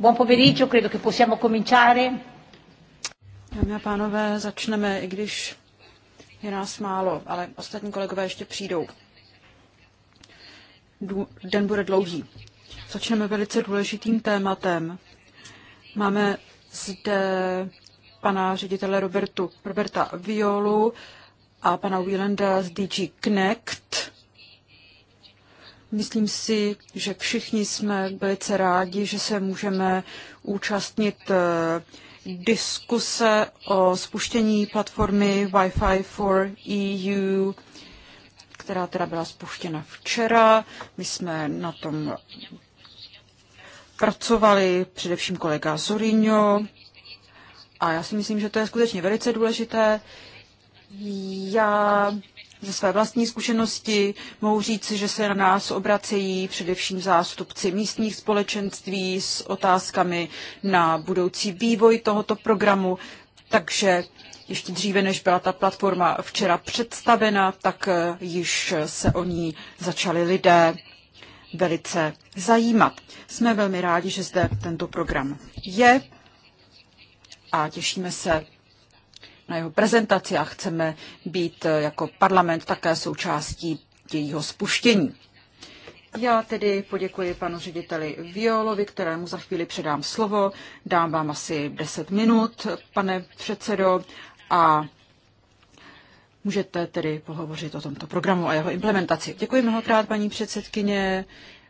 Buon pomeriggio, credo che possiamo cominciare. Dámy a pánové, začneme, i když je nás málo, ale ostatní kolegové ještě přijdou. Den bude dlouhý. Začneme velice důležitým tématem. Máme zde pana ředitele Robertu, Roberta Violu a pana Wielanda z DG Connect Myslím si, že všichni jsme velice rádi, že se můžeme účastnit eh, diskuse o spuštění platformy Wi-Fi for EU, která teda byla spuštěna včera. My jsme na tom pracovali především kolega Zorino a já si myslím, že to je skutečně velice důležité. Já ze své vlastní zkušenosti mohu říci, že se na nás obracejí především zástupci místních společenství s otázkami na budoucí vývoj tohoto programu, takže ještě dříve, než byla ta platforma včera představena, tak eh, již se o ní začali lidé velice zajímat. Jsme velmi rádi, že zde tento program je a těšíme se na jeho prezentaci a chceme být eh, jako parlament také součástí jejího spuštění. Já tedy poděkuji panu řediteli Violovi, kterému za chvíli předám slovo. Dám vám asi 10 minut, pane předsedo, a můžete tedy pohovořit o tomto programu a jeho implementaci. Děkuji mnohokrát, paní předsedkyně,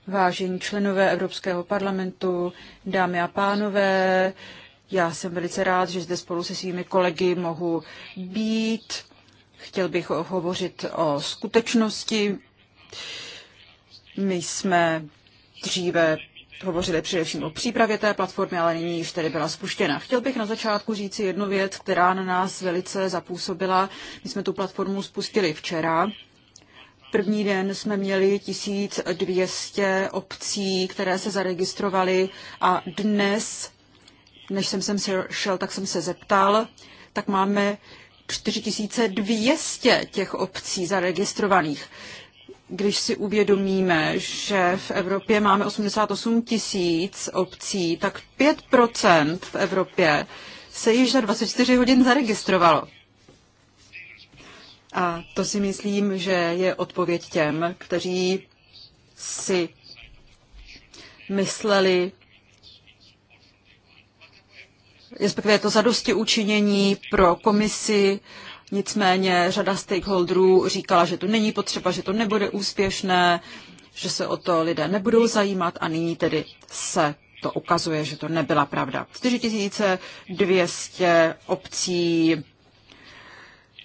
vážení členové Evropského parlamentu, dámy a pánové. Já jsem velice rád, že zde spolu se svými kolegy mohu být. Chtěl bych hovořit o skutečnosti. My jsme dříve hovořili především o přípravě té platformy, ale nyní již tedy byla spuštěna. Chtěl bych na začátku říci jednu věc, která na nás velice zapůsobila. My jsme tu platformu spustili včera. První den jsme měli 1200 obcí, které se zaregistrovaly a dnes než jsem sem šel, tak jsem se zeptal, tak máme 4200 těch obcí zaregistrovaných. Když si uvědomíme, že v Evropě máme 88 tisíc obcí, tak 5% v Evropě se již za 24 hodin zaregistrovalo. A to si myslím, že je odpověď těm, kteří si mysleli, respektive je to zadosti učinění pro komisi, nicméně řada stakeholderů říkala, že to není potřeba, že to nebude úspěšné, že se o to lidé nebudou zajímat a nyní tedy se to ukazuje, že to nebyla pravda. 4200 obcí,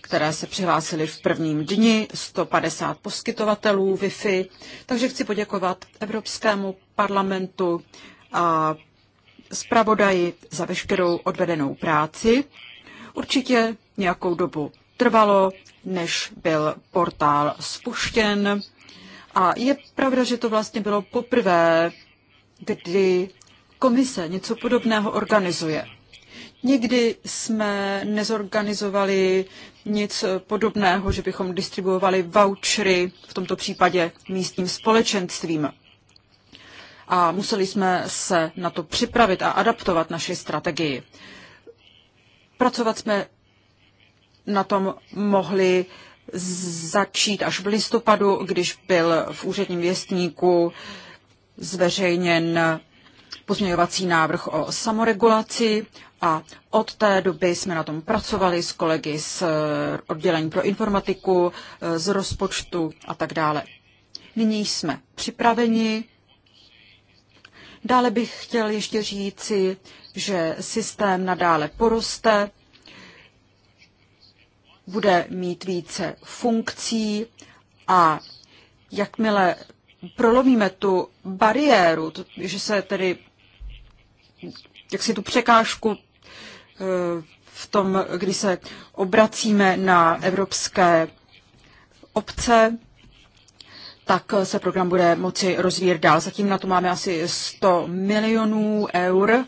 které se přihlásily v prvním dni, 150 poskytovatelů Wi-Fi. Takže chci poděkovat Evropskému parlamentu a zpravodaji za veškerou odvedenou práci. Určitě nějakou dobu trvalo, než byl portál spuštěn. A je pravda, že to vlastně bylo poprvé, kdy komise něco podobného organizuje. Nikdy jsme nezorganizovali nic podobného, že bychom distribuovali vouchery, v tomto případě místním společenstvím a museli jsme se na to připravit a adaptovat naši strategii. Pracovat jsme na tom mohli začít až v listopadu, když byl v úředním věstníku zveřejněn pozměňovací návrh o samoregulaci a od té doby jsme na tom pracovali s kolegy z oddělení pro informatiku, z rozpočtu a tak dále. Nyní jsme připraveni Dále bych chtěl ještě říci, že systém nadále poroste, bude mít více funkcí a jakmile prolomíme tu bariéru, že se tedy jak si tu překážku eh, v tom, kdy se obracíme na evropské obce, tak se program bude moci rozvíjet dál. Zatím na to máme asi 100 milionů eur.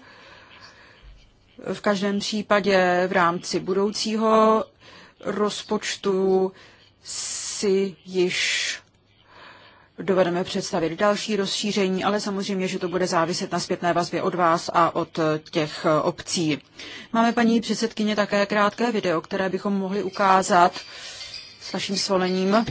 V každém případě v rámci budoucího rozpočtu si již dovedeme představit další rozšíření, ale samozřejmě, že to bude záviset na zpětné vazbě od vás a od těch obcí. Máme paní předsedkyně také krátké video, které bychom mohli ukázat s naším svolením.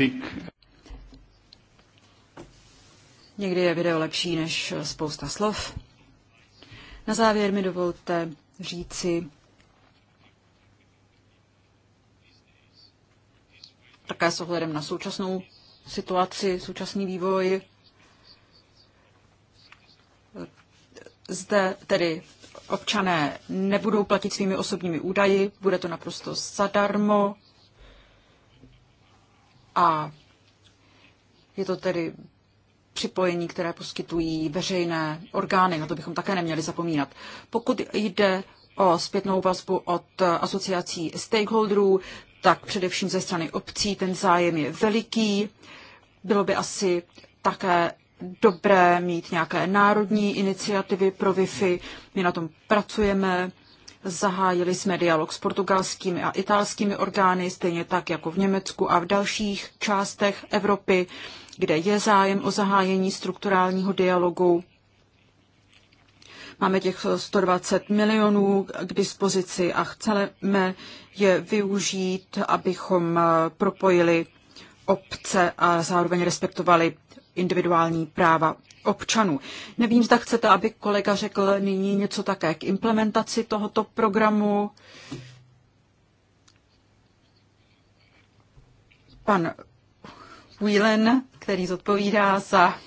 jazyk. Někdy je video lepší než spousta slov. Na závěr mi dovolte říci také s ohledem na současnou situaci, současný vývoj. Zde tedy občané nebudou platit svými osobními údaji, bude to naprosto zadarmo. A je to tedy připojení, které poskytují veřejné orgány, na to bychom také neměli zapomínat. Pokud jde o zpětnou vazbu od asociací stakeholderů, tak především ze strany obcí ten zájem je veliký. Bylo by asi také dobré mít nějaké národní iniciativy pro Wi-Fi. My na tom pracujeme. Zahájili jsme dialog s portugalskými a italskými orgány, stejně tak jako v Německu a v dalších částech Evropy, kde je zájem o zahájení strukturálního dialogu. Máme těch 120 milionů k dispozici a chceme je využít, abychom propojili obce a zároveň respektovali individuální práva občanů. Nevím, zda chcete, aby kolega řekl nyní něco také k implementaci tohoto programu. Pan Whelan, který zodpovídá za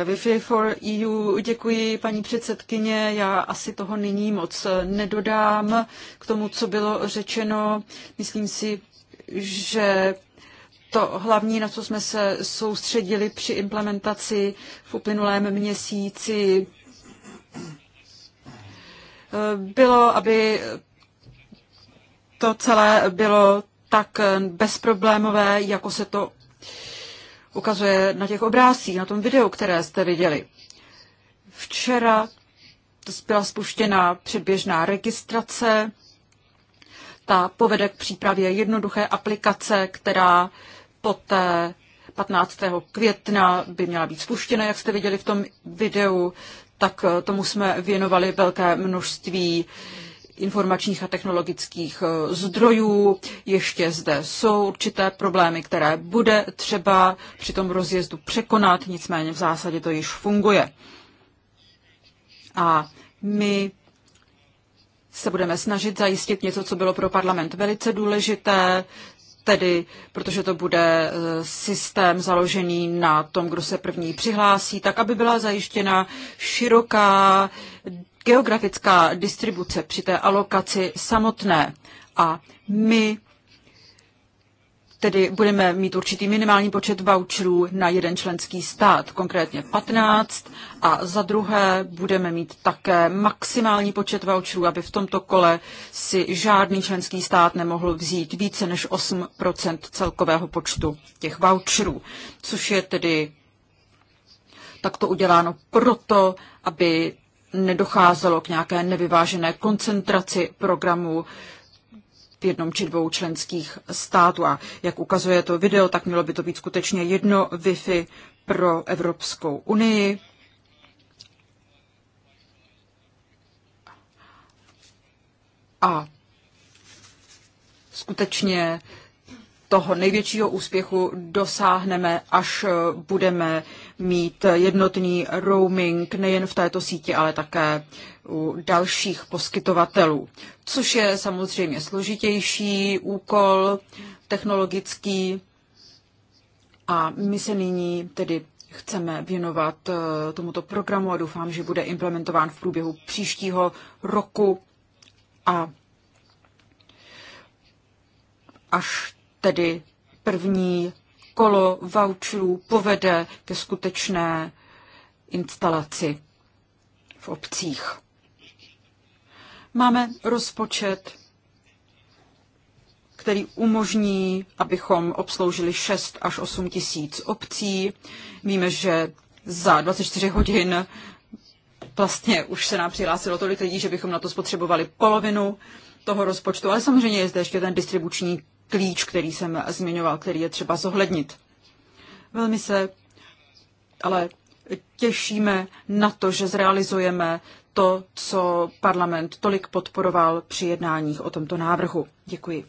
eh, Wi-Fi for EU. Děkuji, paní předsedkyně. Já asi toho nyní moc nedodám k tomu, co bylo řečeno. Myslím si, že to hlavní, na co jsme se soustředili při implementaci v uplynulém měsíci, bylo, aby to celé bylo tak bezproblémové, jako se to ukazuje na těch obrázcích, na tom videu, které jste viděli. Včera byla spuštěna předběžná registrace, ta povede k přípravě jednoduché aplikace, která poté 15. května by měla být spuštěna, jak jste viděli v tom videu, tak tomu jsme věnovali velké množství informačních a technologických eh, zdrojů. Ještě zde jsou určité problémy, které bude třeba při tom rozjezdu překonat, nicméně v zásadě to již funguje. A my se budeme snažit zajistit něco, co bylo pro parlament velice důležité, tedy, protože to bude eh, systém založený na tom, kdo se první přihlásí, tak aby byla zajištěna široká geografická distribuce při té alokaci samotné. A my tedy budeme mít určitý minimální počet voucherů na jeden členský stát, konkrétně 15, a za druhé budeme mít také maximální počet voucherů, aby v tomto kole si žádný členský stát nemohl vzít více než 8 celkového počtu těch voucherů, což je tedy takto uděláno proto, aby nedocházelo k nějaké nevyvážené koncentraci programů, v jednom či dvou členských států. A jak ukazuje to video, tak mělo by to být skutečně jedno Wi-Fi pro Evropskou unii. A skutečně toho největšího úspěchu dosáhneme, až eh, budeme mít jednotný roaming nejen v této síti, ale také u dalších poskytovatelů, což je samozřejmě složitější úkol technologický. A my se nyní tedy chceme věnovat eh, tomuto programu a doufám, že bude implementován v průběhu příštího roku a až tedy první kolo voucherů povede ke skutečné instalaci v obcích. Máme rozpočet, který umožní, abychom obsloužili 6 až 8 tisíc obcí. Víme, že za 24 hodin vlastně už se nám přihlásilo tolik lidí, že bychom na to spotřebovali polovinu toho rozpočtu, ale samozřejmě je zde ještě ten distribuční klíč, který jsem zmiňoval, který je třeba zohlednit. Velmi se ale těšíme na to, že zrealizujeme to, co parlament tolik podporoval při jednáních o tomto návrhu. Děkuji.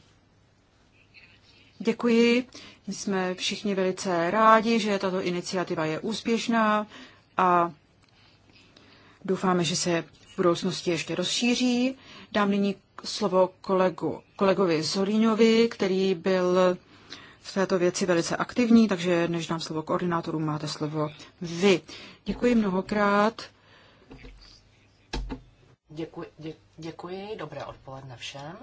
Děkuji. My jsme všichni velice rádi, že tato iniciativa je úspěšná a doufáme, že se v budoucnosti ještě rozšíří. Dám nyní slovo kolegu, kolegovi Zoríňovi, který byl v této věci velice aktivní, takže než dám slovo koordinátorům, máte slovo vy. Děkuji mnohokrát. Děkuji, děkuji, dobré odpoledne všem.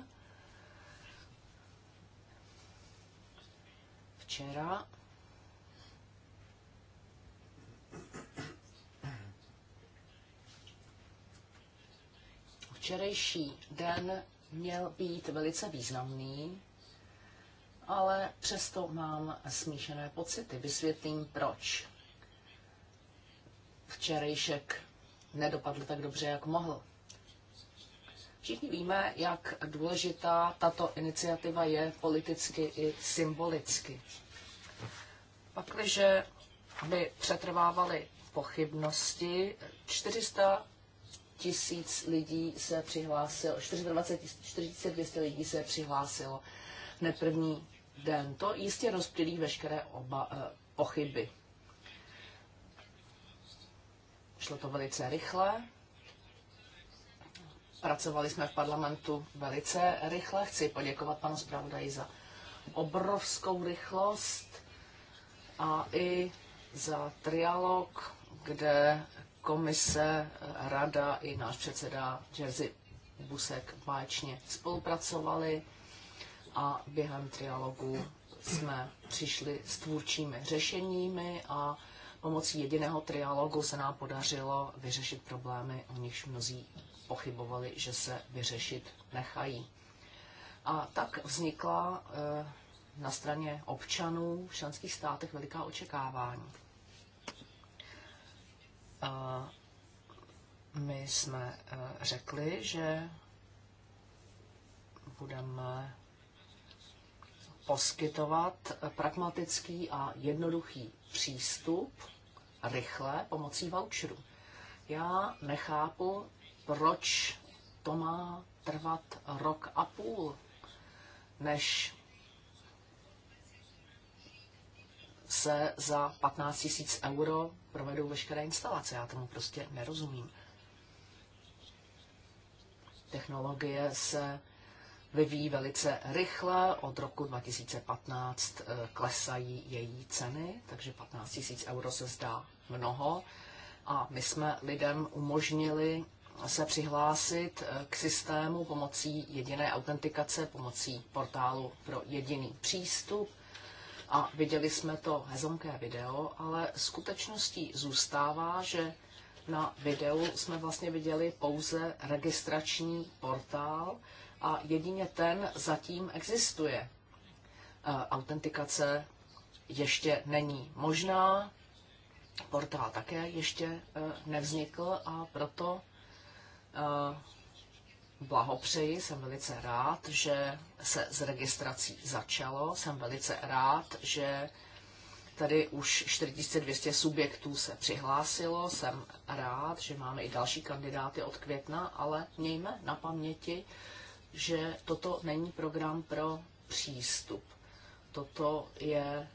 Včera Včerejší den měl být velice významný, ale přesto mám smíšené pocity. Vysvětlím proč. Včerejšek nedopadl tak dobře, jak mohl. Všichni víme, jak důležitá tato iniciativa je politicky i symbolicky. Pakliže by přetrvávaly pochybnosti, 400 tisíc lidí se přihlásilo, 420 4200 lidí se přihlásilo hned první den. To jistě rozptýlí veškeré oba, eh, pochyby. Šlo to velice rychle. Pracovali jsme v parlamentu velice rychle. Chci poděkovat panu zpravodaji za obrovskou rychlost a i za trialog, kde komise, rada i náš předseda Jerzy Busek báječně spolupracovali a během trialogu jsme přišli s tvůrčími řešeními a pomocí jediného trialogu se nám podařilo vyřešit problémy, o nichž mnozí pochybovali, že se vyřešit nechají. A tak vznikla eh, na straně občanů v šanských státech veliká očekávání my jsme eh, řekli, že budeme poskytovat pragmatický a jednoduchý přístup rychle pomocí voucheru. Já nechápu, proč to má trvat rok a půl, než se za 15 tisíc euro provedou veškeré instalace. Já tomu prostě nerozumím. Technologie se vyvíjí velice rychle. Od roku 2015 eh, klesají její ceny, takže 15 tisíc euro se zdá mnoho. A my jsme lidem umožnili se přihlásit eh, k systému pomocí jediné autentikace, pomocí portálu pro jediný přístup a viděli jsme to hezonké video, ale skutečností zůstává, že na videu jsme vlastně viděli pouze registrační portál a jedině ten zatím existuje. E, autentikace ještě není možná, portál také ještě e, nevznikl a proto e, blahopřeji, jsem velice rád, že se s registrací začalo, jsem velice rád, že tady už 4200 subjektů se přihlásilo, jsem rád, že máme i další kandidáty od května, ale mějme na paměti, že toto není program pro přístup. Toto je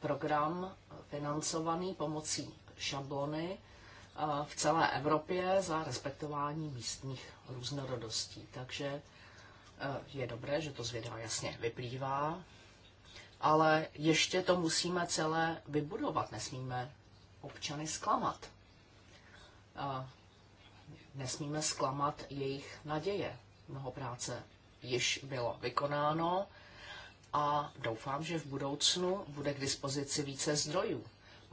program financovaný pomocí šablony, v celé Evropě za respektování místních různorodostí. Takže e, je dobré, že to z videa jasně vyplývá, ale ještě to musíme celé vybudovat, nesmíme občany zklamat. E, nesmíme zklamat jejich naděje. Mnoho práce již bylo vykonáno a doufám, že v budoucnu bude k dispozici více zdrojů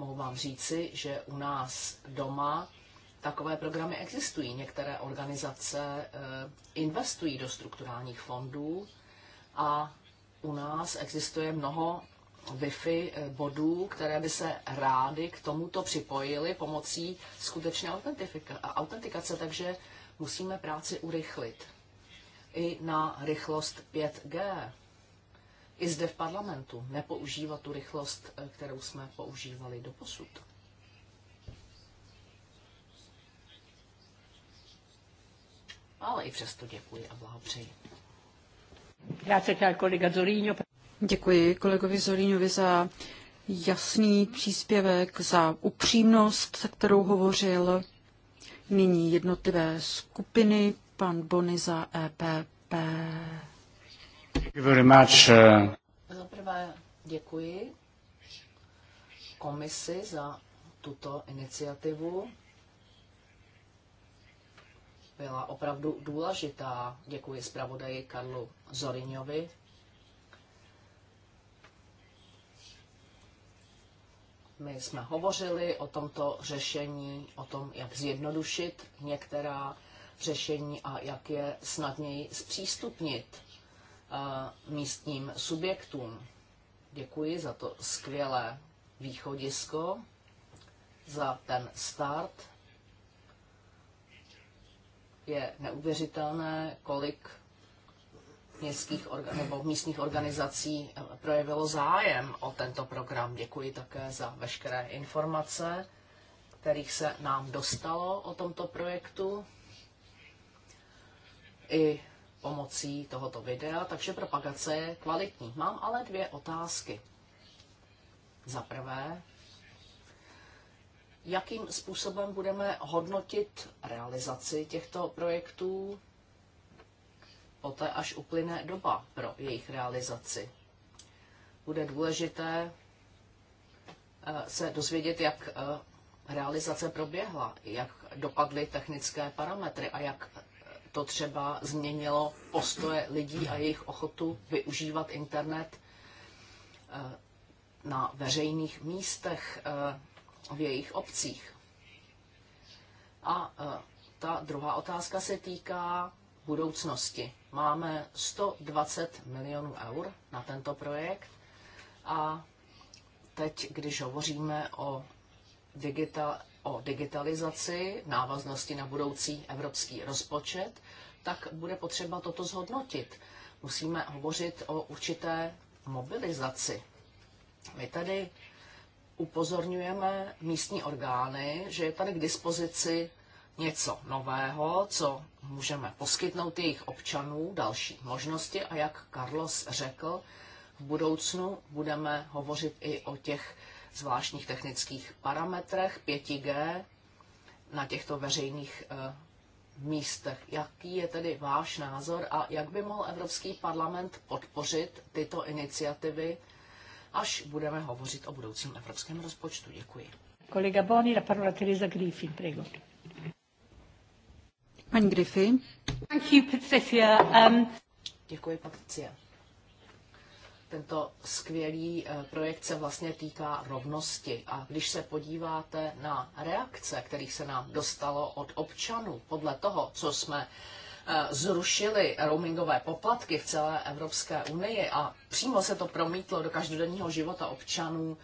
mohu vám říci, že u nás doma takové programy existují. Některé organizace eh, investují do strukturálních fondů a u nás existuje mnoho Wi-Fi eh, bodů, které by se rády k tomuto připojily pomocí skutečné autentikace, takže musíme práci urychlit. I na rychlost 5G i zde v parlamentu nepoužívat tu rychlost, eh, kterou jsme používali do posud. Ale i přesto děkuji a blahopřeji. Děkuji kolegovi Zoríňovi za jasný příspěvek, za upřímnost, se kterou hovořil. Nyní jednotlivé skupiny, pan Bony za EPP. Uh, za prvé děkuji komisi za tuto iniciativu. Byla opravdu důležitá. Děkuji zpravodaji Karlu Zoriňovi. My jsme hovořili o tomto řešení, o tom, jak zjednodušit některá řešení a jak je snadněji zpřístupnit místním subjektům. Děkuji za to skvělé východisko, za ten start. Je neuvěřitelné, kolik městských orga, nebo místních organizací eh, projevilo zájem o tento program. Děkuji také za veškeré informace, kterých se nám dostalo o tomto projektu. I pomocí tohoto videa, takže propagace je kvalitní. Mám ale dvě otázky. Za prvé, jakým způsobem budeme hodnotit realizaci těchto projektů poté, až uplyne doba pro jejich realizaci. Bude důležité eh, se dozvědět, jak eh, realizace proběhla, jak dopadly technické parametry a jak to třeba změnilo postoje lidí a jejich ochotu využívat internet eh, na veřejných místech eh, v jejich obcích. A eh, ta druhá otázka se týká budoucnosti. Máme 120 milionů eur na tento projekt a teď, když hovoříme o digital, o digitalizaci, návaznosti na budoucí evropský rozpočet, tak bude potřeba toto zhodnotit. Musíme hovořit o určité mobilizaci. My tady upozorňujeme místní orgány, že je tady k dispozici něco nového, co můžeme poskytnout jejich občanů, další možnosti a jak Carlos řekl, v budoucnu budeme hovořit i o těch zvláštních technických parametrech 5G na těchto veřejných eh, místech. Jaký je tedy váš názor a jak by mohl Evropský parlament podpořit tyto iniciativy, až budeme hovořit o budoucím evropském rozpočtu? Děkuji. Kolega Boni, la parola Teresa Griffin, prego. Paní Griffin. Thank you, Patricia. Um... Děkuji, Patricia. Tento skvělý eh, projekt se vlastně týká rovnosti. A když se podíváte na reakce, kterých se nám dostalo od občanů podle toho, co jsme eh, zrušili roamingové poplatky v celé Evropské unii a přímo se to promítlo do každodenního života občanů,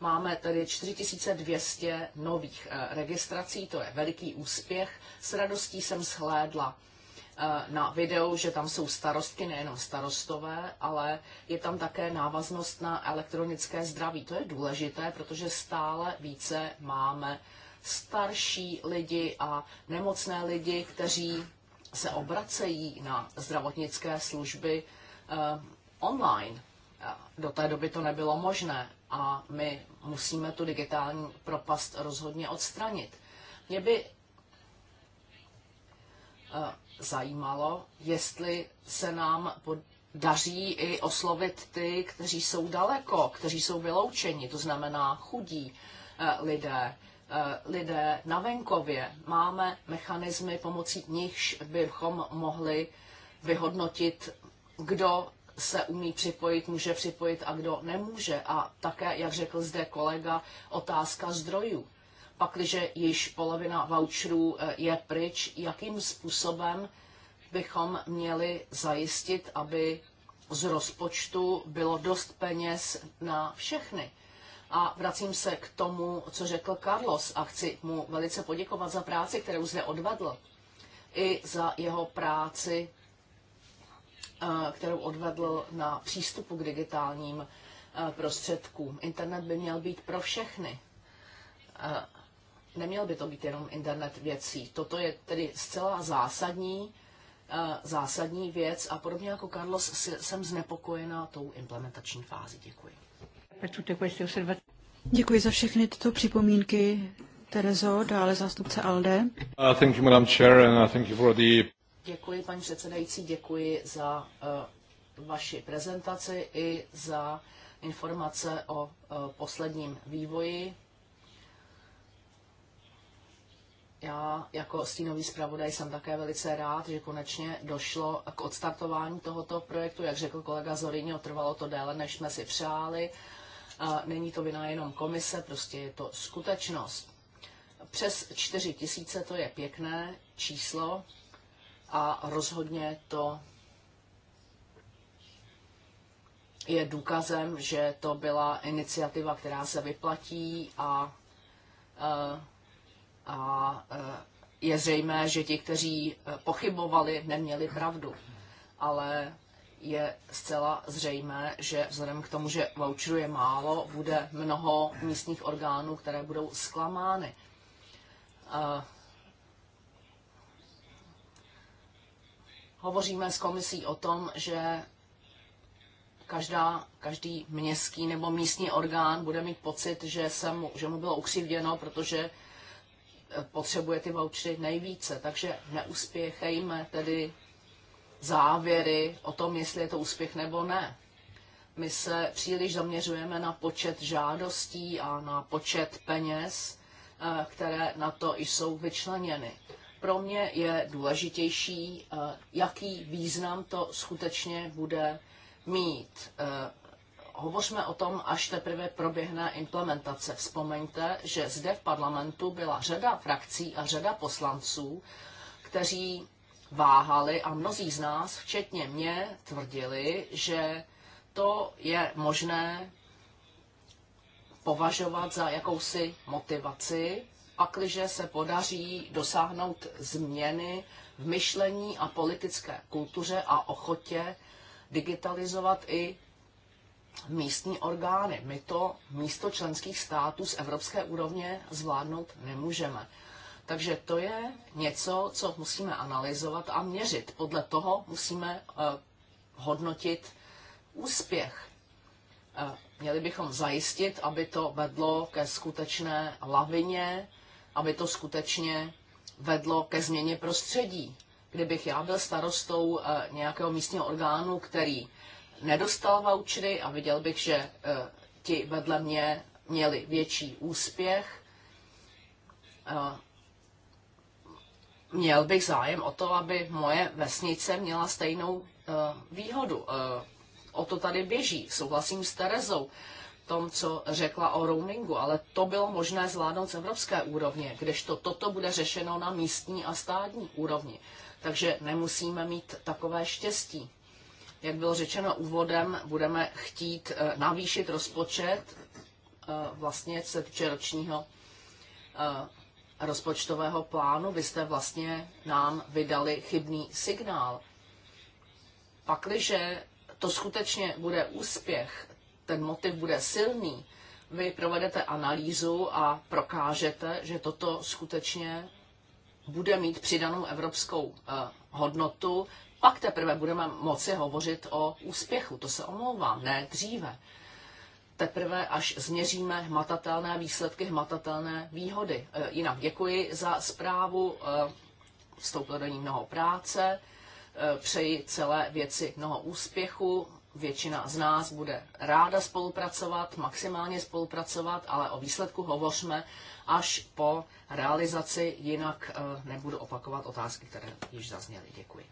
Máme tedy 4200 nových eh, registrací, to je veliký úspěch. S radostí jsem shlédla Eh, na videu, že tam jsou starostky, nejenom starostové, ale je tam také návaznost na elektronické zdraví. To je důležité, protože stále více máme starší lidi a nemocné lidi, kteří se obracejí na zdravotnické služby eh, online. Do té doby to nebylo možné a my musíme tu digitální propast rozhodně odstranit. Mě by eh, zajímalo, jestli se nám daří i oslovit ty, kteří jsou daleko, kteří jsou vyloučeni, to znamená chudí eh, lidé, eh, lidé na venkově. Máme mechanismy, pomocí nichž bychom mohli vyhodnotit, kdo se umí připojit, může připojit a kdo nemůže. A také, jak řekl zde kolega, otázka zdrojů pakliže již polovina voucherů eh, je pryč, jakým způsobem bychom měli zajistit, aby z rozpočtu bylo dost peněz na všechny. A vracím se k tomu, co řekl Carlos a chci mu velice poděkovat za práci, kterou zde odvedl. I za jeho práci, eh, kterou odvedl na přístupu k digitálním eh, prostředkům. Internet by měl být pro všechny neměl by to být jenom internet věcí. Toto je tedy zcela zásadní, eh, zásadní věc a podobně jako Carlos jsem znepokojena tou implementační fází. Děkuji. Děkuji za všechny tyto připomínky. Terezo, dále zástupce ALDE. Uh, thank you, Madam Chair, and uh, thank you for the... Děkuji, paní předsedající, děkuji za uh, vaši prezentaci i za informace o uh, posledním vývoji Já jako stínový zpravodaj jsem také velice rád, že konečně došlo k odstartování tohoto projektu. Jak řekl kolega Zorinio, trvalo to déle, než jsme si přáli. Není to vina jenom komise, prostě je to skutečnost. Přes 4 tisíce to je pěkné číslo a rozhodně to je důkazem, že to byla iniciativa, která se vyplatí a eh, a eh, je zřejmé, že ti, kteří eh, pochybovali, neměli pravdu. Ale je zcela zřejmé, že vzhledem k tomu, že voucherů je málo, bude mnoho místních orgánů, které budou zklamány. Eh, hovoříme s komisí o tom, že každá, každý městský nebo místní orgán bude mít pocit, že, se mu, že mu bylo ukřivděno, protože potřebuje ty vouchery nejvíce. Takže neuspěchejme tedy závěry o tom, jestli je to úspěch nebo ne. My se příliš zaměřujeme na počet žádostí a na počet peněz, eh, které na to jsou vyčleněny. Pro mě je důležitější, eh, jaký význam to skutečně bude mít eh, hovořme o tom, až teprve proběhne implementace. Vzpomeňte, že zde v parlamentu byla řada frakcí a řada poslanců, kteří váhali a mnozí z nás, včetně mě, tvrdili, že to je možné považovat za jakousi motivaci, pakliže se podaří dosáhnout změny v myšlení a politické kultuře a ochotě digitalizovat i místní orgány. My to místo členských států z evropské úrovně zvládnout nemůžeme. Takže to je něco, co musíme analyzovat a měřit. Podle toho musíme eh, hodnotit úspěch. Eh, měli bychom zajistit, aby to vedlo ke skutečné lavině, aby to skutečně vedlo ke změně prostředí. Kdybych já byl starostou eh, nějakého místního orgánu, který nedostal vouchery a viděl bych, že eh, ti vedle mě měli větší úspěch. Eh, měl bych zájem o to, aby moje vesnice měla stejnou eh, výhodu. O to tady běží. Souhlasím s Terezou tom, co řekla o roamingu, ale to bylo možné zvládnout z evropské úrovně, kdežto toto bude řešeno na místní a státní úrovni. Takže nemusíme mít takové štěstí. Jak bylo řečeno úvodem, budeme chtít eh, navýšit rozpočet eh, vlastně se týče ročního eh, rozpočtového plánu. Vy jste vlastně nám vydali chybný signál. Pakliže to skutečně bude úspěch, ten motiv bude silný, vy provedete analýzu a prokážete, že toto skutečně bude mít přidanou evropskou hodnotu, pak teprve budeme moci hovořit o úspěchu. To se omlouvám, ne dříve. Teprve až změříme hmatatelné výsledky, hmatatelné výhody. E, jinak děkuji za zprávu, e, vstoupilo do ní mnoho práce, e, přeji celé věci mnoho úspěchu, většina z nás bude ráda spolupracovat, maximálně spolupracovat, ale o výsledku hovořme až po realizaci, jinak nebudu opakovat otázky, které již zazněly. Děkuji.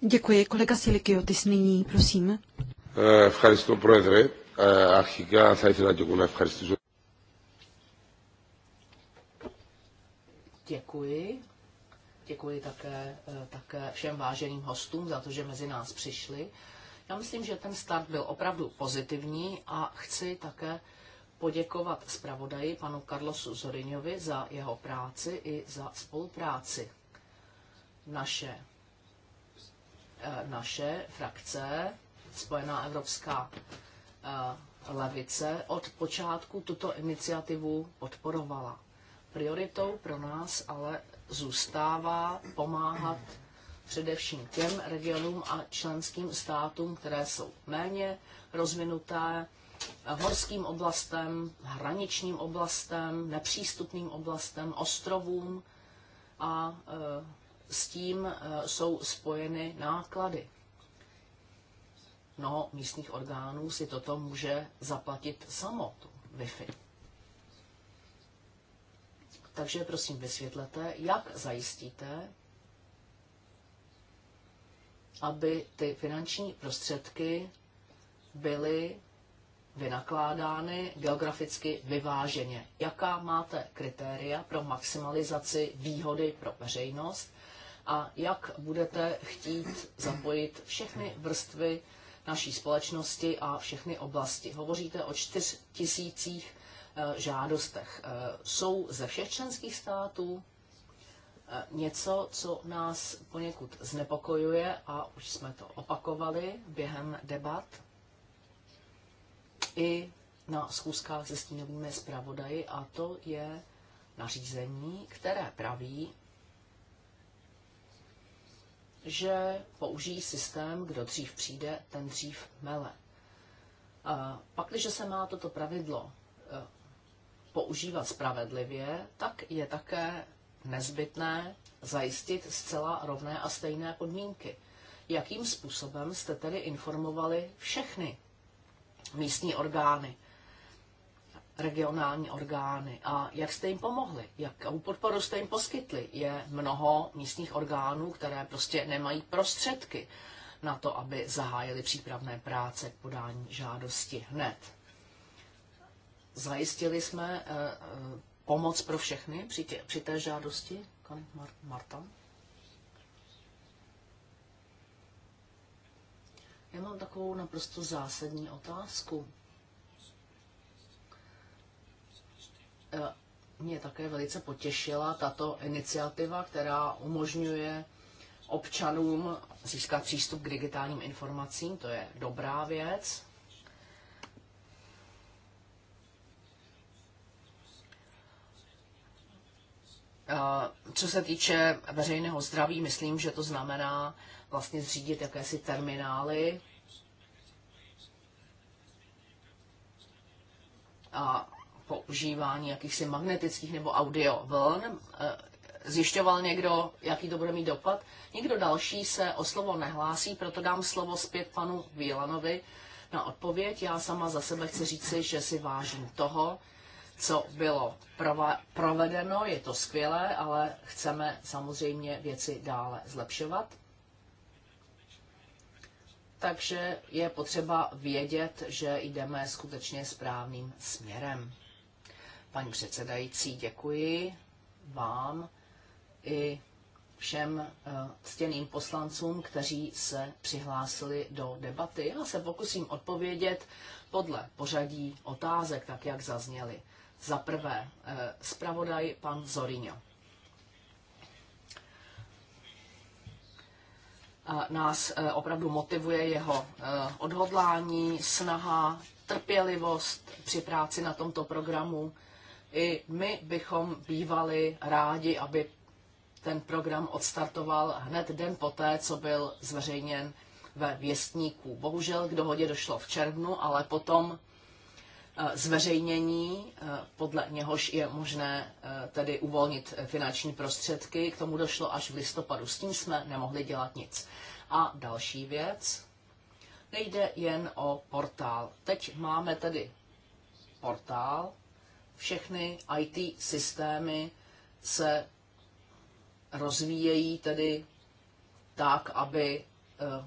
Děkuji. Kolega Silikiotis nyní, prosím. Eh, eh, Děkuji. Děkuji také, eh, také všem váženým hostům za to, že mezi nás přišli. Já myslím, že ten start byl opravdu pozitivní a chci také poděkovat zpravodaji panu Carlosu Zoriňovi za jeho práci i za spolupráci naše, eh, naše frakce, Spojená evropská eh, levice, od počátku tuto iniciativu podporovala. Prioritou pro nás ale zůstává pomáhat především těm regionům a členským státům, které jsou méně rozvinuté, horským oblastem, hraničním oblastem, nepřístupným oblastem, ostrovům a e, s tím eh, jsou spojeny náklady. No, místních orgánů si toto může zaplatit samo, tu Wi-Fi. Takže prosím vysvětlete, jak zajistíte, aby ty finanční prostředky byly vynakládány geograficky vyváženě. Jaká máte kritéria pro maximalizaci výhody pro veřejnost a jak budete chtít zapojit všechny vrstvy naší společnosti a všechny oblasti. Hovoříte o čtyř tisících eh, žádostech. Eh, jsou ze všech členských států eh, něco, co nás poněkud znepokojuje a už jsme to opakovali během debat i na schůzkách se stínovými zpravodaji a to je nařízení, které praví, že použijí systém, kdo dřív přijde, ten dřív mele. Pak, když se má toto pravidlo eh, používat spravedlivě, tak je také nezbytné zajistit zcela rovné a stejné podmínky. Jakým způsobem jste tedy informovali všechny místní orgány? regionální orgány a jak jste jim pomohli, jakou podporu jste jim poskytli. Je mnoho místních orgánů, které prostě nemají prostředky na to, aby zahájili přípravné práce k podání žádosti hned. Zajistili jsme eh, eh, pomoc pro všechny při, tě, při té žádosti, Marta? Já mám takovou naprosto zásadní otázku. Eh, mě také velice potěšila tato iniciativa, která umožňuje občanům získat přístup k digitálním informacím. To je dobrá věc. Eh, co se týče veřejného zdraví, myslím, že to znamená vlastně zřídit jakési terminály. A používání jakýchsi magnetických nebo audio vln. E, zjišťoval někdo, jaký to bude mít dopad? Nikdo další se o slovo nehlásí, proto dám slovo zpět panu Vílanovi na odpověď. Já sama za sebe chci říci, že si vážím toho, co bylo provedeno, je to skvělé, ale chceme samozřejmě věci dále zlepšovat. Takže je potřeba vědět, že jdeme skutečně správným směrem. Paní předsedající, děkuji vám i všem eh, ctěným poslancům, kteří se přihlásili do debaty. Já se pokusím odpovědět podle pořadí otázek, tak jak zazněly. Za prvé, eh, zpravodaj pan Zorino. Eh, nás opravdu motivuje jeho odhodlání, snaha, trpělivost při práci na tomto programu. I my bychom bývali rádi, aby ten program odstartoval hned den poté, co byl zveřejněn ve věstníku. Bohužel k dohodě došlo v červnu, ale potom eh, zveřejnění, eh, podle něhož je možné eh, tedy uvolnit finanční prostředky. K tomu došlo až v listopadu. S tím jsme nemohli dělat nic. A další věc. Nejde jen o portál. Teď máme tedy portál, všechny IT systémy se rozvíjejí tedy tak, aby eh,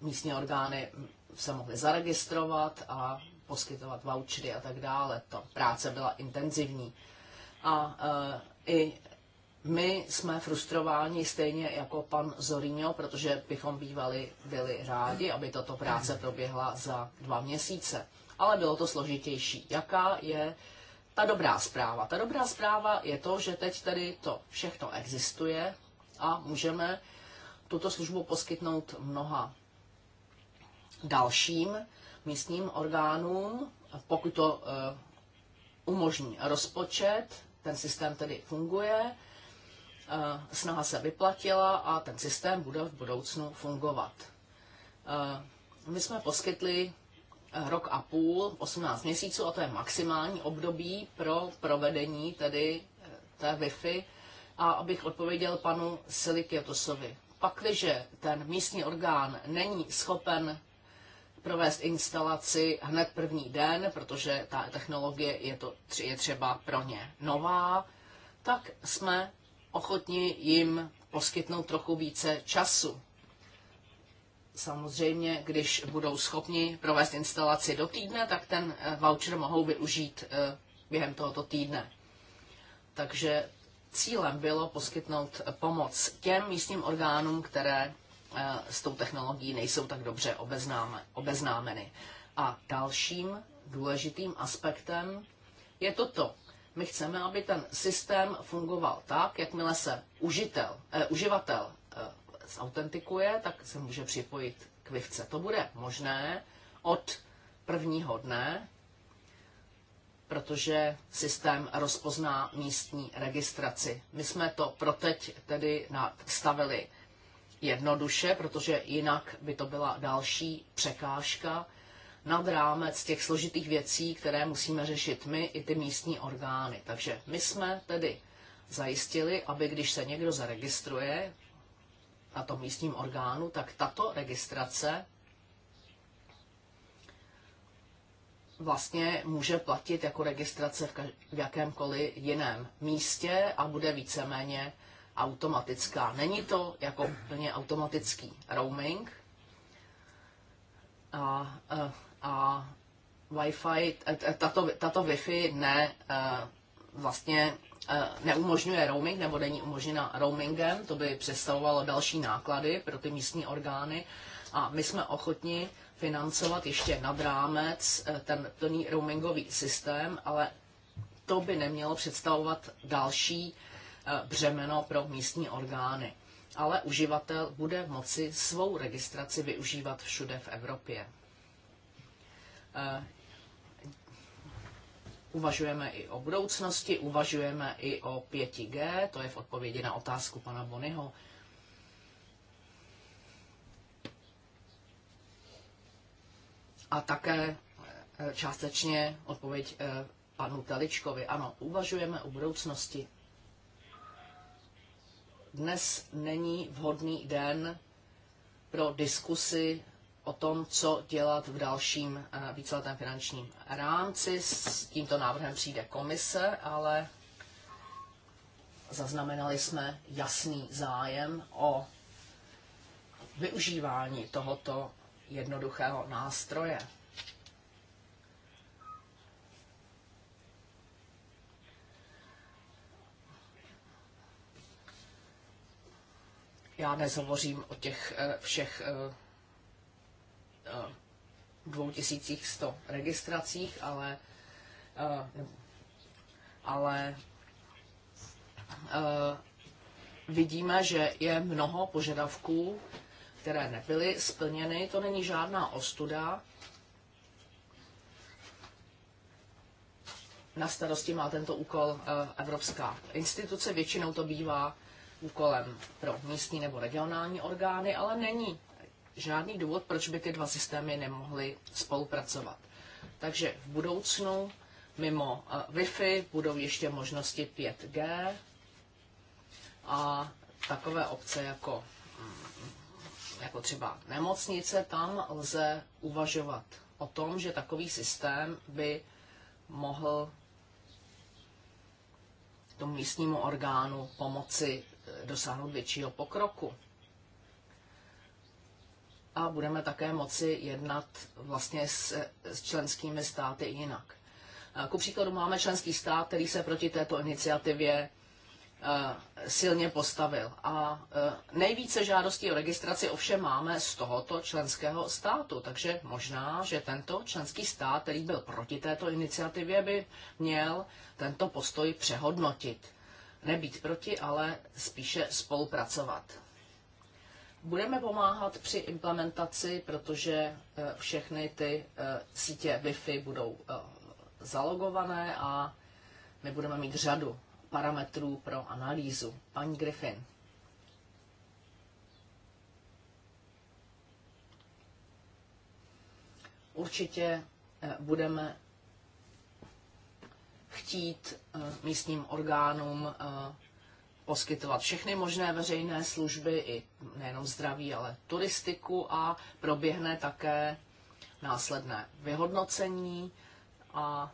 místní orgány se mohly zaregistrovat a poskytovat vouchery a tak dále. Ta práce byla intenzivní. A eh, i my jsme frustrováni stejně jako pan Zorino, protože bychom bývali byli rádi, aby tato práce proběhla za dva měsíce. Ale bylo to složitější. Jaká je ta dobrá zpráva. Ta dobrá zpráva je to, že teď tedy to všechno existuje a můžeme tuto službu poskytnout mnoha dalším místním orgánům, pokud to eh, umožní rozpočet, ten systém tedy funguje, eh, snaha se vyplatila a ten systém bude v budoucnu fungovat. Eh, my jsme poskytli rok a půl, 18 měsíců, a to je maximální období pro provedení tedy eh, té Wi-Fi. A abych odpověděl panu Silikiotosovi. Pakliže ten místní orgán není schopen provést instalaci hned první den, protože ta technologie je, to, je třeba pro ně nová, tak jsme ochotni jim poskytnout trochu více času. Samozřejmě, když budou schopni provést instalaci do týdne, tak ten eh, voucher mohou využít eh, během tohoto týdne. Takže cílem bylo poskytnout pomoc těm místním orgánům, které eh, s tou technologií nejsou tak dobře obeznámeny. A dalším důležitým aspektem je toto. My chceme, aby ten systém fungoval tak, jakmile se užitel, eh, uživatel zautentikuje, tak se může připojit k Vivce. To bude možné od prvního dne, protože systém rozpozná místní registraci. My jsme to proteď tedy nastavili jednoduše, protože jinak by to byla další překážka nad rámec těch složitých věcí, které musíme řešit my i ty místní orgány. Takže my jsme tedy zajistili, aby když se někdo zaregistruje, na tom místním orgánu, tak tato registrace vlastně může platit jako registrace v, v jakémkoliv jiném místě a bude víceméně automatická. Není to jako úplně automatický roaming a, a, e, a Wi-Fi, tato, tato Wi-Fi ne e, vlastně Eh, neumožňuje roaming nebo není umožněna roamingem, to by představovalo další náklady pro ty místní orgány a my jsme ochotni financovat ještě nad rámec eh, ten plný roamingový systém, ale to by nemělo představovat další eh, břemeno pro místní orgány. Ale uživatel bude moci svou registraci využívat všude v Evropě. Uvažujeme i o budoucnosti, uvažujeme i o 5G, to je v odpovědi na otázku pana Bonyho. A také eh, částečně odpověď eh, panu Teličkovi. Ano, uvažujeme o budoucnosti. Dnes není vhodný den pro diskusy o tom, co dělat v dalším eh, víceletém finančním rámci. S tímto návrhem přijde komise, ale zaznamenali jsme jasný zájem o využívání tohoto jednoduchého nástroje. Já nezhovořím o těch eh, všech eh, 2100 registracích, ale, eh, ale eh, vidíme, že je mnoho požadavků, které nebyly splněny. To není žádná ostuda. Na starosti má tento úkol eh, Evropská instituce. Většinou to bývá úkolem pro místní nebo regionální orgány, ale není žádný důvod, proč by ty dva systémy nemohly spolupracovat. Takže v budoucnu mimo eh, Wi-Fi budou ještě možnosti 5G a takové obce jako, mm, jako třeba nemocnice, tam lze uvažovat o tom, že takový systém by mohl tomu místnímu orgánu pomoci eh, dosáhnout většího pokroku a budeme také moci jednat vlastně s, s členskými státy jinak. Eh, ku příkladu máme členský stát, který se proti této iniciativě eh, silně postavil. A eh, nejvíce žádostí o registraci ovšem máme z tohoto členského státu, takže možná, že tento členský stát, který byl proti této iniciativě, by měl tento postoj přehodnotit. Nebýt proti, ale spíše spolupracovat. Budeme pomáhat při implementaci, protože eh, všechny ty eh, sítě Wi-Fi budou eh, zalogované a my budeme mít řadu parametrů pro analýzu. Paní Griffin. Určitě budeme chtít místním orgánům poskytovat všechny možné veřejné služby, i nejenom zdraví, ale turistiku a proběhne také následné vyhodnocení a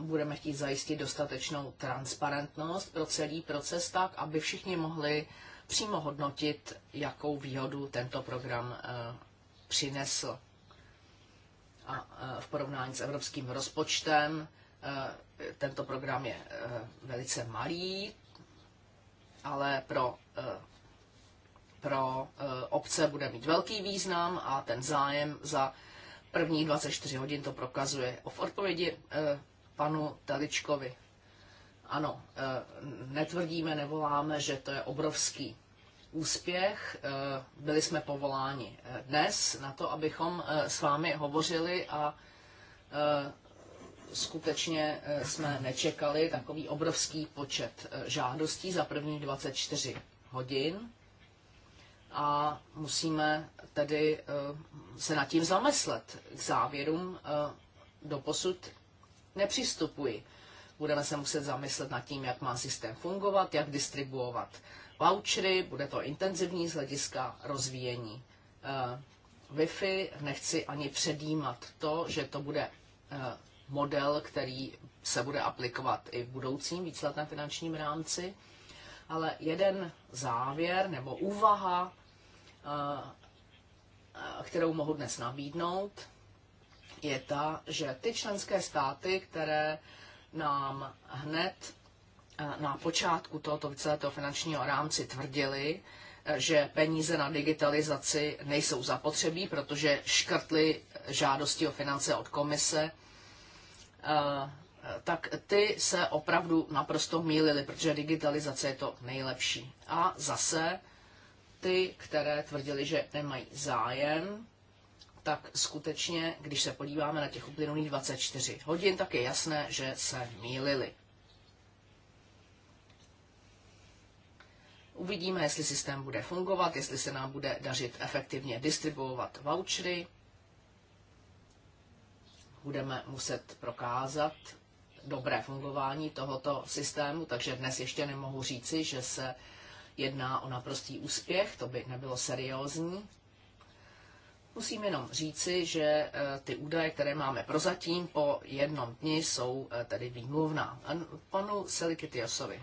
budeme chtít zajistit dostatečnou transparentnost pro celý proces tak, aby všichni mohli přímo hodnotit, jakou výhodu tento program eh, přinesl a eh, v porovnání s evropským rozpočtem Eh, tento program je eh, velice malý, ale pro, eh, pro obce bude mít velký význam a ten zájem za první 24 hodin to prokazuje. V odpovědi panu Teličkovi. Ano, netvrdíme, nevoláme, že to je obrovský úspěch. Byli jsme povoláni dnes na to, abychom s vámi hovořili a skutečně eh, jsme nečekali takový obrovský počet eh, žádostí za první 24 hodin a musíme tedy eh, se nad tím zamyslet. K závěrům do posud nepřistupuji. Budeme se muset zamyslet nad tím, jak má systém fungovat, jak distribuovat vouchery, bude to intenzivní z hlediska rozvíjení Wi-Fi. Nechci ani předjímat to, že to bude model, který se bude aplikovat i v budoucím víceletém finančním rámci. Ale jeden závěr nebo úvaha, eh, kterou mohu dnes nabídnout, je ta, že ty členské státy, které nám hned eh, na počátku tohoto víceletého finančního rámci tvrdili, eh, že peníze na digitalizaci nejsou zapotřebí, protože škrtli žádosti o finance od komise, Eh, tak ty se opravdu naprosto mýlily, protože digitalizace je to nejlepší. A zase ty, které tvrdili, že nemají zájem, tak skutečně, když se podíváme na těch uplynulých 24 hodin, tak je jasné, že se mýlili. Uvidíme, jestli systém bude fungovat, jestli se nám bude dařit efektivně distribuovat vouchery, budeme muset prokázat dobré fungování tohoto systému, takže dnes ještě nemohu říci, že se jedná o naprostý úspěch, to by nebylo seriózní. Musím jenom říci, že e, ty údaje, které máme prozatím po jednom dni, jsou e, tedy výmluvná. Panu Selikitiosovi.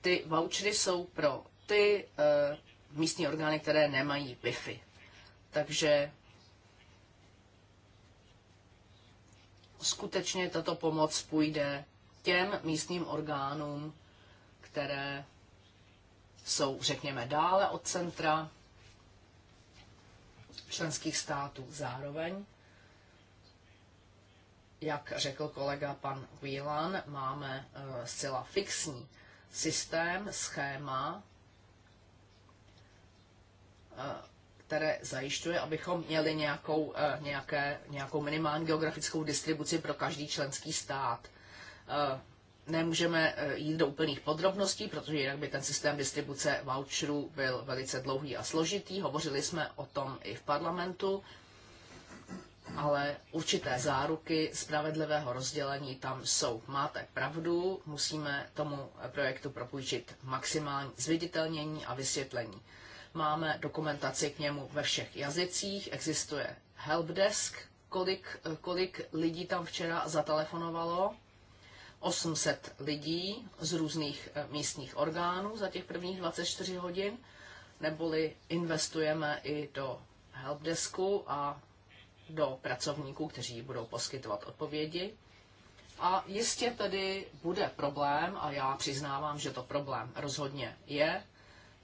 Ty vouchery jsou pro ty e, místní orgány, které nemají Wi-Fi. Takže skutečně tato pomoc půjde těm místním orgánům, které jsou, řekněme, dále od centra členských států. Zároveň, jak řekl kolega pan Whelan, máme eh, zcela fixní systém, schéma, eh, které zajišťuje, abychom měli nějakou, eh, nějaké, nějakou minimální geografickou distribuci pro každý členský stát. Eh, nemůžeme eh, jít do úplných podrobností, protože jinak by ten systém distribuce voucherů byl velice dlouhý a složitý. Hovořili jsme o tom i v parlamentu, ale určité záruky spravedlivého rozdělení tam jsou. Máte pravdu, musíme tomu projektu propůjčit maximální zviditelnění a vysvětlení. Máme dokumentaci k němu ve všech jazycích, existuje helpdesk, kolik, eh, kolik lidí tam včera zatelefonovalo. 800 lidí z různých eh, místních orgánů za těch prvních 24 hodin, neboli investujeme i do helpdesku a do pracovníků, kteří budou poskytovat odpovědi. A jistě tedy bude problém, a já přiznávám, že to problém rozhodně je,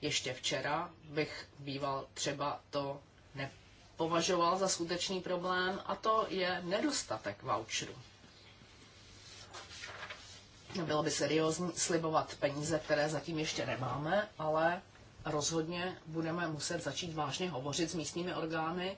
ještě včera bych býval třeba to nepovažoval za skutečný problém a to je nedostatek voucherů. Bylo by seriózní slibovat peníze, které zatím ještě nemáme, ale rozhodně budeme muset začít vážně hovořit s místními orgány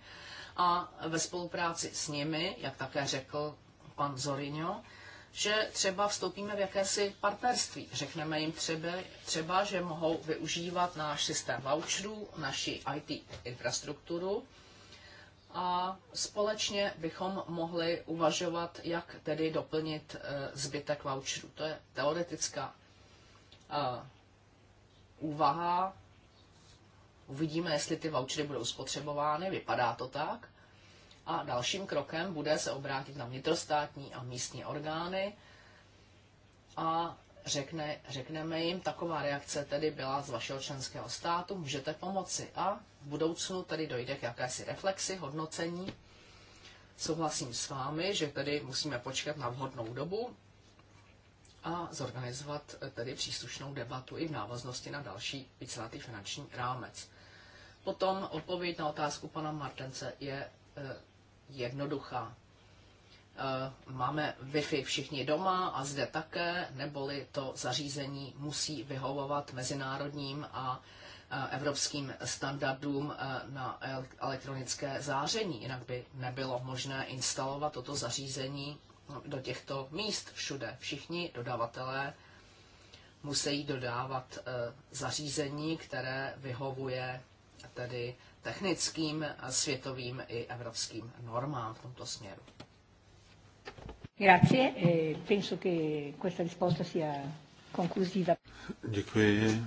a ve spolupráci s nimi, jak také řekl pan Zorino, že třeba vstoupíme v jakési partnerství. Řekneme jim třeba, třeba že mohou využívat náš systém voucherů, naši IT infrastrukturu a společně bychom mohli uvažovat, jak tedy doplnit eh, zbytek voucherů. To je teoretická eh, úvaha. Uvidíme, jestli ty vouchery budou spotřebovány, vypadá to tak. A dalším krokem bude se obrátit na vnitrostátní a místní orgány a řekne, řekneme jim, taková reakce tedy byla z vašeho členského státu, můžete pomoci. A v budoucnu tedy dojde k jakési reflexi, hodnocení. Souhlasím s vámi, že tedy musíme počkat na vhodnou dobu a zorganizovat eh, tedy příslušnou debatu i v návaznosti na další víceletý finanční rámec. Potom odpověď na otázku pana Martence je eh, jednoduchá. Eh, máme Wi-Fi všichni doma a zde také, neboli to zařízení musí vyhovovat mezinárodním a eh, evropským standardům eh, na elektronické záření, jinak by nebylo možné instalovat toto zařízení do těchto míst všude. Všichni dodavatelé musí dodávat zařízení, které vyhovuje tedy technickým, světovým i evropským normám v tomto směru. Grazie, eh, penso che questa risposta sia conclusiva. Děkuji.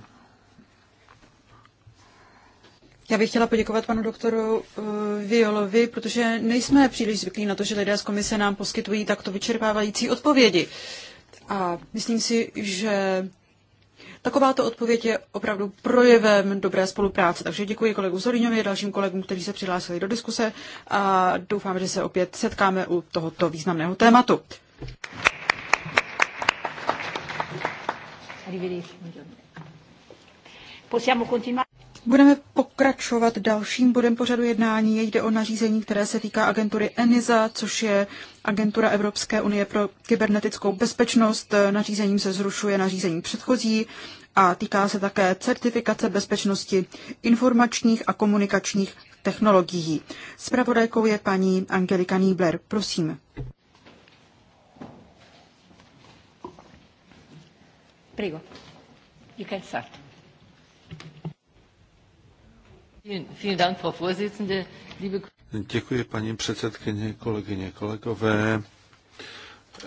Já bych chtěla poděkovat panu doktoru uh, Violovi, protože nejsme příliš zvyklí na to, že lidé z komise nám poskytují takto vyčerpávající odpovědi. A myslím si, že Takováto odpověď je opravdu projevem dobré spolupráce. Takže děkuji kolegu Zolíňovi a dalším kolegům, kteří se přihlásili do diskuse a doufám, že se opět setkáme u tohoto významného tématu. Possiamo continuare. Budeme pokračovat dalším bodem pořadu jednání. Jde o nařízení, které se týká agentury ENISA, což je agentura Evropské unie pro kybernetickou bezpečnost. Nařízením se zrušuje nařízení předchozí a týká se také certifikace bezpečnosti informačních a komunikačních technologií. Spravodajkou je paní Angelika Niebler. Prosím. Prigo. You can start. Děkuji paní předsedkyně, kolegyně, kolegové.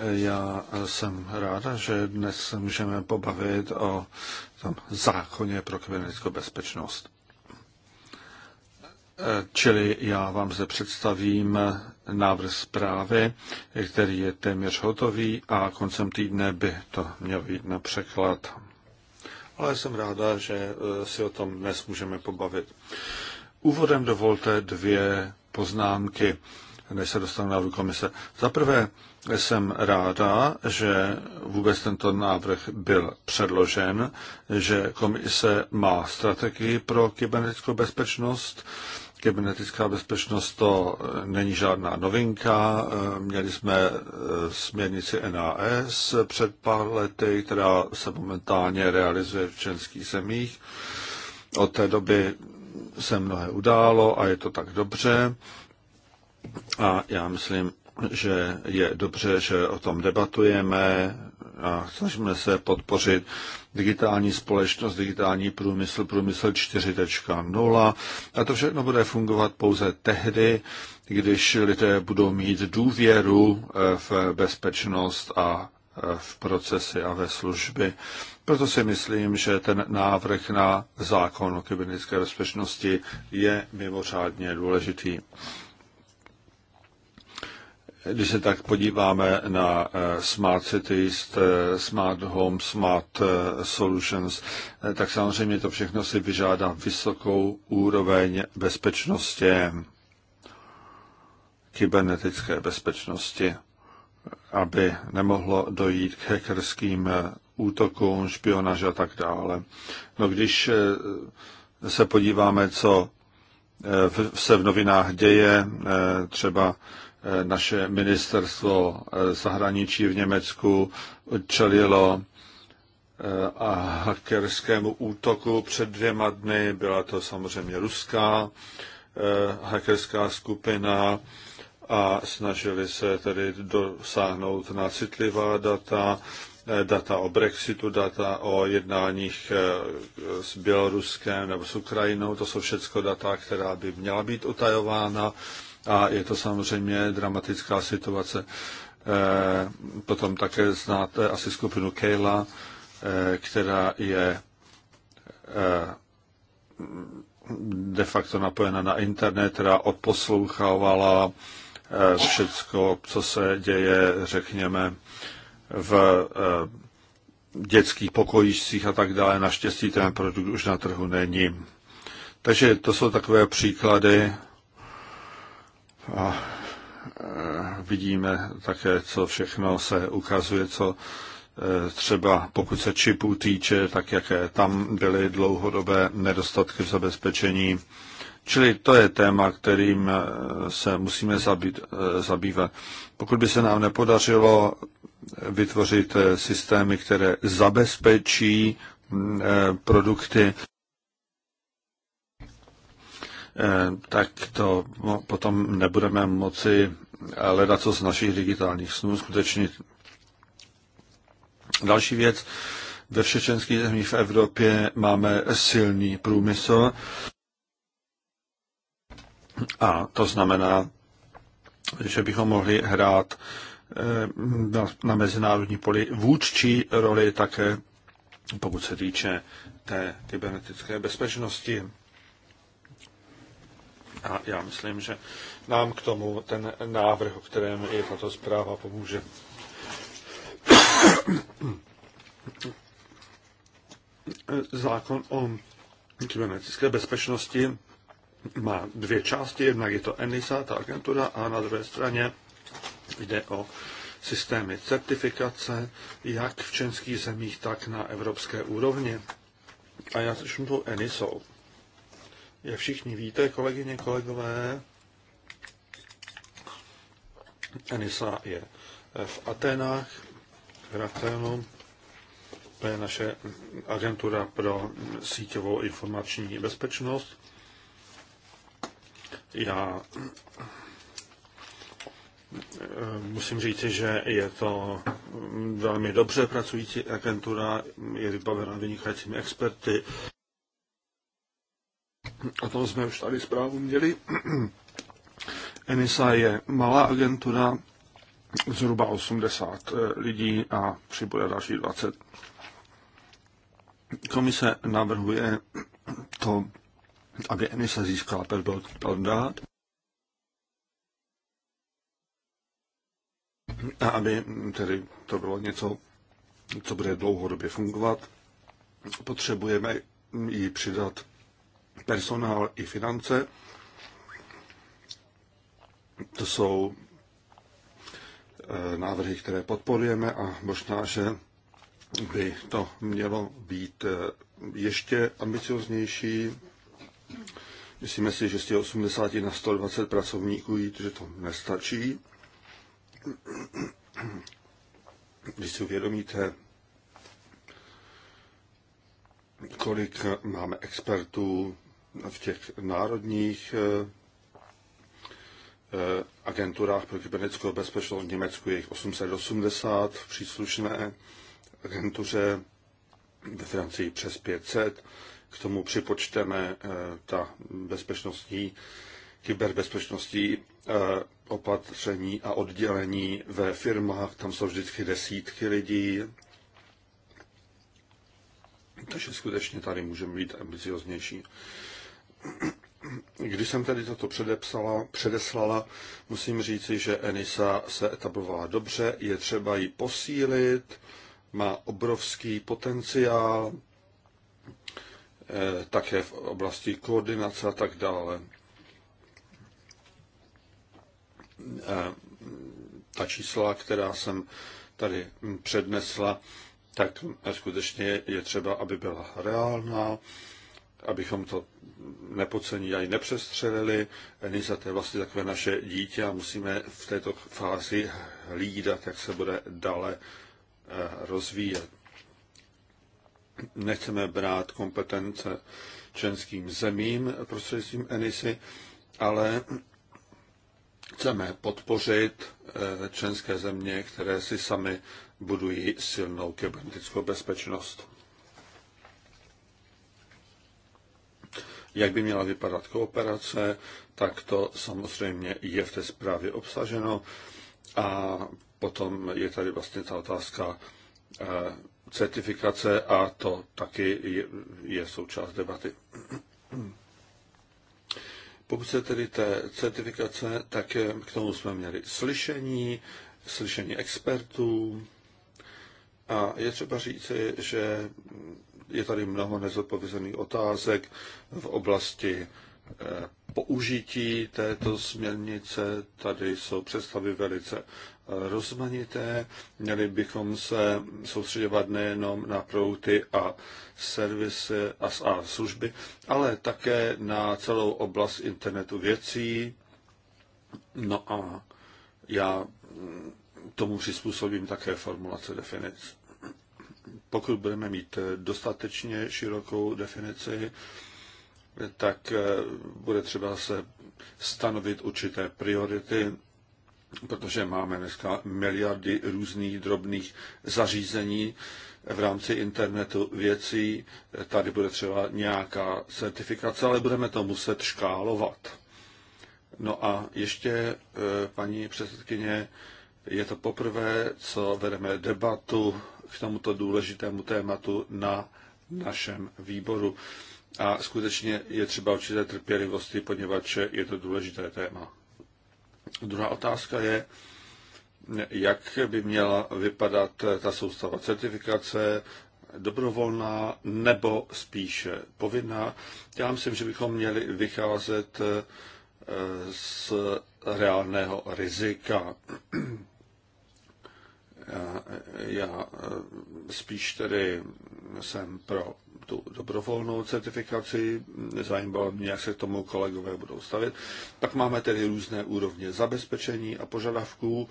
Já jsem ráda, že dnes se můžeme pobavit o tom zákoně pro kybernetickou bezpečnost. Čili já vám zde představím návrh zprávy, který je téměř hotový a koncem týdne by to mělo jít na překlad ale jsem ráda, že eh, si o tom dnes můžeme pobavit. Úvodem dovolte dvě poznámky, než se dostanu na komise. Za prvé jsem ráda, že vůbec tento návrh byl předložen, že komise má strategii pro kybernetickou bezpečnost, Kybernetická bezpečnost to e, není žádná novinka. E, měli jsme e, směrnici NAS před pár lety, která se momentálně realizuje v členských zemích. Od té doby se mnohé událo a je to tak dobře. A já myslím, že je dobře, že o tom debatujeme a snažíme se podpořit digitální společnost, digitální průmysl, průmysl 4.0 a to všechno bude fungovat pouze tehdy, když lidé budou mít důvěru eh, v bezpečnost a eh, v procesy a ve služby. Proto si myslím, že ten návrh na zákon o kybernetické bezpečnosti je mimořádně důležitý. Když se tak podíváme na eh, Smart Cities, eh, Smart Home, Smart eh, Solutions, tak samozřejmě to všechno si vyžádá vysokou úroveň bezpečnosti, kybernetické bezpečnosti, aby nemohlo dojít k hackerským útokům, špionáži a tak dále. No když se podíváme, co se v novinách děje, třeba Eh, naše ministerstvo eh, zahraničí v Německu čelilo eh, a hackerskému útoku před dvěma dny. Byla to samozřejmě ruská hackerská skupina a snažili se tedy dosáhnout na citlivá data, data o Brexitu, data o jednáních s Běloruskem nebo s Ukrajinou. To jsou všechno data, která by měla být utajována a je to samozřejmě dramatická situace. Eh, potom také znáte asi skupinu Kejla, eh, která je eh, de facto napojena na internet, která odposlouchávala všecko, co se děje, řekněme, v dětských pokojíčcích a tak dále. Naštěstí ten produkt už na trhu není. Takže to jsou takové příklady a e, vidíme také, co všechno se ukazuje, co e, třeba pokud se čipů týče, tak jaké tam byly dlouhodobé nedostatky v zabezpečení. Čili to je téma, kterým e, se musíme zabít, zabývat. Pokud by se nám nepodařilo vytvořit systémy, které zabezpečí produkty, Eh, tak to no, potom nebudeme moci eh, hledat co z našich digitálních snů skutečně. Další věc, ve všech členských zemích v Evropě máme silný průmysl a to znamená, že bychom mohli hrát eh, na mezinárodní poli vůdčí roli také, pokud se týče té kybernetické bezpečnosti. A já myslím, že nám k tomu ten návrh, o kterém je tato zpráva, pomůže. Zákon o kybernetické bezpečnosti má dvě části. Jednak je to ENISA, ta agentura, a na druhé straně jde o systémy certifikace, jak v českých zemích, tak na evropské úrovni. A já začnu tou ENISou. Jak všichni víte, kolegyně, kolegové, Enisa je v Atenách, v Ratenu. To je naše agentura pro síťovou informační bezpečnost. Já eh, musím říct, že je to velmi dobře pracující agentura, je vybavena vynikajícími experty, o tom jsme už tady zprávu měli. ENISA je malá agentura, zhruba 80 eh, lidí a přibude další 20. Komise navrhuje to, aby ENISA získala mandát a aby tedy to bylo něco, co bude dlouhodobě fungovat. Potřebujeme ji přidat personál i finance. To jsou eh, návrhy, které podporujeme a možná, že by to mělo být eh, ještě ambicioznější. Myslíme si, že z těch 80 na 120 pracovníků jít, že to nestačí. Když si uvědomíte, kolik máme expertů, v těch národních eh, eh, agenturách pro kybernetickou bezpečnost v Německu je jich 880 v příslušné agentuře, ve Francii přes 500. K tomu připočteme eh, ta bezpečnostní, kyberbezpečnostní opatření a oddělení ve firmách. Tam jsou vždycky desítky lidí. Takže skutečně tady můžeme být ambicioznější. Když jsem tady toto předepsala, předeslala, musím říci, že Enisa se etablovala dobře, je třeba ji posílit, má obrovský potenciál, eh, také v oblasti koordinace a tak dále. Eh, ta čísla, která jsem tady přednesla, tak skutečně je třeba, aby byla reálná, abychom to nepodcenili ani nepřestřelili. Nisa to je vlastně takové naše dítě a musíme v této fázi hlídat, jak se bude dále eh, rozvíjet. Nechceme brát kompetence členským zemím prostřednictvím Enisy, ale chceme podpořit eh, členské země, které si sami budují silnou kybernetickou bezpečnost. jak by měla vypadat kooperace, tak to samozřejmě je v té zprávě obsaženo. A potom je tady vlastně ta otázka eh, certifikace a to taky je, součást debaty. Pokud se tedy té certifikace, tak eh, k tomu jsme měli slyšení, slyšení expertů a je třeba říci, že je tady mnoho nezodpovězených otázek v oblasti eh, použití této směrnice. Tady jsou představy velice eh, rozmanité. Měli bychom se soustředovat nejenom na prouty a servisy a, a služby, ale také na celou oblast internetu věcí. No a já mm, tomu přizpůsobím také formulace definic pokud budeme mít dostatečně širokou definici, tak eh, bude třeba se stanovit určité priority, protože máme dneska miliardy různých drobných zařízení v rámci internetu věcí. Tady bude třeba nějaká certifikace, ale budeme to muset škálovat. No a ještě, eh, paní předsedkyně, je to poprvé, co vedeme debatu k tomuto důležitému tématu na našem výboru. A skutečně je třeba určité trpělivosti, poněvadž je to důležité téma. Druhá otázka je, jak by měla vypadat ta soustava certifikace, dobrovolná nebo spíše povinná. Já myslím, že bychom měli vycházet eh, z reálného rizika. Já, eh, spíš tedy jsem pro tu dobrovolnou certifikaci, zajímalo mě, jak se k tomu kolegové budou stavit. Pak máme tedy různé úrovně zabezpečení a požadavků.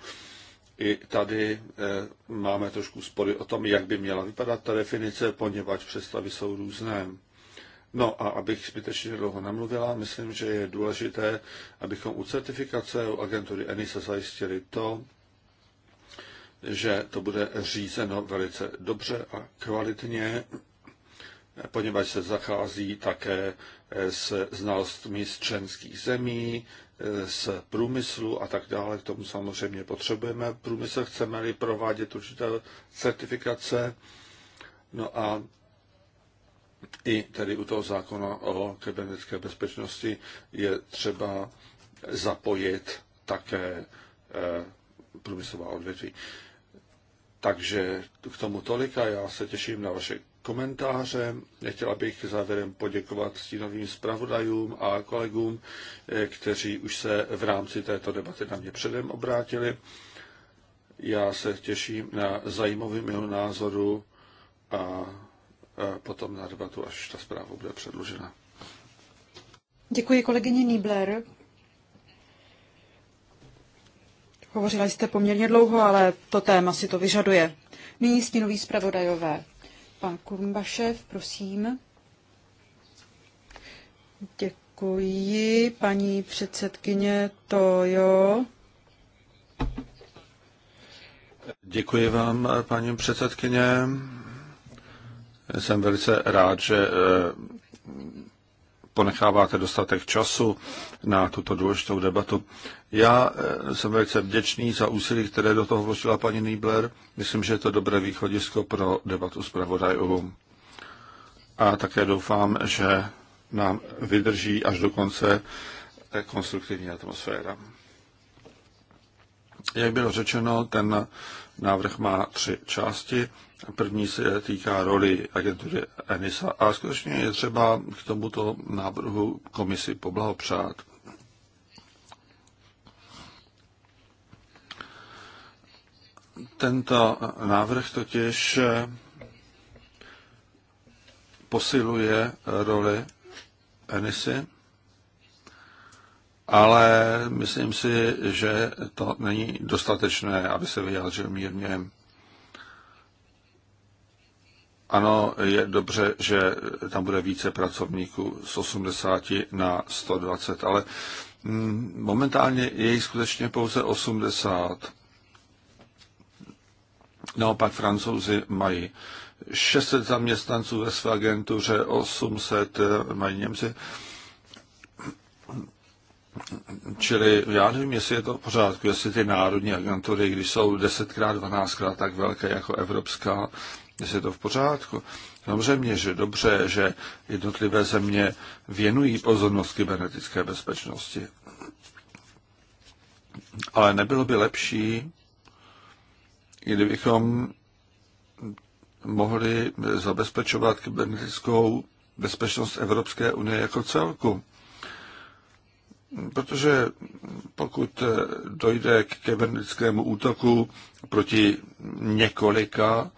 I tady eh, máme trošku spory o tom, jak by měla vypadat ta definice, poněvadž představy jsou různé. No a abych zbytečně dlouho nemluvila, myslím, že je důležité, abychom u certifikace u agentury ENISA zajistili to, že to bude řízeno velice dobře a kvalitně, poněvadž se zachází také s znalostmi z členských zemí, z průmyslu a tak dále. K tomu samozřejmě potřebujeme průmysl, chceme-li provádět určité certifikace. No a i tedy u toho zákona o kybernetické bezpečnosti je třeba zapojit také eh, průmyslová odvětví. Takže k tomu tolika, já se těším na vaše komentáře. Chtěla bych závěrem poděkovat stínovým zpravodajům a kolegům, eh, kteří už se v rámci této debaty na mě předem obrátili. Já se těším na zajímavý jeho názoru a potom na debatu, až ta zpráva bude předložena. Děkuji kolegyni Niebler. Hovořila jste poměrně dlouho, ale to téma si to vyžaduje. Nyní stínový zpravodajové. Pan Kurmbašev, prosím. Děkuji, paní předsedkyně Tojo. Děkuji vám, paní předsedkyně. Jsem velice rád, že eh, ponecháváte dostatek času na tuto důležitou debatu. Já eh, jsem velice vděčný za úsilí, které do toho vložila paní Nýbler. Myslím, že je to dobré východisko pro debatu s pravodajou. A také doufám, že nám vydrží až do konce eh, konstruktivní atmosféra. Jak bylo řečeno, ten Návrh má tři části. První se týká roli agentury ENISA a skutečně je třeba k tomuto návrhu komisi poblahopřát. Tento návrh totiž posiluje roli ENISY ale myslím si, že to není dostatečné, aby se vyjádřil mírně. Ano, je dobře, že tam bude více pracovníků z 80 na 120, ale mm, momentálně je jich skutečně pouze 80. Naopak francouzi mají 600 zaměstnanců ve své agentuře, 800 eh, mají Němci. Čili já nevím, jestli je to v pořádku, jestli ty národní agentury, když jsou 10x, 12x tak velké jako evropská, jestli je to v pořádku. Samozřejmě, že dobře, že jednotlivé země věnují pozornost kybernetické bezpečnosti. Ale nebylo by lepší, kdybychom mohli zabezpečovat kybernetickou bezpečnost Evropské unie jako celku. Protože pokud dojde k kybernetickému útoku proti několika,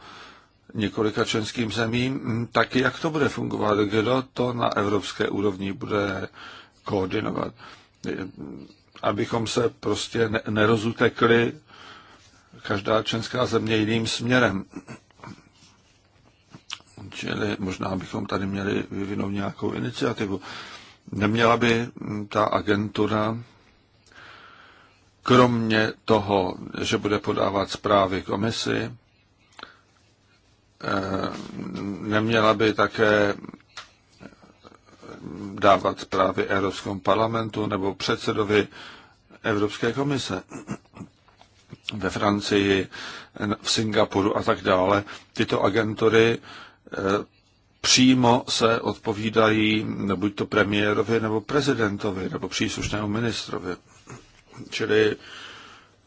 několika členským zemím, tak jak to bude fungovat? Kdo to na evropské úrovni bude koordinovat? Abychom se prostě nerozutekli každá členská země jiným směrem. Čili možná bychom tady měli vyvinout nějakou iniciativu neměla by ta agentura kromě toho, že bude podávat zprávy komisi, eh, neměla by také dávat zprávy Evropskému parlamentu nebo předsedovi Evropské komise ve Francii, v Singapuru a tak dále. Tyto agentury eh, přímo se odpovídají buď to premiérovi, nebo prezidentovi, nebo příslušnému ministrovi. Čili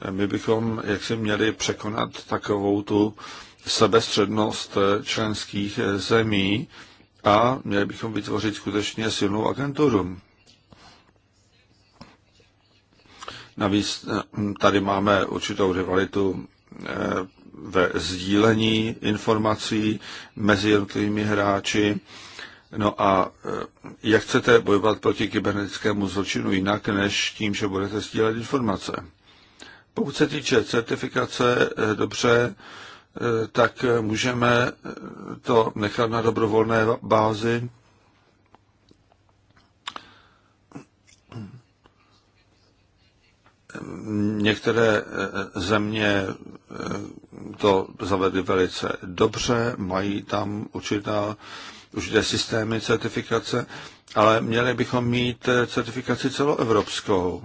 eh, my bychom jaksi měli překonat takovou tu sebestřednost eh, členských eh, zemí a měli bychom vytvořit skutečně silnou agenturu. Navíc tady máme určitou rivalitu ve sdílení informací mezi jednotlivými hráči. No a e, jak chcete bojovat proti kybernetickému zločinu jinak, než tím, že budete sdílet informace? Pokud se týče certifikace, e, dobře, e, tak můžeme to nechat na dobrovolné bázi. Některé eh, země eh, to zavedly velice dobře, mají tam určitá, určité systémy certifikace, ale měli bychom mít eh, certifikaci celoevropskou.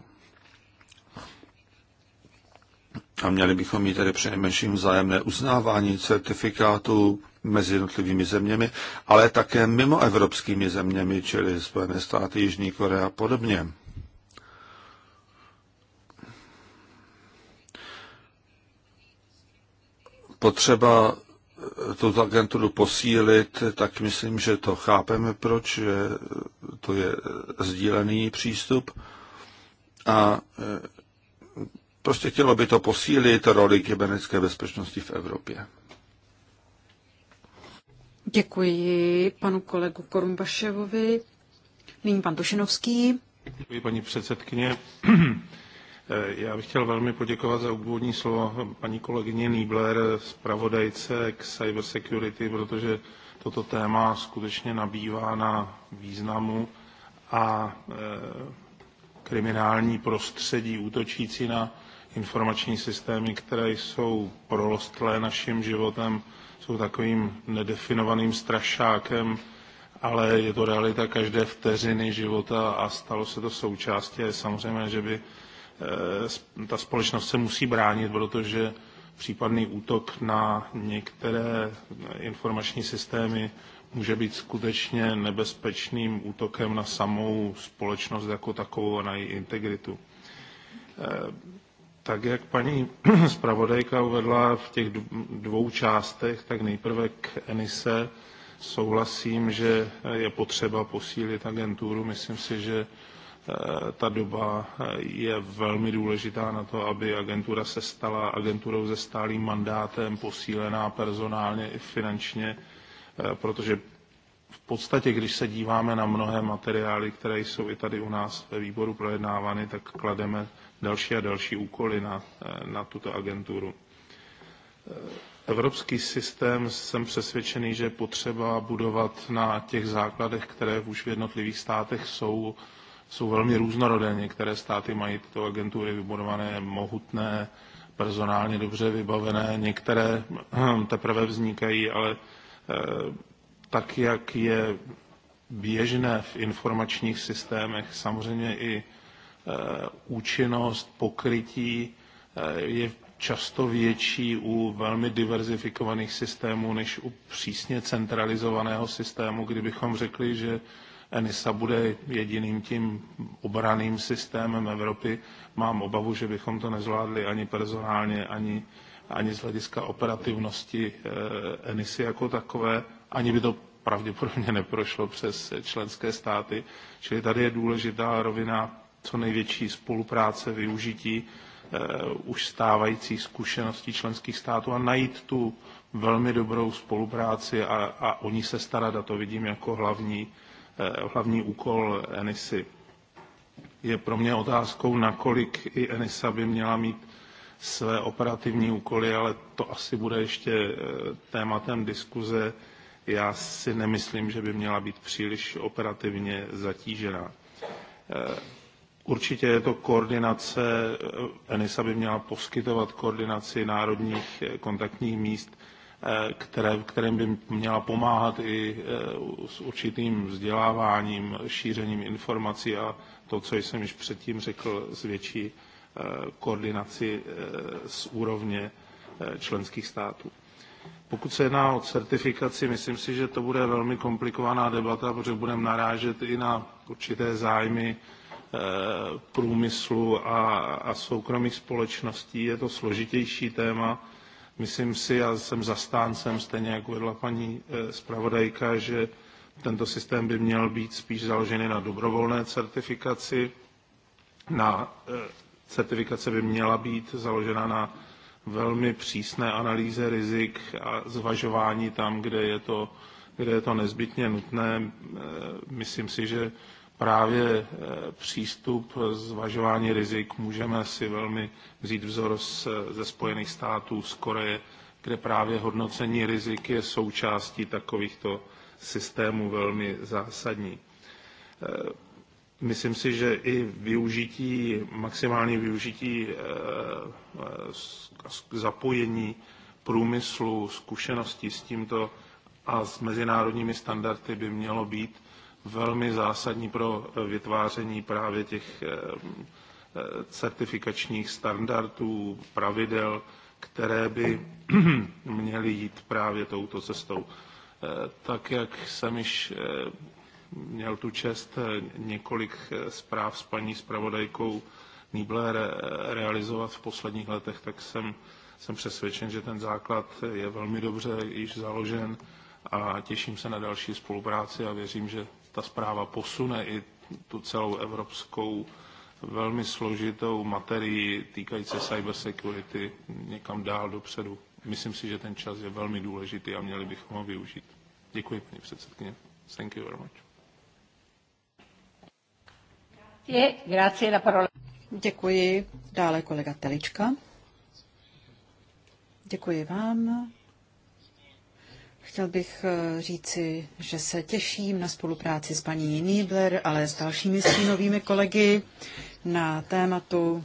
A měli bychom mít tedy přinejmenším vzájemné uznávání certifikátů mezi jednotlivými zeměmi, ale také mimo evropskými zeměmi, čili Spojené státy, Jižní Korea a podobně. potřeba eh, tuto agenturu posílit, tak myslím, že to chápeme, proč že to je eh, sdílený přístup. A eh, prostě chtělo by to posílit roli kybernetické bezpečnosti v Evropě. Děkuji panu kolegu Korumbaševovi. Nyní pan Tošenovský. Děkuji paní předsedkyně. Eh, já bych chtěl velmi poděkovat za úvodní slovo paní kolegyně Niebler, zpravodajce k cybersecurity, protože toto téma skutečně nabývá na významu a eh, kriminální prostředí útočící na informační systémy, které jsou prorostlé naším životem, jsou takovým nedefinovaným strašákem, ale je to realita každé vteřiny života a stalo se to součástí. Je samozřejmé, že by Eh, ta společnost se musí bránit, protože případný útok na některé informační systémy může být skutečně nebezpečným útokem na samou společnost jako takovou a na její integritu. Eh, tak jak paní zpravodajka uvedla v těch dvou částech, tak nejprve k Enise souhlasím, že je potřeba posílit agenturu. Myslím si, že Eh, ta doba eh, je velmi důležitá na to, aby agentura se stala agenturou se stálým mandátem, posílená personálně i finančně, eh, protože v podstatě, když se díváme na mnohé materiály, které jsou i tady u nás ve výboru projednávány, tak klademe další a další úkoly na, na tuto agenturu. Evropský systém jsem přesvědčený, že potřeba budovat na těch základech, které už v jednotlivých státech jsou, jsou velmi různorodé. Některé státy mají tyto agentury vybudované mohutné, personálně dobře vybavené, některé hm, teprve vznikají, ale eh, tak, jak je běžné v informačních systémech, samozřejmě i eh, účinnost, pokrytí eh, je často větší u velmi diverzifikovaných systémů než u přísně centralizovaného systému, kdybychom řekli, že ENISA bude jediným tím obraným systémem Evropy, mám obavu, že bychom to nezvládli ani personálně, ani, ani z hlediska operativnosti eh, ENISy jako takové, ani by to pravděpodobně neprošlo přes členské státy. Čili tady je důležitá rovina co největší spolupráce, využití eh, už stávajících zkušeností členských států a najít tu velmi dobrou spolupráci a, a o ní se starat. A to vidím jako hlavní, Eh, hlavní úkol ENISy. Je pro mě otázkou, nakolik i ENISA by měla mít své operativní úkoly, ale to asi bude ještě eh, tématem diskuze. Já si nemyslím, že by měla být příliš operativně zatížena. Eh, určitě je to koordinace, ENISA by měla poskytovat koordinaci národních kontaktních míst Eh, které, kterým by měla pomáhat i eh, s určitým vzděláváním, šířením informací a to, co jsem již předtím řekl, s větší eh, koordinaci z úrovně členských států. Pokud se jedná o certifikaci, myslím si, že to bude velmi komplikovaná debata, protože budeme narážet i na určité zájmy průmyslu a, a soukromých společností. Je to složitější téma Myslím si, já jsem zastáncem, stejně jako uvedla paní eh, zpravodajka, že tento systém by měl být spíš založený na dobrovolné certifikaci. Na, eh, certifikace by měla být založena na velmi přísné analýze rizik a zvažování tam, kde je to, kde je to nezbytně nutné. Eh, myslím si, že právě eh, přístup eh, zvažování rizik můžeme si velmi vzít vzor z, eh, ze Spojených států, z Koreje, kde právě hodnocení rizik je součástí takovýchto systémů velmi zásadní. Myslím si, že i využití, maximální využití zapojení průmyslu, zkušeností s tímto a s mezinárodními standardy by mělo být velmi zásadní pro vytváření právě těch eh, eh, certifikačních standardů, pravidel, které by měly jít právě touto cestou. Eh, tak, jak jsem již měl tu čest několik zpráv s paní zpravodajkou Nibler realizovat v posledních letech, tak jsem, jsem přesvědčen, že ten základ je velmi dobře již založen a těším se na další spolupráci a věřím, že ta zpráva posune i tu celou evropskou velmi složitou materii týkající cyber security někam dál dopředu. Myslím si, že ten čas je velmi důležitý a měli bychom ho využít. Děkuji, paní předsedkyně. Thank you very much. Děkuji. Dále kolega Telička. Děkuji vám, Chtěl bych eh, říci, že se těším na spolupráci s paní Niebler, ale s dalšími stínovými kolegy na tématu,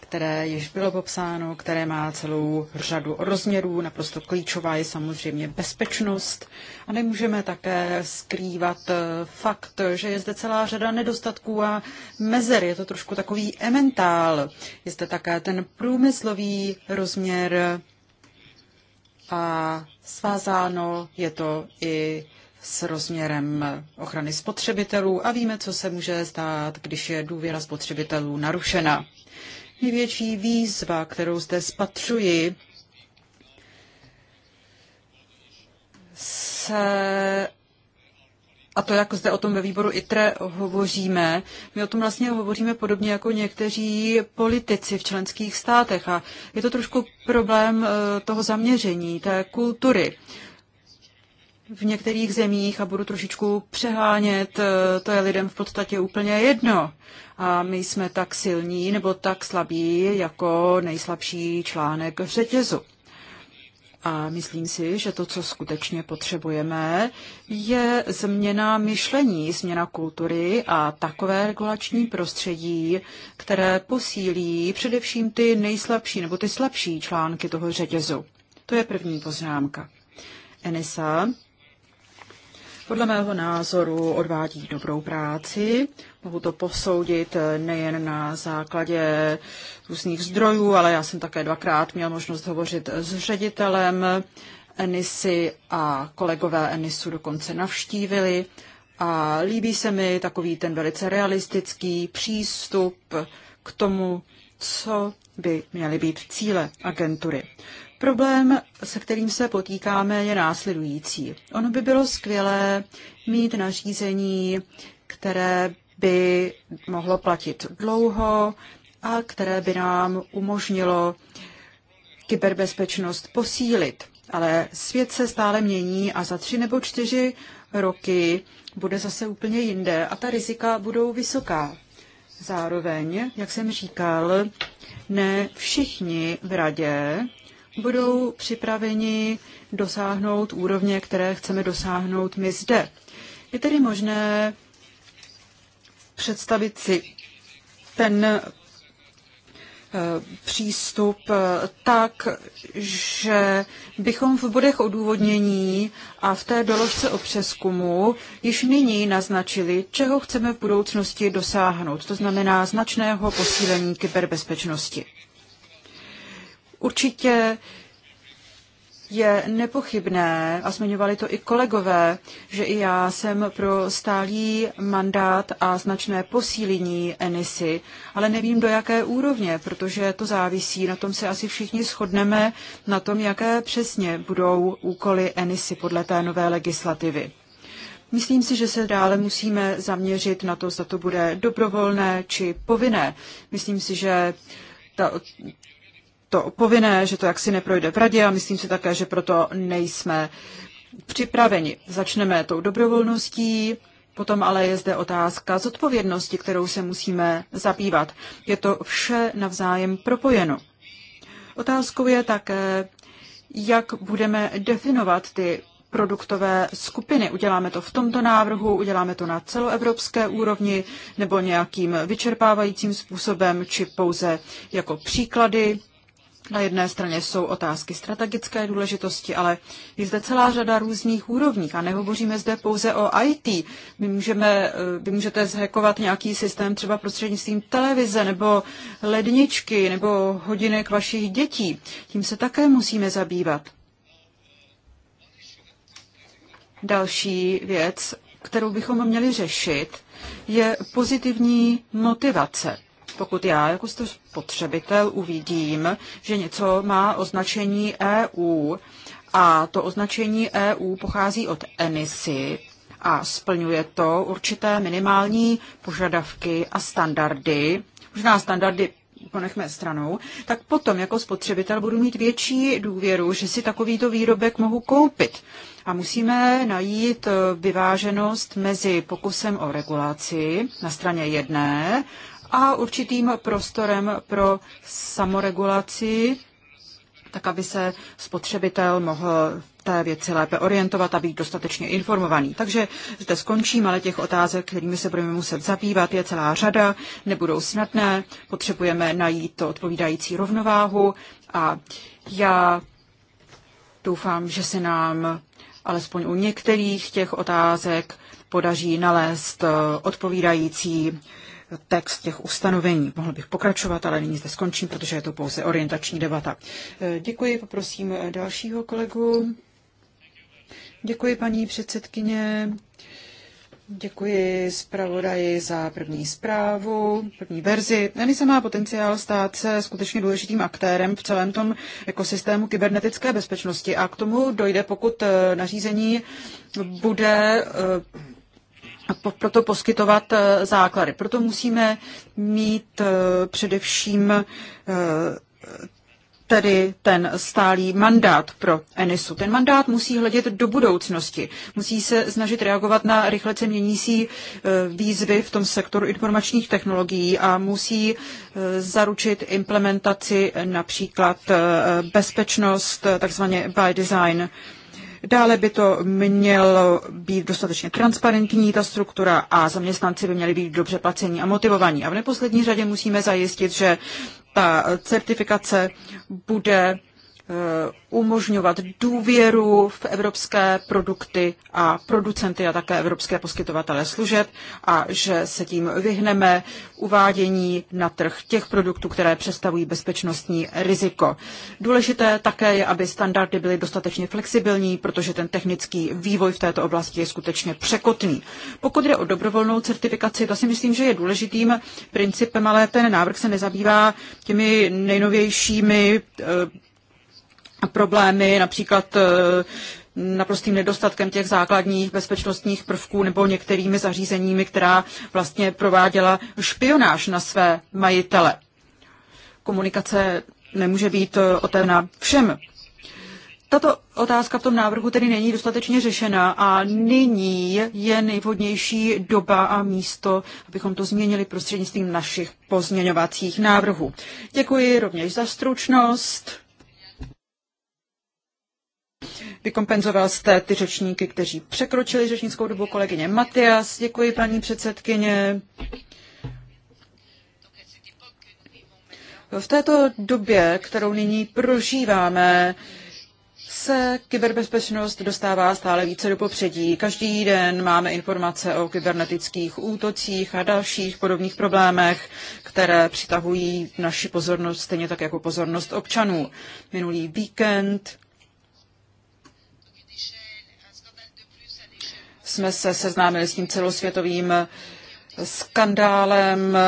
které již bylo popsáno, které má celou řadu rozměrů. Naprosto klíčová je samozřejmě bezpečnost a nemůžeme také skrývat eh, fakt, že je zde celá řada nedostatků a mezer. Je to trošku takový ementál. Je zde také ten průmyslový rozměr a svázáno je to i s rozměrem ochrany spotřebitelů a víme, co se může stát, když je důvěra spotřebitelů narušena. Největší výzva, kterou zde spatřuji, se a to, jak zde o tom ve výboru ITRE hovoříme, my o tom vlastně hovoříme podobně jako někteří politici v členských státech a je to trošku problém eh, toho zaměření, té kultury. V některých zemích, a budu trošičku přehánět, eh, to je lidem v podstatě úplně jedno. A my jsme tak silní nebo tak slabí jako nejslabší článek řetězu. A myslím si, že to, co skutečně potřebujeme, je změna myšlení, změna kultury a takové regulační prostředí, které posílí především ty nejslabší nebo ty slabší články toho řetězu. To je první poznámka. Enisa podle mého názoru odvádí dobrou práci. Mohu to posoudit eh, nejen na základě různých zdrojů, ale já jsem také dvakrát měl možnost hovořit s ředitelem Enisy a kolegové Enisu dokonce navštívili. A líbí se mi takový ten velice realistický přístup k tomu, co by měly být cíle agentury. Problém, se kterým se potýkáme, je následující. Ono by bylo skvělé mít nařízení, které by mohlo platit dlouho a které by nám umožnilo kyberbezpečnost posílit. Ale svět se stále mění a za tři nebo čtyři roky bude zase úplně jinde a ta rizika budou vysoká. Zároveň, jak jsem říkal, ne všichni v radě budou připraveni dosáhnout úrovně, které chceme dosáhnout my zde. Je tedy možné představit si ten eh, přístup eh, tak, že bychom v bodech odůvodnění a v té doložce o přeskumu již nyní naznačili, čeho chceme v budoucnosti dosáhnout, to znamená značného posílení kyberbezpečnosti. Určitě je nepochybné, a zmiňovali to i kolegové, že i já jsem pro stálý mandát a značné posílení Enisy, ale nevím do jaké úrovně, protože to závisí, na tom se asi všichni shodneme, na tom, jaké přesně budou úkoly Enisy podle té nové legislativy. Myslím si, že se dále musíme zaměřit na to, zda to bude dobrovolné či povinné. Myslím si, že ta, to povinné, že to jaksi neprojde v radě a myslím si také, že proto nejsme připraveni. Začneme tou dobrovolností, potom ale je zde otázka zodpovědnosti, kterou se musíme zabývat. Je to vše navzájem propojeno. Otázkou je také, jak budeme definovat ty produktové skupiny. Uděláme to v tomto návrhu, uděláme to na celoevropské úrovni nebo nějakým vyčerpávajícím způsobem, či pouze jako příklady. Na jedné straně jsou otázky strategické důležitosti, ale je zde celá řada různých úrovních a nehovoříme zde pouze o IT. My můžeme, eh, vy můžete zhekovat nějaký systém třeba prostřednictvím televize nebo ledničky nebo hodinek vašich dětí. Tím se také musíme zabývat. Další věc, kterou bychom měli řešit, je pozitivní motivace pokud já jako spotřebitel uvidím, že něco má označení EU a to označení EU pochází od ENISY a splňuje to určité minimální požadavky a standardy, možná standardy ponechme stranou, tak potom jako spotřebitel budu mít větší důvěru, že si takovýto výrobek mohu koupit. A musíme najít eh, vyváženost mezi pokusem o regulaci na straně jedné a určitým prostorem pro samoregulaci, tak aby se spotřebitel mohl té věci lépe orientovat a být dostatečně informovaný. Takže zde skončím, ale těch otázek, kterými se budeme muset zabývat, je celá řada, nebudou snadné, potřebujeme najít to odpovídající rovnováhu a já doufám, že se nám alespoň u některých těch otázek podaří nalézt eh, odpovídající text těch ustanovení. Mohl bych pokračovat, ale nyní zde skončím, protože je to pouze orientační debata. E, děkuji, poprosím e, dalšího kolegu. Děkuji, paní předsedkyně. Děkuji zpravodaji za první zprávu, první verzi. Enisa má potenciál stát se skutečně důležitým aktérem v celém tom ekosystému kybernetické bezpečnosti a k tomu dojde, pokud e, nařízení bude proto poskytovat eh, základy. Proto musíme mít eh, především eh, tedy ten stálý mandát pro Enisu. Ten mandát musí hledět do budoucnosti, musí se snažit reagovat na rychle se měnící výzvy v tom sektoru informačních technologií a musí zaručit implementaci například bezpečnost, takzvaně by design Dále by to mělo být dostatečně transparentní ta struktura a zaměstnanci by měli být dobře placení a motivovaní. A v neposlední řadě musíme zajistit, že ta certifikace bude Eh, umožňovat důvěru v evropské produkty a producenty a také evropské poskytovatele služeb a že se tím vyhneme uvádění na trh těch produktů, které představují bezpečnostní riziko. Důležité také je, aby standardy byly dostatečně flexibilní, protože ten technický vývoj v této oblasti je skutečně překotný. Pokud jde o dobrovolnou certifikaci, to si myslím, že je důležitým principem, ale ten návrh se nezabývá těmi nejnovějšími eh, problémy, například eh, naprostým nedostatkem těch základních bezpečnostních prvků nebo některými zařízeními, která vlastně prováděla špionáž na své majitele. Komunikace nemůže být eh, otevřena všem. Tato otázka v tom návrhu tedy není dostatečně řešena a nyní je nejvhodnější doba a místo, abychom to změnili prostřednictvím našich pozměňovacích návrhů. Děkuji rovněž za stručnost. Vykompenzoval jste ty řečníky, kteří překročili řečnickou dobu. Kolegyně Matias, děkuji paní předsedkyně. V této době, kterou nyní prožíváme, se kyberbezpečnost dostává stále více do popředí. Každý den máme informace o kybernetických útocích a dalších podobných problémech, které přitahují naši pozornost stejně tak jako pozornost občanů. Minulý víkend jsme se seznámili s tím celosvětovým skandálem.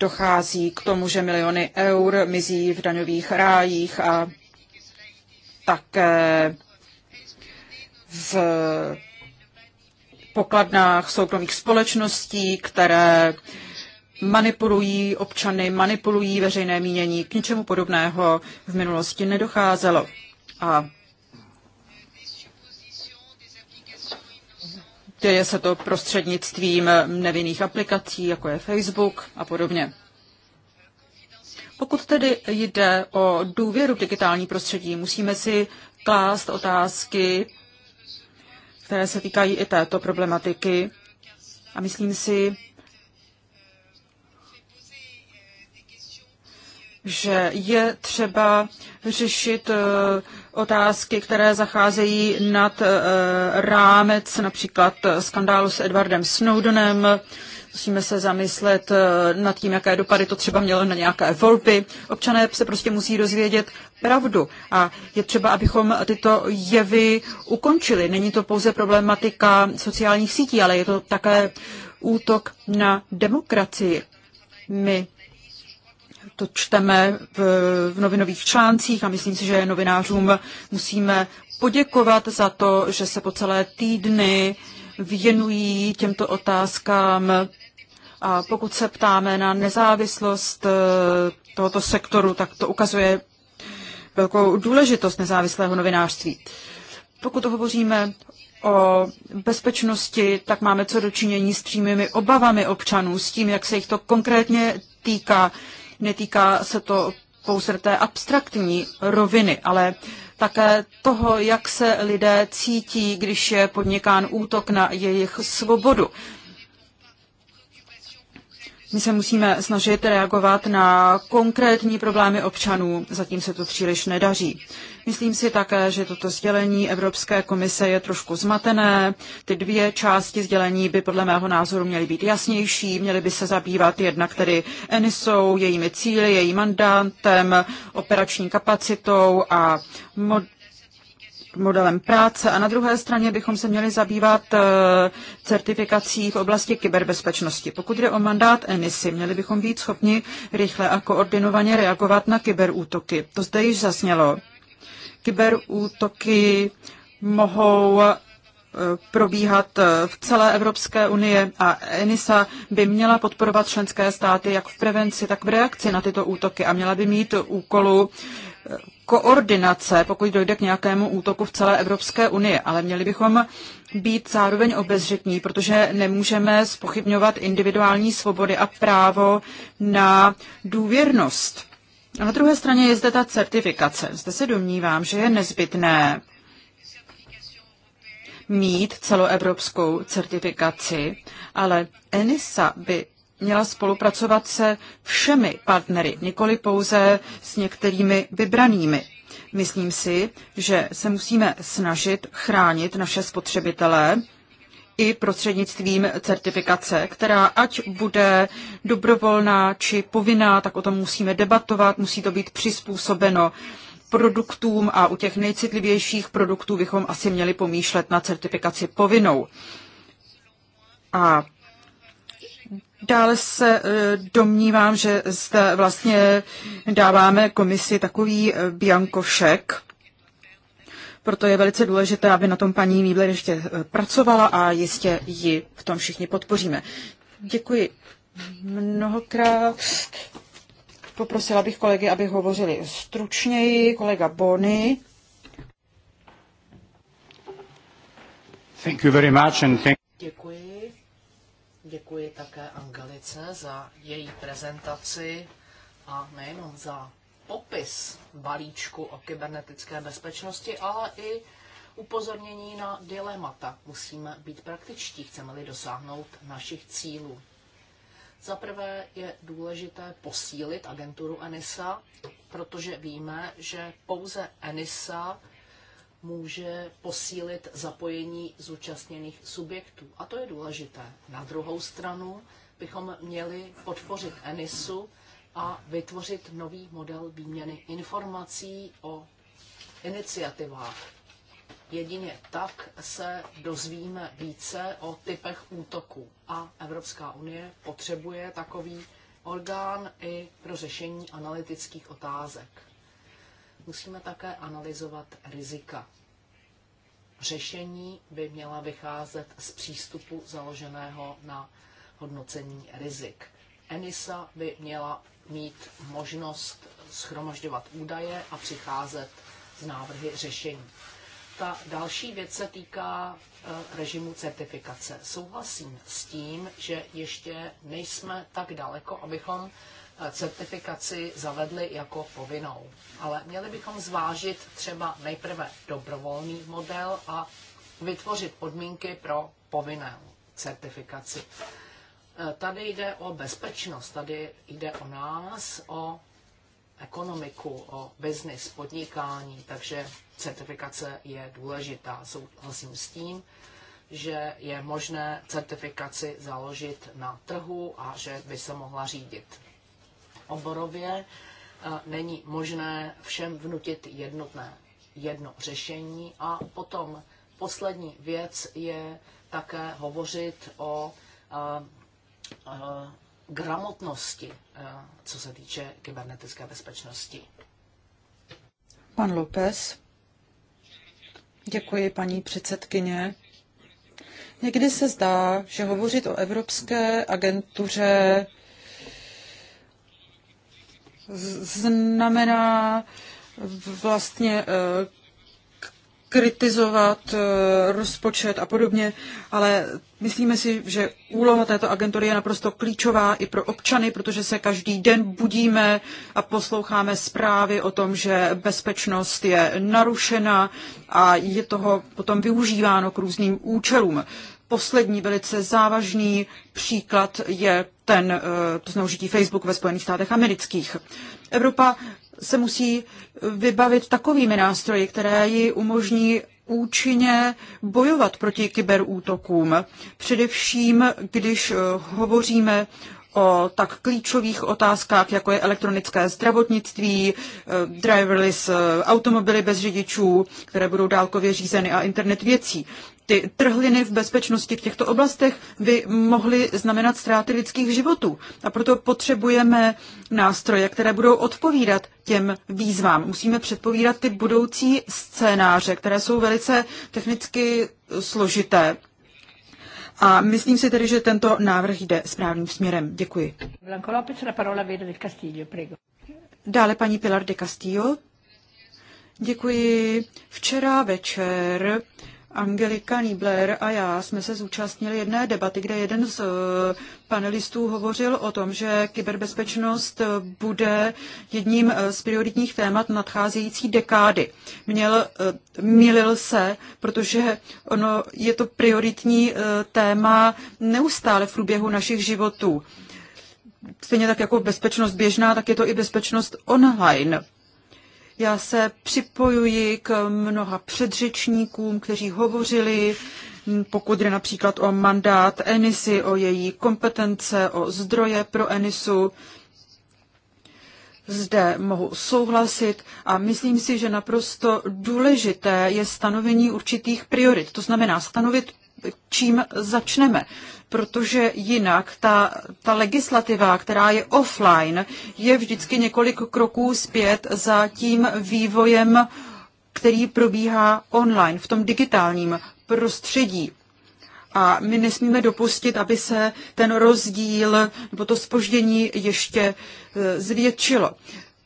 Dochází k tomu, že miliony eur mizí v daňových rájích a také v pokladnách soukromých společností, které manipulují občany, manipulují veřejné mínění. K ničemu podobného v minulosti nedocházelo. A Děje se to prostřednictvím nevinných aplikací, jako je Facebook a podobně. Pokud tedy jde o důvěru v digitální prostředí, musíme si klást otázky, které se týkají i této problematiky. A myslím si, že je třeba řešit eh, otázky, které zacházejí nad eh, rámec například skandálu s Edwardem Snowdenem. Musíme se zamyslet eh, nad tím, jaké dopady to třeba mělo na nějaké volby. Občané se prostě musí dozvědět pravdu a je třeba, abychom tyto jevy ukončili. Není to pouze problematika sociálních sítí, ale je to také útok na demokracii. My to čteme v, v novinových článcích a myslím si, že novinářům musíme poděkovat za to, že se po celé týdny věnují těmto otázkám. A pokud se ptáme na nezávislost eh, tohoto sektoru, tak to ukazuje velkou důležitost nezávislého novinářství. Pokud hovoříme o bezpečnosti, tak máme co dočinění s přímými obavami občanů, s tím, jak se jich to konkrétně týká, Netýká se to pouze té abstraktní roviny, ale také toho, jak se lidé cítí, když je podnikán útok na jejich svobodu. My se musíme snažit reagovat na konkrétní problémy občanů, zatím se to příliš nedaří. Myslím si také, že toto sdělení Evropské komise je trošku zmatené. Ty dvě části sdělení by podle mého názoru měly být jasnější, měly by se zabývat jednak tedy ENISou, jejími cíly, jejím mandátem, operační kapacitou a mod- modelem práce a na druhé straně bychom se měli zabývat eh, certifikací v oblasti kyberbezpečnosti. Pokud jde o mandát ENISY, měli bychom být schopni rychle a koordinovaně reagovat na kyberútoky. To zde již zasnělo. Kyberútoky mohou eh, probíhat eh, v celé Evropské unie a ENISA by měla podporovat členské státy jak v prevenci, tak v reakci na tyto útoky a měla by mít úkolu koordinace, pokud dojde k nějakému útoku v celé Evropské unii, ale měli bychom být zároveň obezřetní, protože nemůžeme spochybňovat individuální svobody a právo na důvěrnost. A na druhé straně je zde ta certifikace. Zde se domnívám, že je nezbytné mít celoevropskou certifikaci, ale ENISA by měla spolupracovat se všemi partnery, nikoli pouze s některými vybranými. Myslím si, že se musíme snažit chránit naše spotřebitelé i prostřednictvím certifikace, která ať bude dobrovolná či povinná, tak o tom musíme debatovat, musí to být přizpůsobeno produktům a u těch nejcitlivějších produktů bychom asi měli pomýšlet na certifikaci povinnou. A Dále se e, domnívám, že zde vlastně dáváme komisi takový e, biankošek, proto je velice důležité, aby na tom paní Míbler ještě e, pracovala a jistě ji v tom všichni podpoříme. Děkuji mnohokrát. Poprosila bych kolegy, aby hovořili stručněji. Kolega Bony. Thank you very much and thank... Děkuji. Děkuji také Angelice za její prezentaci a nejenom za popis balíčku o kybernetické bezpečnosti, ale i upozornění na dilemata. Musíme být praktičtí, chceme-li dosáhnout našich cílů. Za prvé je důležité posílit agenturu ENISA, protože víme, že pouze ENISA může posílit zapojení zúčastněných subjektů. A to je důležité. Na druhou stranu bychom měli podpořit ENISu a vytvořit nový model výměny informací o iniciativách. Jedině tak se dozvíme více o typech útoků a Evropská unie potřebuje takový orgán i pro řešení analytických otázek musíme také analyzovat rizika. Řešení by měla vycházet z přístupu založeného na hodnocení rizik. ENISA by měla mít možnost schromažďovat údaje a přicházet s návrhy řešení. Ta další věc se týká eh, režimu certifikace. Souhlasím s tím, že ještě nejsme tak daleko, abychom Eh, certifikaci zavedli jako povinnou. Ale měli bychom zvážit třeba nejprve dobrovolný model a vytvořit podmínky pro povinnou certifikaci. Eh, tady jde o bezpečnost, tady jde o nás, o ekonomiku, o biznis, podnikání, takže certifikace je důležitá. Souhlasím s tím, že je možné certifikaci založit na trhu a že by se mohla řídit oborově eh, není možné všem vnutit jednotné jedno řešení. A potom poslední věc je také hovořit o eh, eh, gramotnosti, co se týče kybernetické bezpečnosti. Pan López. Děkuji, paní předsedkyně. Někdy se zdá, že hovořit o Evropské agentuře znamená vlastně eh, kritizovat eh, rozpočet a podobně, ale myslíme si, že úloha této agentury je naprosto klíčová i pro občany, protože se každý den budíme a posloucháme zprávy o tom, že bezpečnost je narušena a je toho potom využíváno k různým účelům. Poslední velice závažný příklad je ten, eh, to zneužití Facebooku ve Spojených státech amerických. Evropa se musí vybavit takovými nástroji, které ji umožní účinně bojovat proti kyberútokům. Především, když eh, hovoříme o tak klíčových otázkách, jako je elektronické zdravotnictví, eh, driverless automobily bez řidičů, které budou dálkově řízeny a internet věcí ty trhliny v bezpečnosti v těchto oblastech by mohly znamenat ztráty lidských životů. A proto potřebujeme nástroje, které budou odpovídat těm výzvám. Musíme předpovídat ty budoucí scénáře, které jsou velice technicky složité. A myslím si tedy, že tento návrh jde správným směrem. Děkuji. Blanco López, del Castillo, Dále paní Pilar de Castillo. Děkuji. Včera večer Angelika Niebler a já jsme se zúčastnili jedné debaty, kde jeden z eh, panelistů hovořil o tom, že kyberbezpečnost eh, bude jedním eh, z prioritních témat nadcházející dekády. Měl, milil se, protože ono je to prioritní téma neustále v průběhu našich životů. Stejně tak jako bezpečnost běžná, tak je to i bezpečnost online. Já se připojuji k mnoha předřečníkům, kteří hovořili, pokud jde například o mandát Enisy, o její kompetence, o zdroje pro Enisu. Zde mohu souhlasit a myslím si, že naprosto důležité je stanovení určitých priorit. To znamená stanovit, čím začneme protože jinak ta, ta legislativa, která je offline, je vždycky několik kroků zpět za tím vývojem, který probíhá online, v tom digitálním prostředí. A my nesmíme dopustit, aby se ten rozdíl nebo to spoždění ještě eh, zvětšilo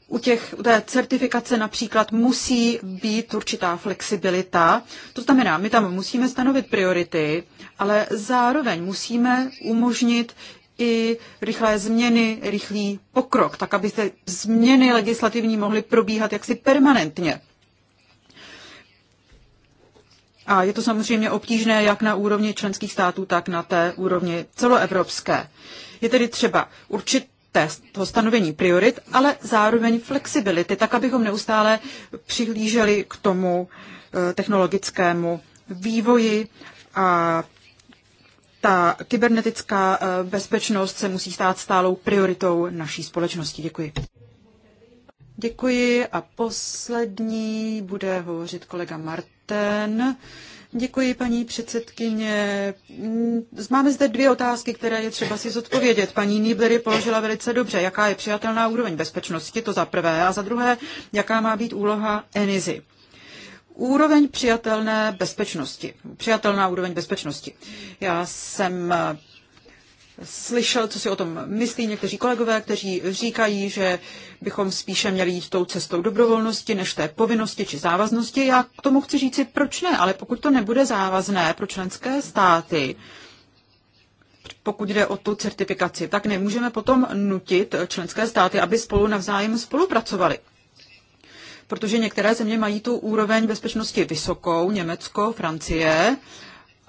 u, těch, u té certifikace například musí být určitá flexibilita. To znamená, my tam musíme stanovit priority, ale zároveň musíme umožnit i rychlé změny, rychlý pokrok, tak aby se změny legislativní mohly probíhat jaksi permanentně. A je to samozřejmě obtížné jak na úrovni členských států, tak na té úrovni celoevropské. Je tedy třeba určit toho stanovení priorit, ale zároveň flexibility, tak abychom neustále přihlíželi k tomu eh, technologickému vývoji a ta kybernetická eh, bezpečnost se musí stát stálou prioritou naší společnosti. Děkuji. Děkuji a poslední bude hovořit kolega Marten. Děkuji, paní předsedkyně. Mm, máme zde dvě otázky, které je třeba si zodpovědět. Paní Nibler je položila velice dobře. Jaká je přijatelná úroveň bezpečnosti, to za prvé, a za druhé, jaká má být úloha ENISY. Úroveň přijatelné bezpečnosti. Přijatelná úroveň bezpečnosti. Já jsem slyšel, co si o tom myslí někteří kolegové, kteří říkají, že bychom spíše měli jít tou cestou dobrovolnosti než té povinnosti či závaznosti. Já k tomu chci říci, proč ne, ale pokud to nebude závazné pro členské státy, pokud jde o tu certifikaci, tak nemůžeme potom nutit členské státy, aby spolu navzájem spolupracovali. Protože některé země mají tu úroveň bezpečnosti vysokou, Německo, Francie,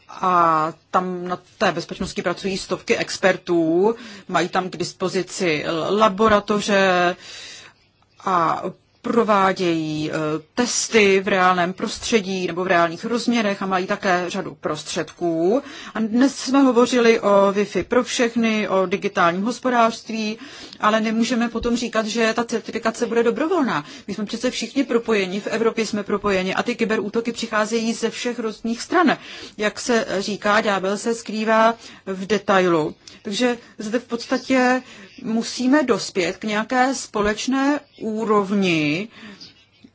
a tam na té bezpečnosti pracují stovky expertů, mají tam k dispozici laboratoře a provádějí eh, testy v reálném prostředí nebo v reálných rozměrech a mají také řadu prostředků. A dnes jsme hovořili o Wi-Fi pro všechny, o digitálním hospodářství, ale nemůžeme potom říkat, že ta certifikace bude dobrovolná. My jsme přece všichni propojeni, v Evropě jsme propojeni a ty kyberútoky přicházejí ze všech různých stran. Jak se říká, ďábel se skrývá v detailu. Takže zde v podstatě musíme dospět k nějaké společné úrovni,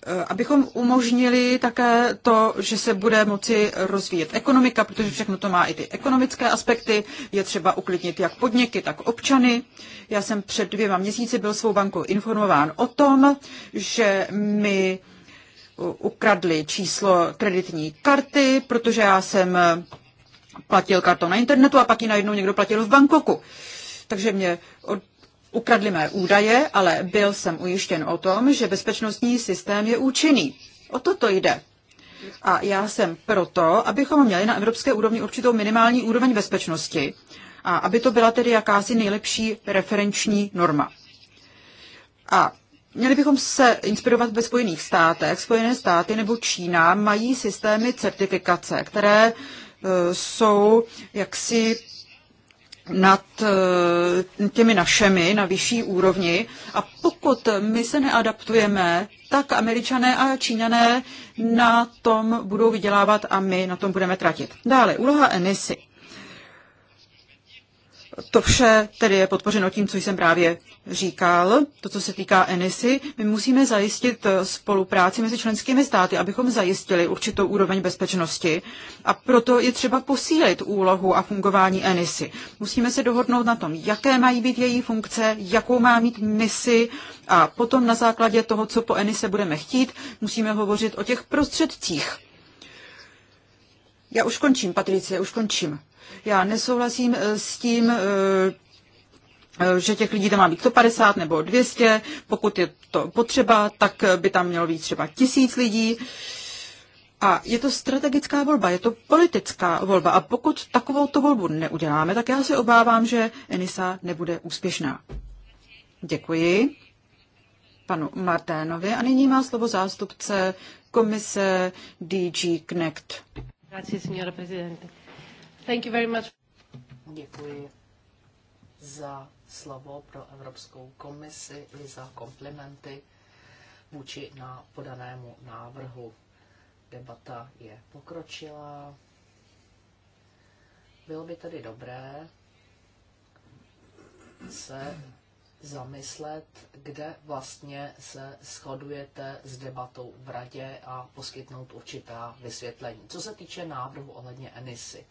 eh, abychom umožnili také to, že se bude moci rozvíjet ekonomika, protože všechno to má i ty ekonomické aspekty. Je třeba uklidnit jak podniky, tak občany. Já jsem před dvěma měsíci byl svou bankou informován o tom, že mi ukradli číslo kreditní karty, protože já jsem platil kartou na internetu a pak ji najednou někdo platil v Bangkoku. Takže mě od ukradli mé údaje, ale byl jsem ujištěn o tom, že bezpečnostní systém je účinný. O toto jde. A já jsem proto, abychom měli na evropské úrovni určitou minimální úroveň bezpečnosti a aby to byla tedy jakási nejlepší referenční norma. A Měli bychom se inspirovat ve Spojených státech. Spojené státy nebo Čína mají systémy certifikace, které e, jsou jaksi nad eh, těmi našemi na vyšší úrovni a pokud my se neadaptujeme, tak američané a číňané na tom budou vydělávat a my na tom budeme tratit. Dále, úloha Enisy. To vše tedy je podpořeno tím, co jsem právě říkal, to, co se týká ENISy. My musíme zajistit spolupráci mezi členskými státy, abychom zajistili určitou úroveň bezpečnosti a proto je třeba posílit úlohu a fungování ENISy. Musíme se dohodnout na tom, jaké mají být její funkce, jakou má mít misi a potom na základě toho, co po ENISe budeme chtít, musíme hovořit o těch prostředcích. Já už končím, Patrice, už končím. Já nesouhlasím eh, s tím, eh, eh, že těch lidí tam má být 150 nebo 200, pokud je to potřeba, tak by tam mělo být třeba tisíc lidí. A je to strategická volba, je to politická volba a pokud takovou to volbu neuděláme, tak já se obávám, že Enisa nebude úspěšná. Děkuji panu Marténovi a nyní má slovo zástupce komise DG Connect. Grazie, Presidente. Thank you very much. Děkuji za slovo pro Evropskou komisi i za komplimenty vůči na podanému návrhu. Debata je pokročila. Bylo by tedy dobré se zamyslet, kde vlastně se shodujete s debatou v radě a poskytnout určitá vysvětlení. Co se týče návrhu ohledně emisy,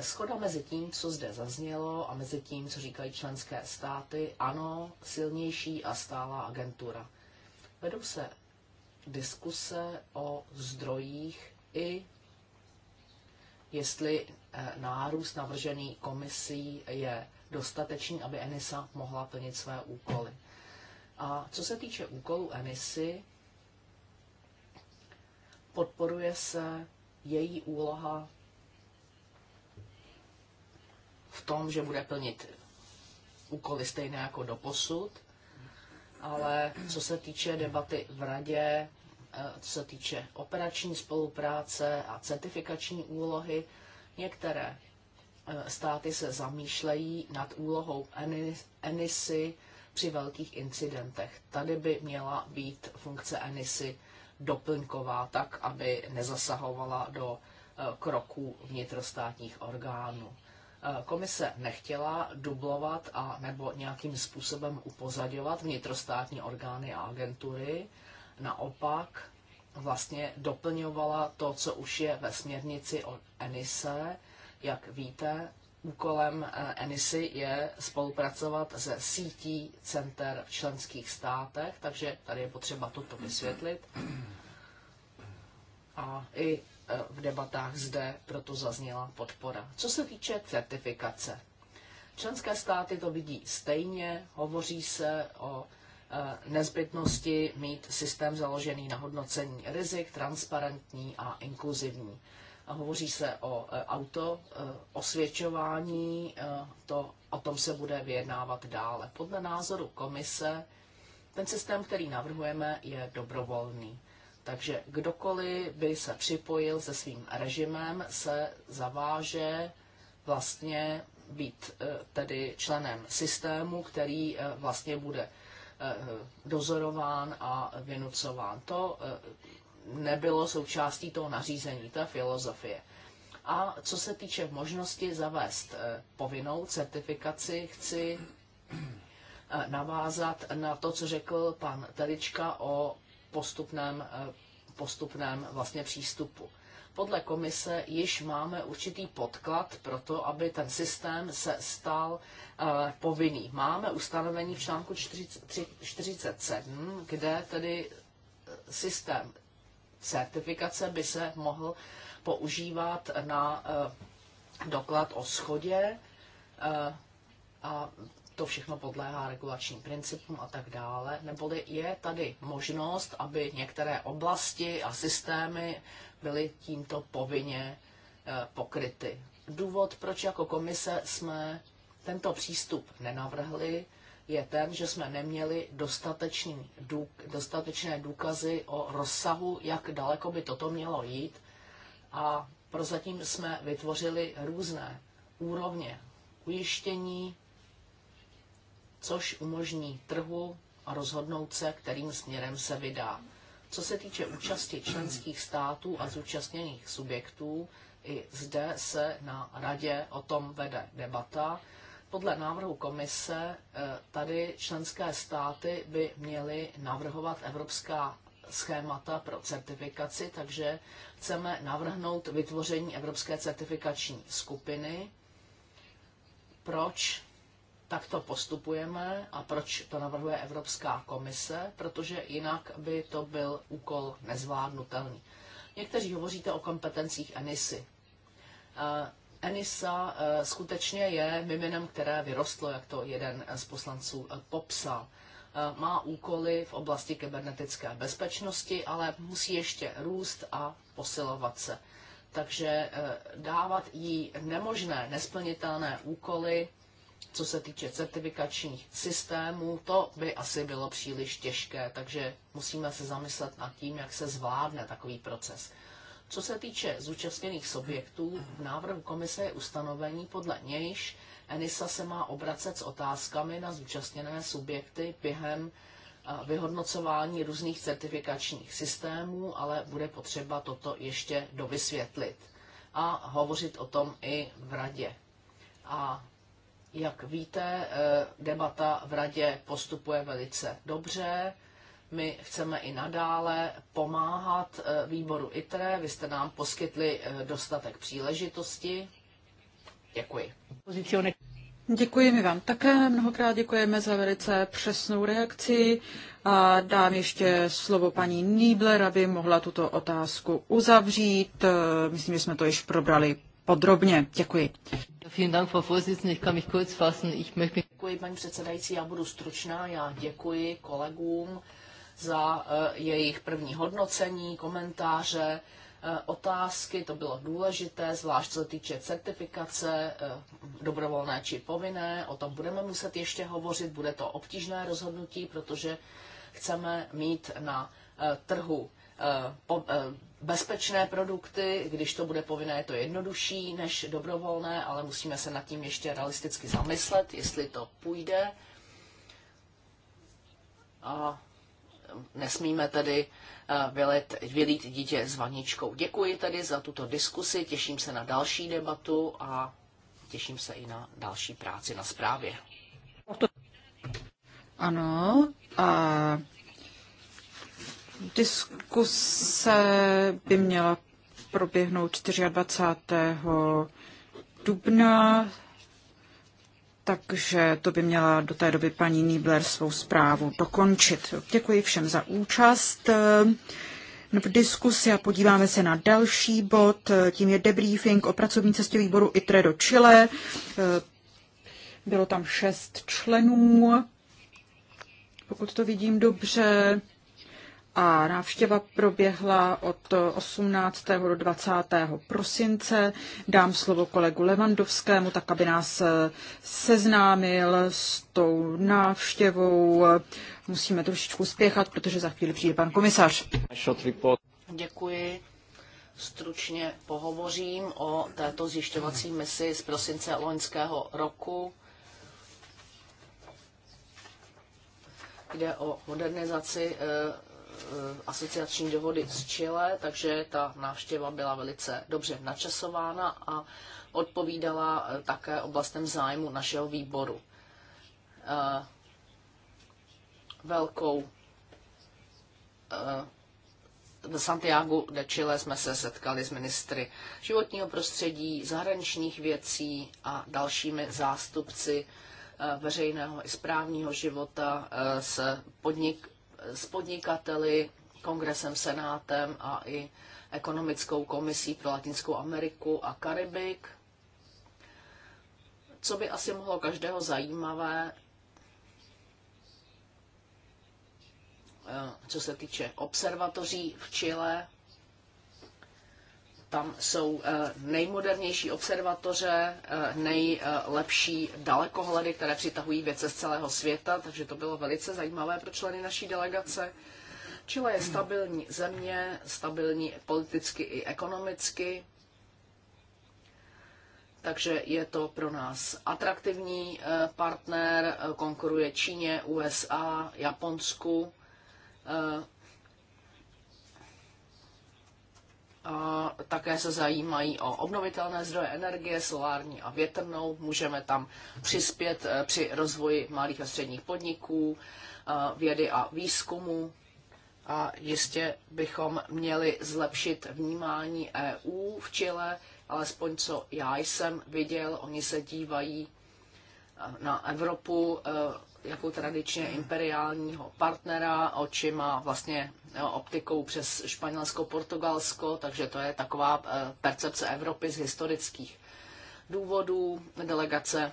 Schoda mezi tím, co zde zaznělo a mezi tím, co říkají členské státy, ano, silnější a stálá agentura. Vedou se diskuse o zdrojích i jestli eh, nárůst navržený komisí je dostatečný, aby Enisa mohla plnit své úkoly. A co se týče úkolů Enisy, podporuje se její úloha v tom, že bude plnit úkoly stejné jako doposud, ale co se týče debaty v radě, eh, co se týče operační spolupráce a certifikační úlohy, některé eh, státy se zamýšlejí nad úlohou ENISy při velkých incidentech. Tady by měla být funkce ENISy doplňková, tak aby nezasahovala do eh, kroků vnitrostátních orgánů. Eh, komise nechtěla dublovat a nebo nějakým způsobem upozadňovat vnitrostátní orgány a agentury. Naopak vlastně doplňovala to, co už je ve směrnici o ENISE. Jak víte, úkolem eh, ENISY je spolupracovat se sítí center v členských státech, takže tady je potřeba toto vysvětlit. A i v debatách zde proto zazněla podpora. Co se týče certifikace, členské státy to vidí stejně, hovoří se o e, nezbytnosti mít systém založený na hodnocení rizik, transparentní a inkluzivní. A hovoří se o e, auto e, osvědčování, to, o tom se bude vyjednávat dále. Podle názoru komise ten systém, který navrhujeme, je dobrovolný. Takže kdokoliv by se připojil se svým režimem, se zaváže vlastně být eh, tedy členem systému, který eh, vlastně bude eh, dozorován a vynucován. To nebylo součástí toho nařízení, ta filozofie. A co se týče možnosti zavést povinnou certifikaci, chci navázat na to, co řekl pan Telička o postupném, eh, postupném vlastně přístupu. Podle komise již máme určitý podklad pro to, aby ten systém se stal uh, povinný. Máme ustanovení v článku 47, kde tedy eh, systém certifikace by se mohl používat na uh, doklad o schodě uh, a to všechno podléhá regulačním principům a tak dále, neboli je tady možnost, aby některé oblasti a systémy byly tímto povinně e, pokryty. Důvod, proč jako komise jsme tento přístup nenavrhli, je ten, že jsme neměli dostatečný, důk, dostatečné důkazy o rozsahu, jak daleko by toto mělo jít. A prozatím jsme vytvořili různé úrovně ujištění, což umožní trhu rozhodnout se, kterým směrem se vydá. Co se týče účasti členských států a zúčastněných subjektů, i zde se na radě o tom vede debata. Podle návrhu komise eh, tady členské státy by měly navrhovat evropská schémata pro certifikaci, takže chceme navrhnout vytvoření Evropské certifikační skupiny. Proč takto postupujeme a proč to navrhuje Evropská komise, protože jinak by to byl úkol nezvládnutelný. Někteří hovoříte o kompetencích ENISy. Eh, ENISA eh, skutečně je miminem, které vyrostlo, jak to jeden z poslanců eh, popsal. Má úkoly v oblasti kybernetické bezpečnosti, ale musí ještě růst a posilovat se. Takže dávat jí nemožné, nesplnitelné úkoly co se týče certifikačních systémů, to by asi bylo příliš těžké, takže musíme se zamyslet nad tím, jak se zvládne takový proces. Co se týče zúčastněných subjektů, v návrhu komise je ustanovení, podle nějž ENISA se má obracet s otázkami na zúčastněné subjekty během eh, vyhodnocování různých certifikačních systémů, ale bude potřeba toto ještě dovysvětlit a hovořit o tom i v radě. A jak víte, eh, debata v radě postupuje velice dobře. My chceme i nadále pomáhat eh, výboru ITRE. Vy jste nám poskytli eh, dostatek příležitosti. Děkuji. Děkuji my vám také. Mnohokrát děkujeme za velice přesnou reakci. A dám ještě slovo paní Niebler, aby mohla tuto otázku uzavřít. Myslím, že jsme to již probrali podrobně. Děkuji. Děkuji, paní předsedající, já budu stručná. Já děkuji kolegům za eh, jejich první hodnocení, komentáře, eh, otázky. To bylo důležité, zvlášť co se týče certifikace, eh, dobrovolné či povinné. O tom budeme muset ještě hovořit. Bude to obtížné rozhodnutí, protože chceme mít na trhu bezpečné produkty, když to bude povinné, je to jednodušší než dobrovolné, ale musíme se nad tím ještě realisticky zamyslet, jestli to půjde. A nesmíme tedy eh, vylit, vylít dítě s vaničkou. Děkuji tedy za tuto diskusi, těším se na další debatu a těším se i na další práci na zprávě. Ano, a Diskuse by měla proběhnout 24. dubna, takže to by měla do té doby paní Niebler svou zprávu dokončit. Děkuji všem za účast eh, v diskusi a podíváme se na další bod. Tím je debriefing o pracovní cestě výboru ITRE do Chile. Eh, bylo tam šest členů, pokud to vidím dobře a návštěva proběhla od 18. do 20. prosince. Dám slovo kolegu Levandovskému, tak aby nás seznámil s tou návštěvou. Musíme trošičku spěchat, protože za chvíli přijde pan komisař. Děkuji. Stručně pohovořím o této zjišťovací misi z prosince loňského roku. Jde o modernizaci eh, Eh, asociační dohody s Chile, takže ta návštěva byla velice dobře načasována a odpovídala eh, také oblastem zájmu našeho výboru. Eh, velkou v Santiago de Chile jsme se setkali s ministry životního prostředí, zahraničních věcí a dalšími zástupci veřejného i správního života se podnik, s podnikateli, kongresem, senátem a i ekonomickou komisí pro Latinskou Ameriku a Karibik. Co by asi mohlo každého zajímavé, eh, co se týče observatoří v Chile, tam jsou eh, nejmodernější observatoře, eh, nejlepší dalekohledy, které přitahují vědce z celého světa, takže to bylo velice zajímavé pro členy naší delegace. Čile je stabilní země, stabilní politicky i ekonomicky, takže je to pro nás atraktivní eh, partner, konkuruje Číně, USA, Japonsku také se zajímají o obnovitelné zdroje energie, solární a větrnou. Můžeme tam přispět eh, při rozvoji malých a středních podniků, eh, vědy a výzkumu. A jistě bychom měli zlepšit vnímání EU v Chile, alespoň co já jsem viděl, oni se dívají eh, na Evropu jako tradičně imperiálního partnera očima vlastně optikou přes Španělsko, Portugalsko, takže to je taková eh, percepce Evropy z historických důvodů. Delegace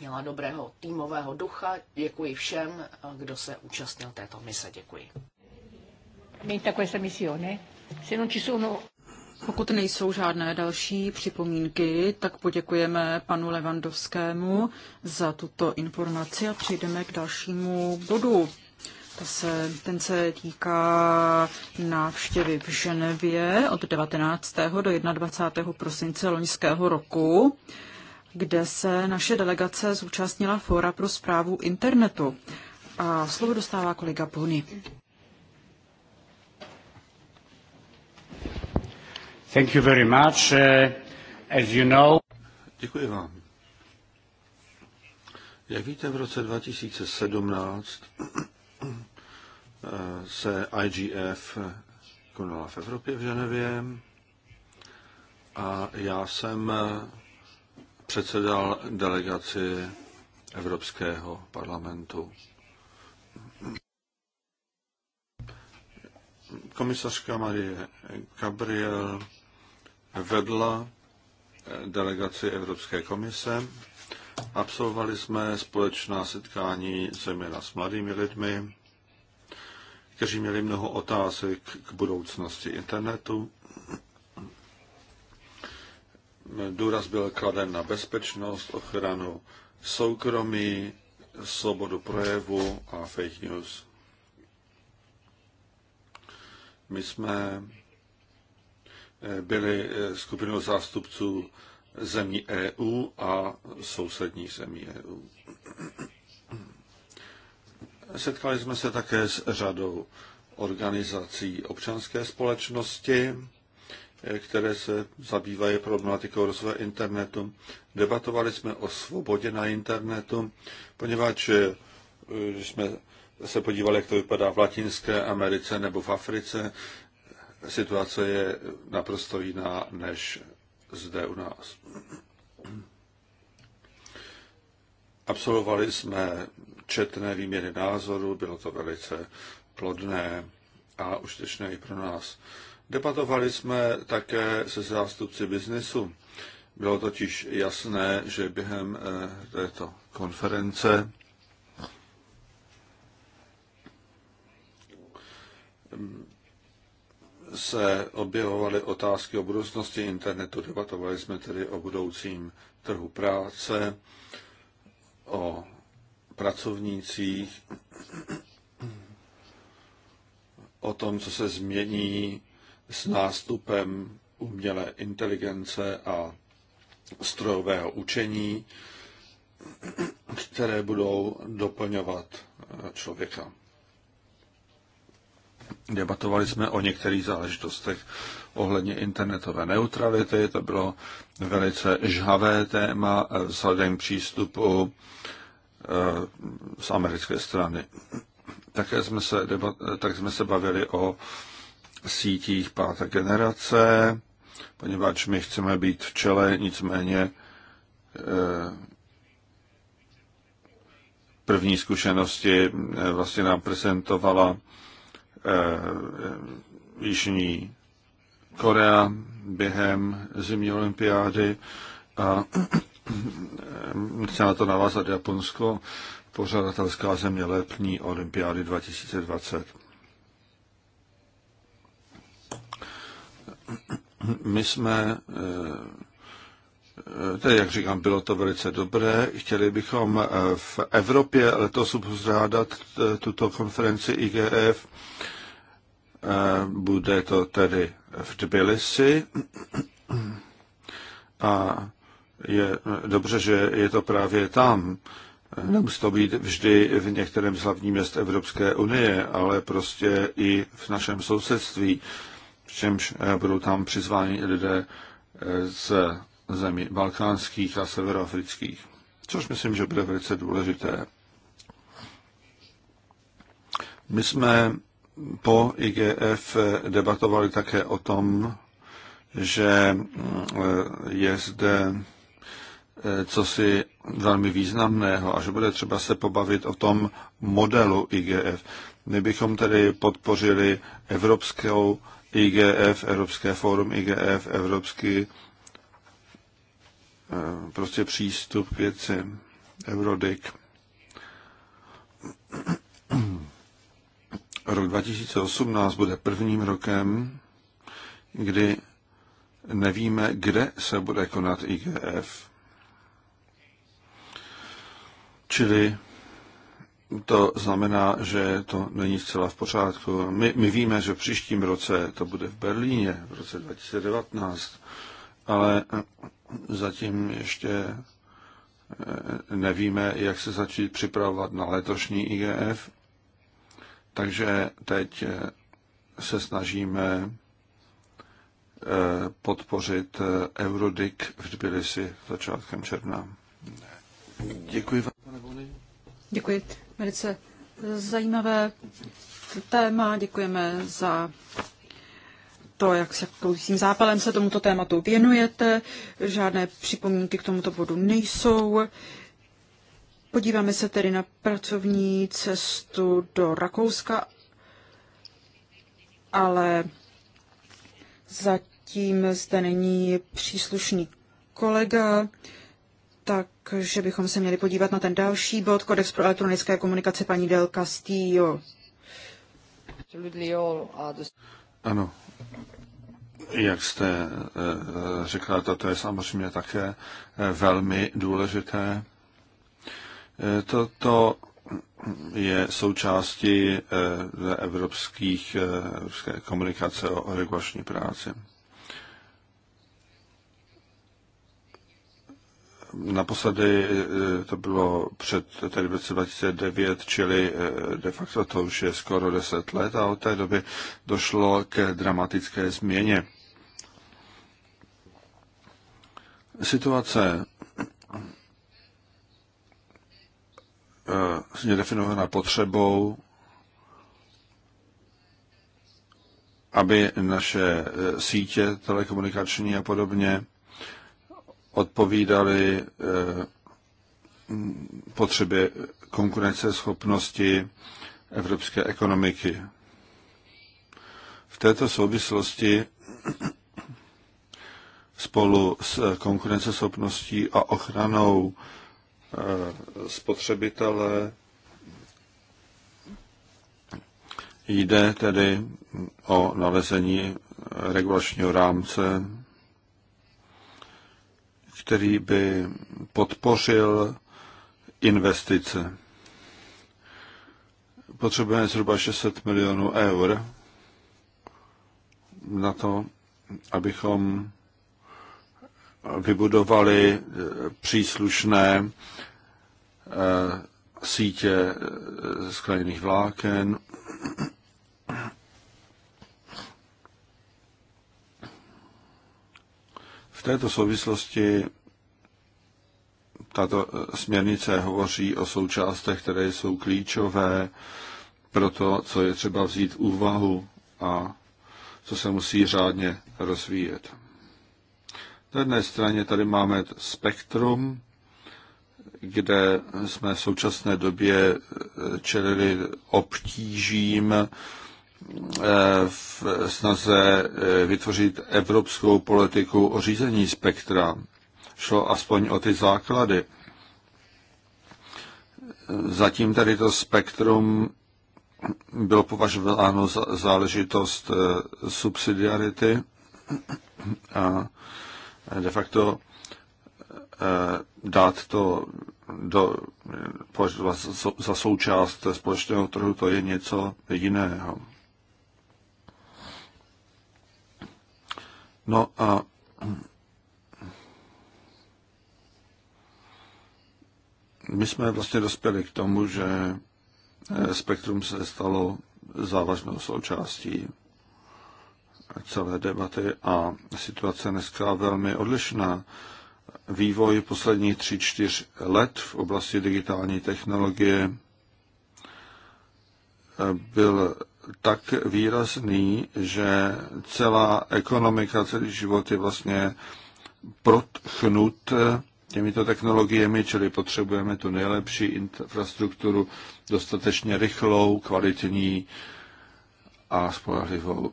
měla dobrého týmového ducha. Děkuji všem, eh, kdo se účastnil této mise. Děkuji. Pokud nejsou žádné další připomínky, tak poděkujeme panu Levandovskému za tuto informaci a přejdeme k dalšímu bodu se, ten se týká návštěvy v Ženevě od 19. do 21. prosince loňského roku, kde se naše delegace zúčastnila Fóra pro zprávu internetu. A slovo dostává kolega Pony. Thank you very much. Uh, as you know... Děkuji vám. Jak víte, v roce 2017 se IGF konala v Evropě v Ženevě a já jsem předsedal delegaci Evropského parlamentu. Komisařka Marie Gabriel vedla delegaci Evropské komise. Absolvovali jsme společná setkání zejména s mladými lidmi, kteří měli mnoho otázek k budoucnosti internetu. Důraz byl kladen na bezpečnost, ochranu soukromí, svobodu projevu a fake news. My jsme eh, byli eh, skupinou zástupců zemí EU a sousedních zemí EU. Setkali jsme se také s řadou organizací občanské společnosti, které se zabývají problematikou rozvoje internetu. Debatovali jsme o svobodě na internetu, poněvadž eh, když jsme se podívali, jak to vypadá v Latinské Americe nebo v Africe, situace je naprosto jiná než zde u nás. Absolvovali jsme četné výměny názorů, bylo to velice plodné a užitečné i pro nás. Debatovali jsme také se zástupci biznesu. Bylo totiž jasné, že během eh, této konference se objevovaly otázky o budoucnosti internetu. Debatovali jsme tedy o budoucím trhu práce, o pracovnících, o tom, co se změní s nástupem umělé inteligence a strojového učení, které budou doplňovat eh, člověka. Debatovali jsme o některých záležitostech ohledně internetové neutrality. To bylo velice žhavé téma eh, vzhledem k přístupu Eh, z americké strany. Také jsme se, debat, tak jsme se bavili o sítích páté generace, poněvadž my chceme být v čele, nicméně eh, první zkušenosti eh, vlastně nám prezentovala Jižní Korea během zimní olympiády a chce na to navázat Japonsko, pořadatelská země letní olympiády 2020. My jsme, eh, tedy jak říkám, bylo to velice dobré. Chtěli bychom eh, v Evropě letos uzrádat eh, tuto konferenci IGF. Bude to tedy v Tbilisi a je dobře, že je to právě tam. Nemusí to být vždy v některém z hlavních měst Evropské unie, ale prostě i v našem sousedství, přičemž eh, budou tam přizváni lidé eh, z zemí balkánských a severoafrických, což myslím, že bude velice důležité. My jsme po IGF eh, debatovali také o tom, že mm, je zde Eh, co si velmi významného a že bude třeba se pobavit o tom modelu IGF. My bychom tedy podpořili Evropskou IGF, Evropské fórum IGF, Evropský eh, prostě přístup k věci, Eurodic. Rok 2018 bude prvním rokem, kdy nevíme, kde se bude konat IGF. Čili to znamená, že to není zcela v pořádku. My, my víme, že v příštím roce to bude v Berlíně, v roce 2019, ale zatím ještě eh, nevíme, jak se začít připravovat na letošní IGF. Takže teď eh, se snažíme eh, podpořit eurodik v Tbilisi začátkem června. Děkuji vám. Děkuji. Velice zajímavé téma. Děkujeme za to, jak se tím zápalem se tomuto tématu věnujete. Žádné připomínky k tomuto bodu nejsou. Podíváme se tedy na pracovní cestu do Rakouska, ale zatím zde není příslušný kolega. Takže bychom se měli podívat na ten další bod, Kodex pro elektronické komunikace paní Del Castillo. Ano, jak jste eh, eh, řekla, toto je samozřejmě také eh, velmi důležité. Toto je součástí evropských, evropské komunikace o regulační práci. naposledy eh, to bylo před tedy v roce 2009, čili eh, de facto to už je skoro 10 let a od té doby došlo k dramatické změně. Situace je eh, definovaná potřebou, aby naše sítě telekomunikační a podobně odpovídaly eh, potřebě konkurenceschopnosti evropské ekonomiky. V této souvislosti spolu s konkurenceschopností a ochranou eh, spotřebitele jde tedy o nalezení regulačního rámce který by podpořil investice. Potřebujeme zhruba 600 milionů eur na to, abychom vybudovali eh, příslušné eh, sítě eh, skleněných vláken. V této souvislosti tato e, směrnice hovoří o součástech, které jsou klíčové pro to, co je třeba vzít v úvahu a co se musí řádně rozvíjet. Na jedné straně tady máme spektrum, kde jsme v současné době e, čelili obtížím e, v snaze vytvořit evropskou politiku o řízení spektra šlo aspoň o ty základy. Zatím tady to spektrum bylo považováno za záležitost eh, subsidiarity a de facto eh, dát to do, za součást společného trhu, to je něco jiného. No a my jsme vlastně dospěli k tomu, že eh, spektrum se stalo závažnou součástí celé debaty a situace dneska velmi odlišná. Vývoj posledních tři čtyř let v oblasti digitální technologie eh, byl tak výrazný, že celá ekonomika, celý život je vlastně protchnut eh, těmito technologiemi, čili potřebujeme tu nejlepší infrastrukturu, dostatečně rychlou, kvalitní a spolehlivou.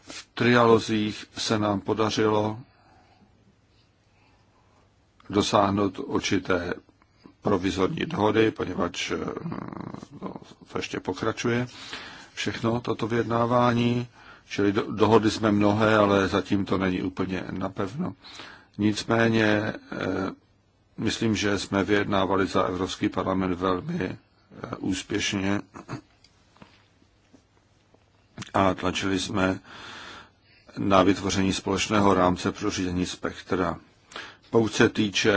V trialozích se nám podařilo dosáhnout určité provizorní dohody, poněvadž no, to ještě pokračuje všechno toto vyjednávání, čili do, dohody jsme mnohé, ale zatím to není úplně napevno. Nicméně eh, myslím, že jsme vyjednávali za Evropský parlament velmi eh, úspěšně a tlačili jsme na vytvoření společného rámce pro řízení spektra. Pokud se týče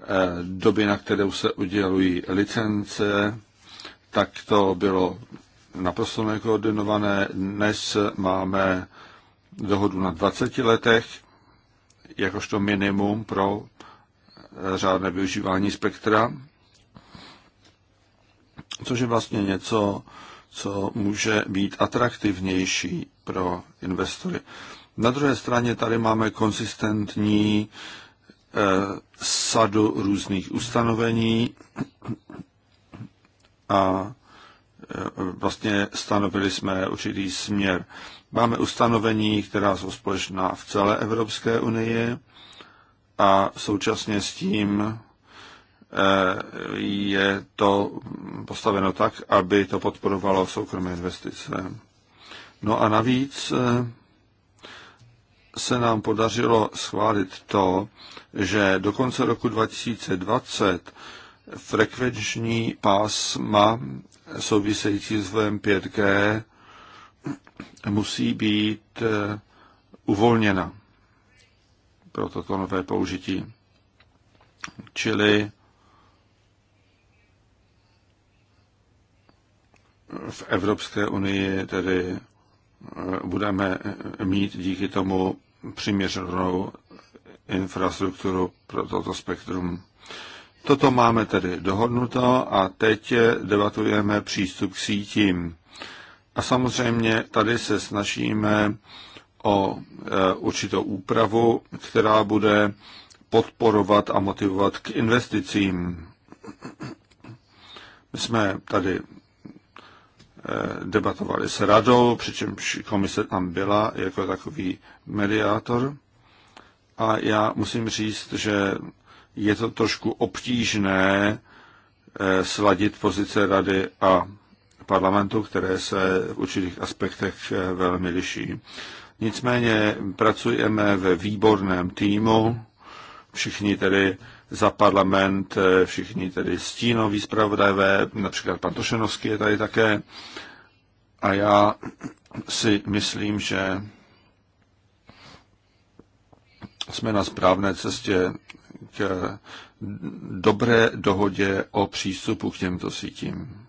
eh, doby, na kterou se udělují licence, tak to bylo naprosto nekoordinované. Dnes máme dohodu na 20 letech jakožto minimum pro eh, řádné využívání spektra, což je vlastně něco, co může být atraktivnější pro investory. Na druhé straně tady máme konsistentní eh, sadu různých ustanovení a eh, vlastně stanovili jsme určitý směr. Máme ustanovení, která jsou společná v celé Evropské unii a současně s tím eh, je to postaveno tak, aby to podporovalo soukromé investice. No a navíc eh, se nám podařilo schválit to, že do konce roku 2020 frekvenční pásma související s VM 5G musí být eh, uvolněna pro toto nové použití. Čili eh, v Evropské unii tedy eh, budeme mít díky tomu přiměřenou infrastrukturu pro toto spektrum. Toto máme tedy dohodnuto a teď debatujeme přístup k sítím. A samozřejmě tady se snažíme o e, určitou úpravu, která bude podporovat a motivovat k investicím. My jsme tady e, debatovali s radou, přičemž komise tam byla jako takový mediátor. A já musím říct, že je to trošku obtížné e, sladit pozice rady a parlamentu, které se v určitých aspektech eh, velmi liší. Nicméně pracujeme ve výborném týmu, všichni tedy za parlament, eh, všichni tedy stínoví zpravodajové, například pan Tošenovský je tady také. A já si myslím, že jsme na správné cestě k dobré dohodě o přístupu k těmto sítím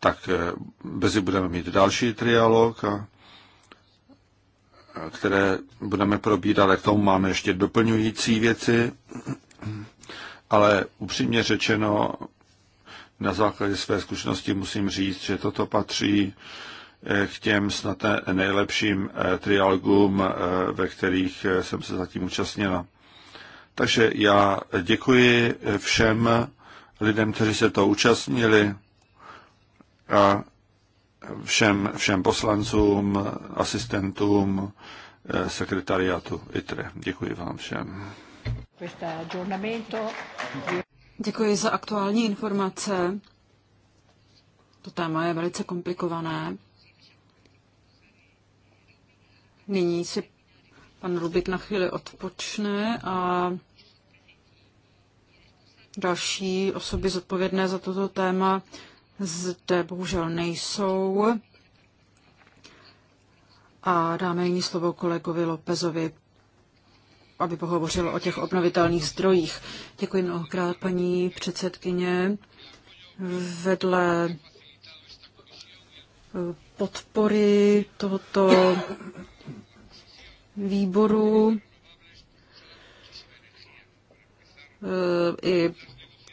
tak eh, brzy budeme mít další trialog, a, které budeme probírat, ale k tomu máme ještě doplňující věci, ale upřímně řečeno, na základě své zkušenosti musím říct, že toto patří eh, k těm snad nejlepším eh, trialogům, ve kterých jsem se zatím účastnila. Takže já děkuji všem lidem, kteří se to účastnili a všem, všem poslancům, asistentům, eh, sekretariátu ITRE. Děkuji vám všem. Děkuji za aktuální informace. To téma je velice komplikované. Nyní si pan Rubik na chvíli odpočne a další osoby zodpovědné za toto téma zde bohužel nejsou. A dáme nyní slovo kolegovi Lopezovi, aby pohovořil o těch obnovitelných zdrojích. Děkuji mnohokrát, paní předsedkyně. Vedle eh, podpory tohoto výboru eh, i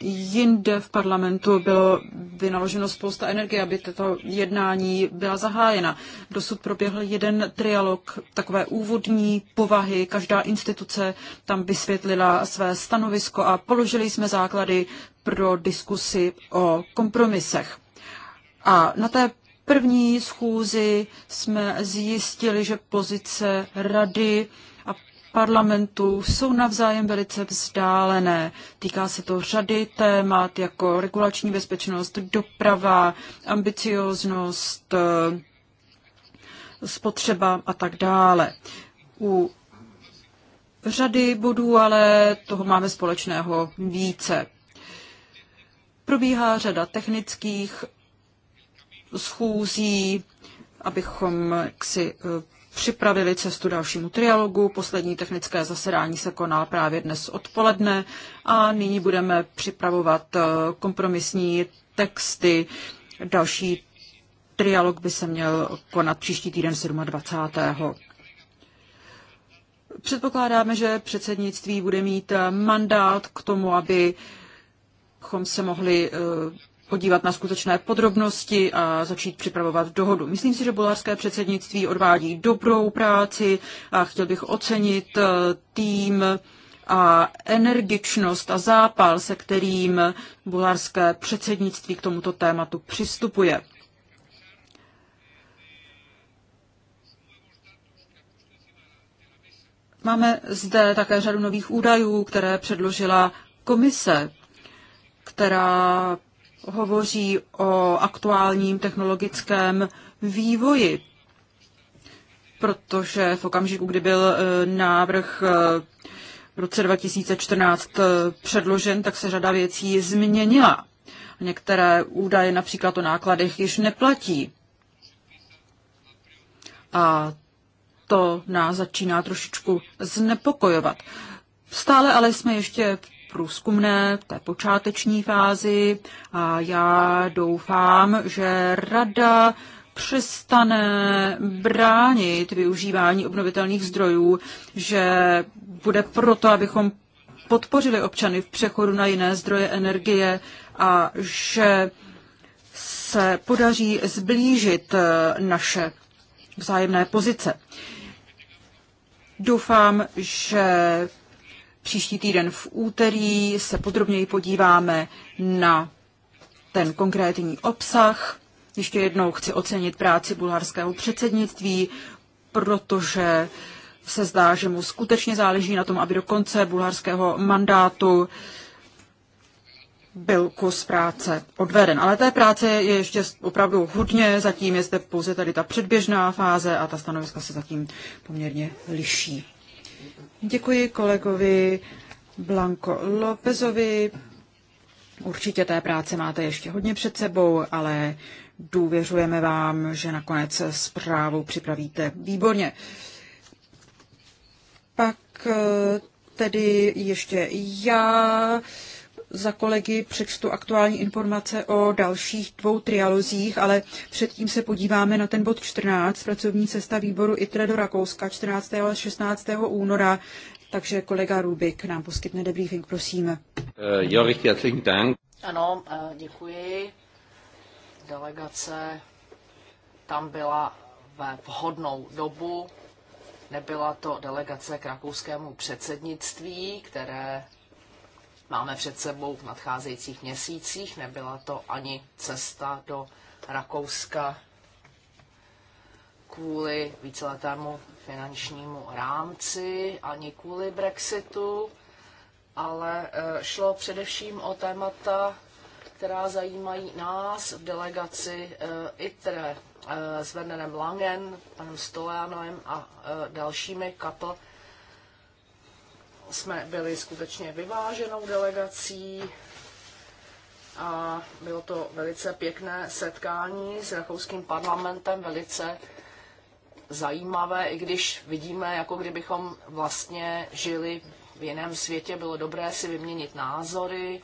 jinde v parlamentu bylo vynaloženo spousta energie, aby tato jednání byla zahájena. Dosud proběhl jeden trialog takové úvodní povahy. Každá instituce tam vysvětlila své stanovisko a položili jsme základy pro diskusy o kompromisech. A na té první schůzi jsme zjistili, že pozice rady parlamentu jsou navzájem velice vzdálené. Týká se to řady témat jako regulační bezpečnost, doprava, ambicioznost, eh, spotřeba a tak dále. U řady bodů ale toho máme společného více. Probíhá řada technických schůzí, abychom si připravili cestu dalšímu trialogu. Poslední technické zasedání se koná právě dnes odpoledne a nyní budeme připravovat eh, kompromisní texty. Další trialog by se měl konat příští týden 27. Předpokládáme, že předsednictví bude mít eh, mandát k tomu, aby se mohli eh, podívat na skutečné podrobnosti a začít připravovat dohodu. Myslím si, že bulharské předsednictví odvádí dobrou práci a chtěl bych ocenit eh, tým a energičnost a zápal, se kterým bulharské předsednictví k tomuto tématu přistupuje. Máme zde také řadu nových údajů, které předložila komise, která hovoří o aktuálním technologickém vývoji, protože v okamžiku, kdy byl e, návrh e, v roce 2014 e, předložen, tak se řada věcí změnila. Některé údaje například o nákladech již neplatí. A to nás začíná trošičku znepokojovat. Stále ale jsme ještě průzkumné, té počáteční fázi a já doufám, že rada přestane bránit využívání obnovitelných zdrojů, že bude proto, abychom podpořili občany v přechodu na jiné zdroje energie a že se podaří zblížit eh, naše vzájemné pozice. Doufám, že Příští týden v úterý se podrobněji podíváme na ten konkrétní obsah. Ještě jednou chci ocenit práci bulharského předsednictví, protože se zdá, že mu skutečně záleží na tom, aby do konce bulharského mandátu byl kus práce odveden. Ale té práce je ještě opravdu hodně, zatím je zde pouze tady ta předběžná fáze a ta stanoviska se zatím poměrně liší. Děkuji kolegovi Blanco Lopezovi. Určitě té práce máte ještě hodně před sebou, ale důvěřujeme vám, že nakonec zprávu připravíte výborně. Pak eh, tedy ještě já za kolegy přečtu aktuální informace o dalších dvou trialozích, ale předtím se podíváme na ten bod 14, pracovní cesta výboru ITRE do Rakouska 14. a 16. února. Takže kolega Rubik nám poskytne debriefing, prosím. Eh, jo, herzlichen Dank. Ano, eh, děkuji. Delegace tam byla ve vhodnou dobu. Nebyla to delegace k rakouskému předsednictví, které máme před sebou v nadcházejících měsících. Nebyla to ani cesta do Rakouska kvůli víceletému finančnímu rámci, ani kvůli Brexitu, ale e, šlo především o témata, která zajímají nás v delegaci e, ITRE e, s Wernerem Langen, panem Stolianem a dalšími kapel jsme byli skutečně vyváženou delegací a bylo to velice pěkné setkání s rakouským parlamentem, velice zajímavé, i když vidíme, jako kdybychom vlastně žili v jiném světě, bylo dobré si vyměnit názory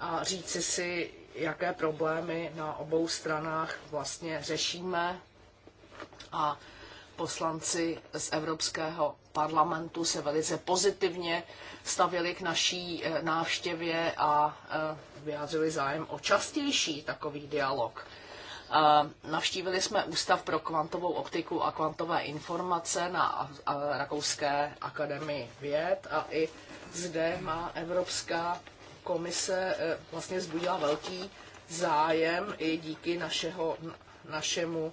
a říci si, jaké problémy na obou stranách vlastně řešíme a poslanci z Evropského parlamentu se velice pozitivně stavili k naší eh, návštěvě a eh, vyjádřili zájem o častější takový dialog. Eh, navštívili jsme Ústav pro kvantovou optiku a kvantové informace na Rakouské akademii věd a i zde má Evropská komise vlastně zbudila velký zájem i díky našeho, našemu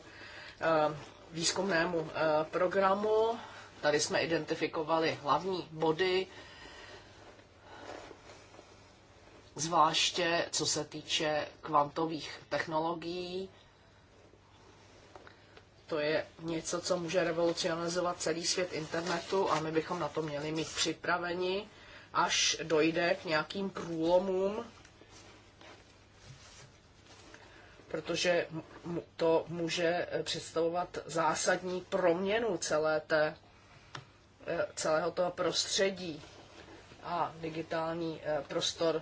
výzkumnému eh, programu. Tady jsme identifikovali hlavní body, zvláště co se týče kvantových technologií. To je něco, co může revolucionizovat celý svět internetu a my bychom na to měli mít připraveni, až dojde k nějakým průlomům protože to může eh, představovat zásadní proměnu celé té, eh, celého toho prostředí. A digitální eh, prostor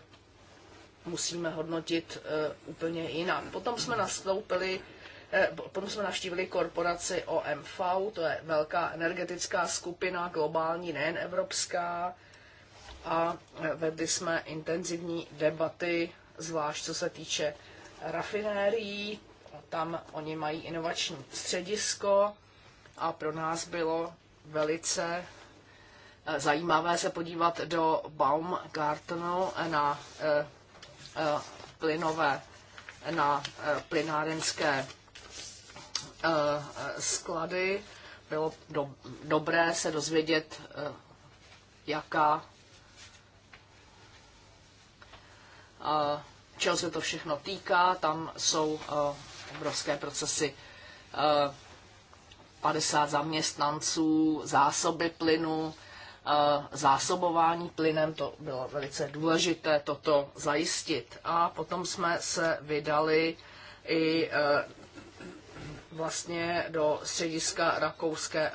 musíme hodnotit úplně jinak. Potom jsme nastoupili Potom jsme navštívili korporaci OMV, to je velká energetická skupina, globální, nejen evropská, a vedli jsme intenzivní debaty, zvlášť co se týče rafinérií. Tam oni mají inovační středisko a pro nás bylo velice eh, zajímavé se podívat do Baumgartenu na eh, eh, plynové, na plynárenské sklady. Bylo do, dobré se dozvědět, jaká čeho se to všechno týká. Tam jsou eh, obrovské procesy 50 eh, zaměstnanců, zásoby plynu, eh, zásobování plynem, to bylo velice důležité toto zajistit. A potom jsme se vydali i vlastně do střediska rakouské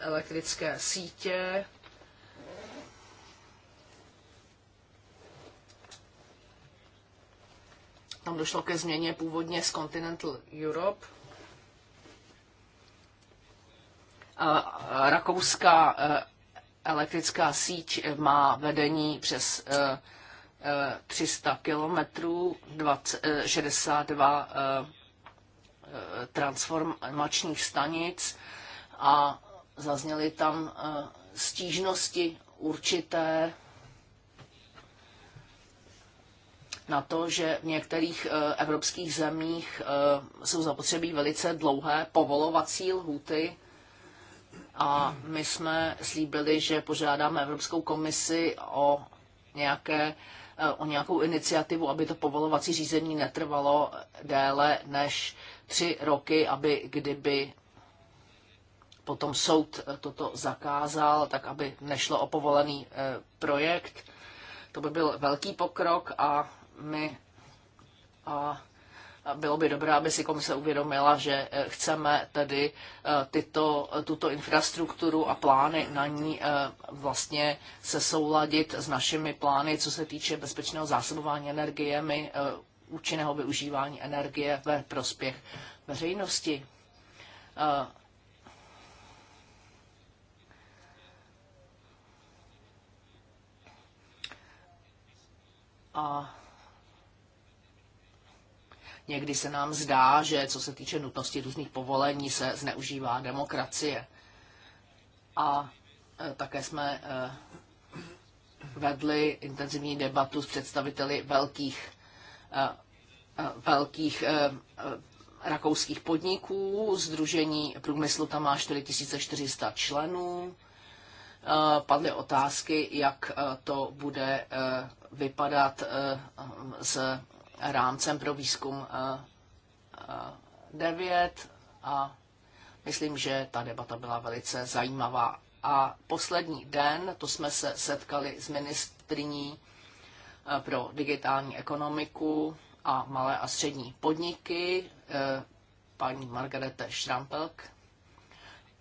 elektrické sítě, Tam došlo ke změně původně z Continental Europe. Rakouská e, elektrická síť má vedení přes 300 e, e, kilometrů, 62 transformačních stanic a zazněly tam stížnosti určité na to, že v některých eh, evropských zemích eh, jsou zapotřebí velice dlouhé povolovací lhuty a my jsme slíbili, že požádáme Evropskou komisi o nějaké eh, o nějakou iniciativu, aby to povolovací řízení netrvalo déle než tři roky, aby kdyby potom soud toto zakázal, tak aby nešlo o povolený projekt. To by byl velký pokrok a my a bylo by dobré, aby si komise uvědomila, že eh, chceme tedy eh, tyto, tuto infrastrukturu a plány na ní eh, vlastně se souladit s našimi plány, co se týče bezpečného zásobování energiemi, účinného využívání energie ve prospěch veřejnosti. A Někdy se nám zdá, že co se týče nutnosti různých povolení, se zneužívá demokracie. A e, také jsme e, vedli intenzivní debatu s představiteli velkých, e, velkých rakouských podniků. Združení průmyslu tam má 4400 členů. Padly otázky, jak to bude vypadat s rámcem pro výzkum 9 eh, eh, a myslím, že ta debata byla velice zajímavá. A poslední den, to jsme se setkali s ministriní eh, pro digitální ekonomiku a malé a střední podniky, paní Margarete Štrampelk.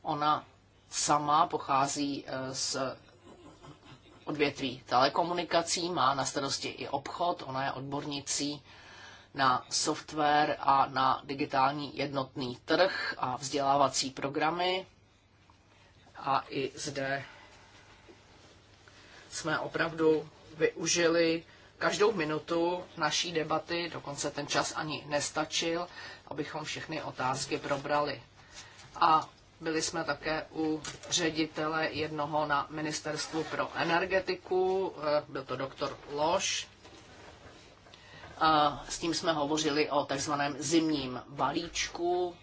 Ona sama pochází z odvětví telekomunikací, má na starosti i obchod, ona je odbornicí na software a na digitální jednotný trh a vzdělávací programy. A i zde jsme opravdu využili každou minutu naší debaty, dokonce ten čas ani nestačil, abychom všechny otázky probrali. A byli jsme také u ředitele jednoho na Ministerstvu pro energetiku, eh, byl to doktor Loš. S tím jsme hovořili o takzvaném zimním balíčku,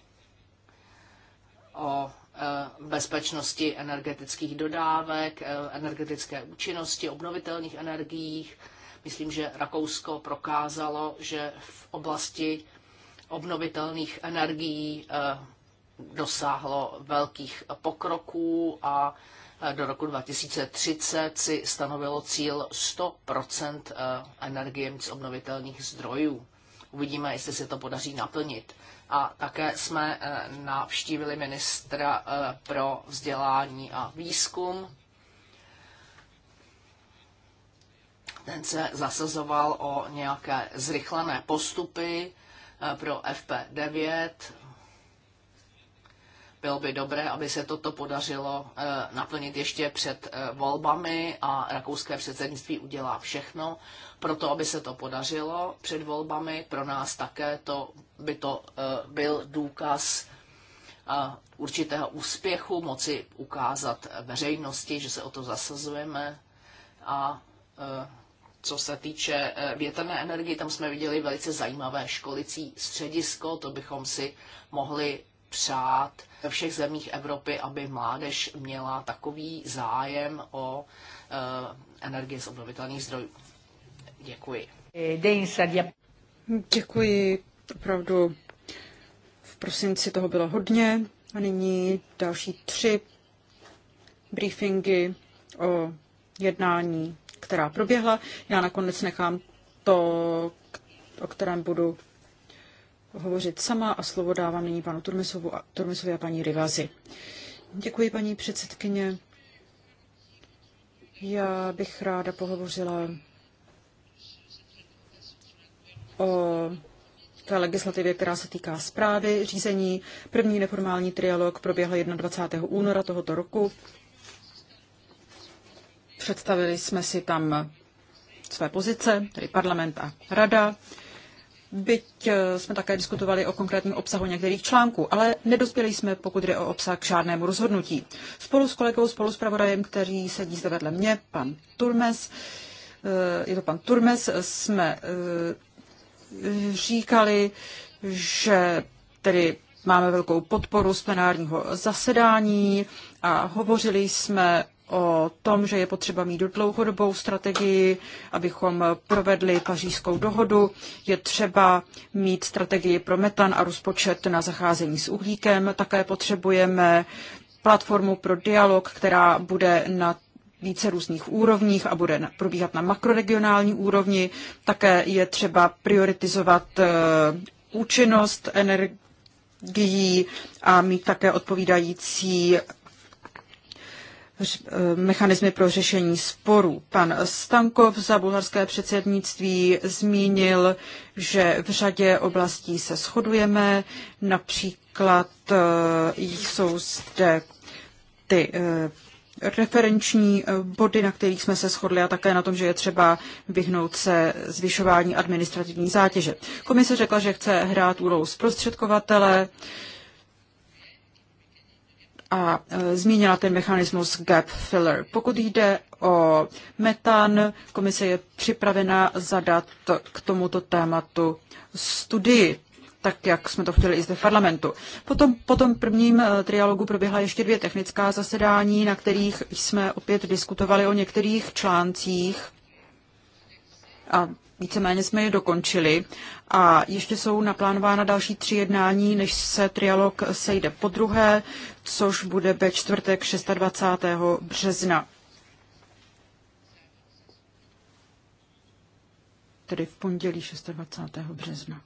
o eh, bezpečnosti energetických dodávek, eh, energetické účinnosti, obnovitelných energiích. Myslím, že Rakousko prokázalo, že v oblasti obnovitelných energií dosáhlo velkých pokroků a do roku 2030 si stanovilo cíl 100 eh, energie z obnovitelných zdrojů. Uvidíme, jestli se to podaří naplnit. A také jsme eh, navštívili ministra eh, pro vzdělání a výzkum. Ten se zasazoval o nějaké zrychlené postupy pro FP9 bylo by dobré, aby se toto podařilo eh, naplnit ještě před eh, volbami a rakouské předsednictví udělá všechno pro to, aby se to podařilo před volbami. Pro nás také to by to eh, byl důkaz určitého úspěchu, moci ukázat veřejnosti, že se o to zasazujeme a co se týče větrné energie, tam jsme viděli velice zajímavé školicí středisko, to bychom si mohli přát ve všech zemích Evropy, aby mládež měla takový zájem o eh, energie z obnovitelných zdrojů. Děkuji. Děkuji, opravdu v prosinci toho bylo hodně a nyní další tři briefingy o jednání, která proběhla. Já nakonec nechám to, o kterém budu hovořit sama a slovo dávám nyní panu Turmesovu a, Turmesovi a paní Rivazi. Děkuji, paní předsedkyně. Já bych ráda pohovořila o té legislativě, která se týká zprávy, řízení. První neformální trialog proběhl 21. února tohoto roku. Představili jsme si tam své pozice, tedy parlament a rada byť eh, jsme také diskutovali o konkrétním obsahu některých článků, ale nedospěli jsme, pokud jde o obsah, k žádnému rozhodnutí. Spolu s kolegou, spolu s pravodajem, který sedí zde vedle mě, pan Turmes, eh, je to pan Turmes, jsme eh, říkali, že tedy máme velkou podporu z plenárního zasedání a hovořili jsme o tom, že je potřeba mít dlouhodobou strategii, abychom provedli pařížskou dohodu. Je třeba mít strategii pro metan a rozpočet na zacházení s uhlíkem. Také potřebujeme platformu pro dialog, která bude na více různých úrovních a bude probíhat na makroregionální úrovni. Také je třeba prioritizovat eh, účinnost energií a mít také odpovídající Eh, mechanismy pro řešení sporů. Pan Stankov za bulharské předsednictví zmínil, že v řadě oblastí se shodujeme, například eh, jsou zde ty eh, referenční body, na kterých jsme se shodli a také na tom, že je třeba vyhnout se zvyšování administrativní zátěže. Komise řekla, že chce hrát úlohu zprostředkovatele, a e, zmínila ten mechanismus gap filler. Pokud jde o metan, komise je připravena zadat k tomuto tématu studii tak jak jsme to chtěli i zde v parlamentu. Potom, po tom prvním e, trialogu proběhla ještě dvě technická zasedání, na kterých jsme opět diskutovali o některých článcích a víceméně jsme je dokončili. A ještě jsou naplánována další tři jednání, než se trialog sejde po druhé, což bude ve čtvrtek 26. března. Tedy v pondělí 26. března.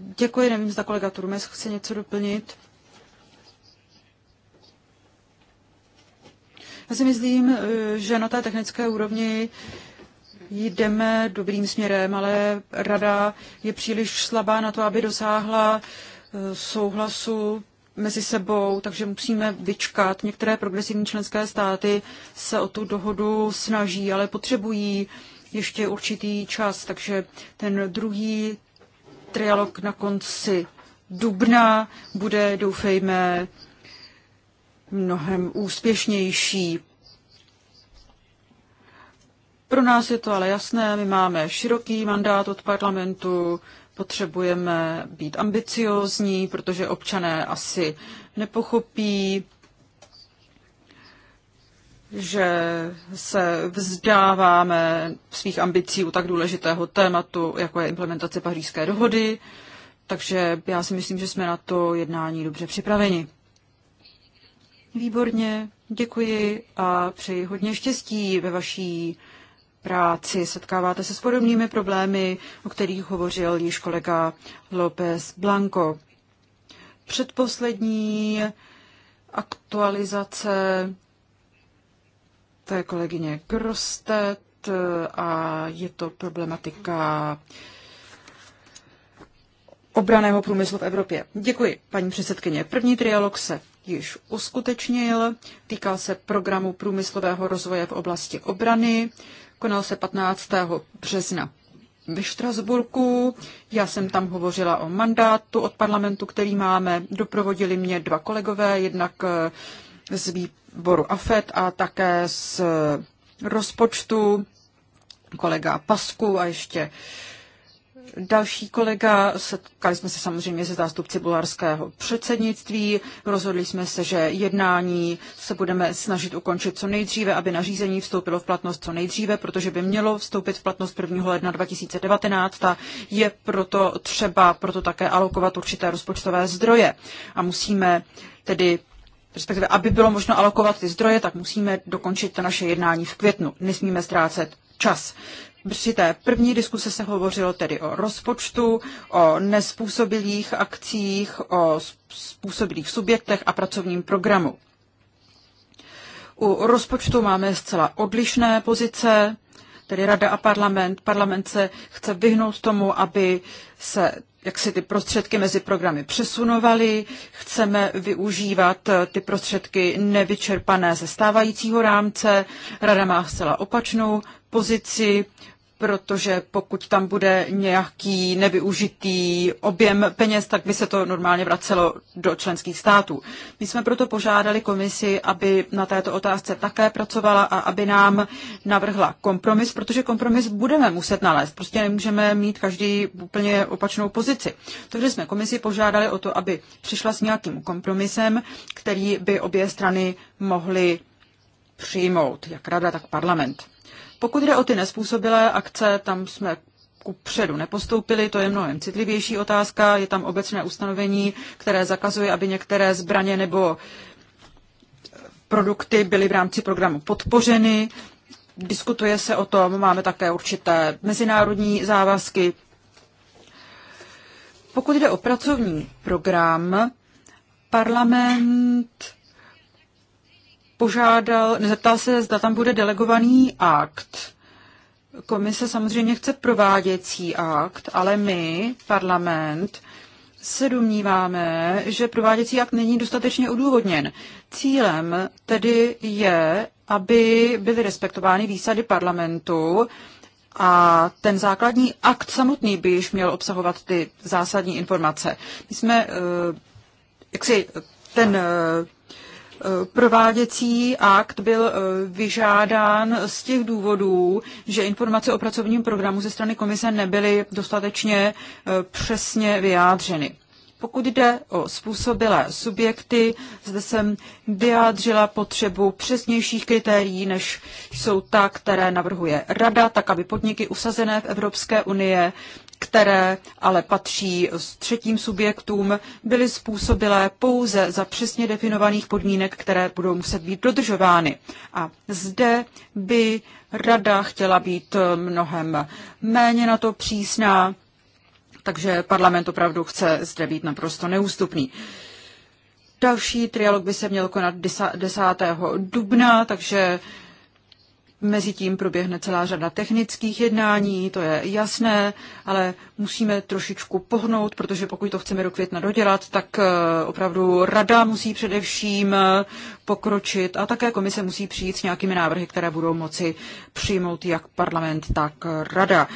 Děkuji, nevím, zda kolega Turmes chce něco doplnit. Já si myslím, že na té technické úrovni jdeme dobrým směrem, ale rada je příliš slabá na to, aby dosáhla souhlasu mezi sebou, takže musíme vyčkat. Některé progresivní členské státy se o tu dohodu snaží, ale potřebují ještě určitý čas, takže ten druhý trialog na konci dubna bude, doufejme, mnohem úspěšnější. Pro nás je to ale jasné, my máme široký mandát od parlamentu, Potřebujeme být ambiciózní, protože občané asi nepochopí, že se vzdáváme svých ambicí u tak důležitého tématu, jako je implementace pařížské dohody. Takže já si myslím, že jsme na to jednání dobře připraveni. Výborně, děkuji a přeji hodně štěstí ve vaší práci setkáváte se s podobnými problémy, o kterých hovořil již kolega López Blanco. Předposlední aktualizace té kolegyně Grostet eh, a je to problematika obraného průmyslu v Evropě. Děkuji, paní předsedkyně. První trialog se již uskutečnil. Týká se programu průmyslového rozvoje v oblasti obrany konal se 15. března ve Štrasburku. Já jsem tam hovořila o mandátu od parlamentu, který máme. Doprovodili mě dva kolegové, jednak eh, z výboru AFET a také z rozpočtu kolega Pasku a ještě Další kolega, setkali jsme se samozřejmě se zástupci bulharského předsednictví, rozhodli jsme se, že jednání se budeme snažit ukončit co nejdříve, aby nařízení vstoupilo v platnost co nejdříve, protože by mělo vstoupit v platnost 1. ledna 2019 a je proto třeba proto také alokovat určité rozpočtové zdroje. A musíme tedy respektive aby bylo možno alokovat ty zdroje, tak musíme dokončit to naše jednání v květnu. Nesmíme ztrácet čas. Při té první diskuse se hovořilo tedy o rozpočtu, o nespůsobilých akcích, o způsobilých subjektech a pracovním programu. U rozpočtu máme zcela odlišné pozice, tedy rada a parlament. Parlament se chce vyhnout tomu, aby se jak si ty prostředky mezi programy přesunovaly, chceme využívat eh, ty prostředky nevyčerpané ze stávajícího rámce. Rada má zcela opačnou pozici, protože pokud tam bude nějaký nevyužitý objem peněz, tak by se to normálně vracelo do členských států. My jsme proto požádali komisi, aby na této otázce také pracovala a aby nám navrhla kompromis, protože kompromis budeme muset nalézt. Prostě nemůžeme mít každý úplně opačnou pozici. Takže jsme komisi požádali o to, aby přišla s nějakým kompromisem, který by obě strany mohly přijmout, jak rada, tak parlament. Pokud jde o ty nespůsobilé akce, tam jsme ku předu nepostoupili, to je mnohem citlivější otázka, je tam obecné ustanovení, které zakazuje, aby některé zbraně nebo eh, produkty byly v rámci programu podpořeny. Diskutuje se o tom, máme také určité mezinárodní závazky. Pokud jde o pracovní program, parlament požádal, zeptal se, zda tam bude delegovaný akt. Komise samozřejmě chce prováděcí akt, ale my, parlament, se domníváme, že prováděcí akt není dostatečně odůvodněn. Cílem tedy je, aby byly respektovány výsady parlamentu a ten základní akt samotný by již měl obsahovat ty zásadní informace. My jsme, eh, jak si ten eh, Eh, prováděcí akt byl eh, vyžádán z těch důvodů, že informace o pracovním programu ze strany komise nebyly dostatečně eh, přesně vyjádřeny. Pokud jde o způsobilé subjekty, zde jsem vyjádřila potřebu přesnějších kritérií, než jsou ta, které navrhuje Rada, tak aby podniky usazené v Evropské unie které ale patří s třetím subjektům, byly způsobilé pouze za přesně definovaných podmínek, které budou muset být dodržovány. A zde by rada chtěla být eh, mnohem méně na to přísná, takže parlament opravdu chce zde být naprosto neústupný. Další trialog by se měl konat 10. dubna, takže Mezitím proběhne celá řada technických jednání, to je jasné, ale musíme trošičku pohnout, protože pokud to chceme do května dodělat, tak eh, opravdu rada musí především eh, pokročit a také komise musí přijít s nějakými návrhy, které budou moci přijmout jak parlament, tak rada.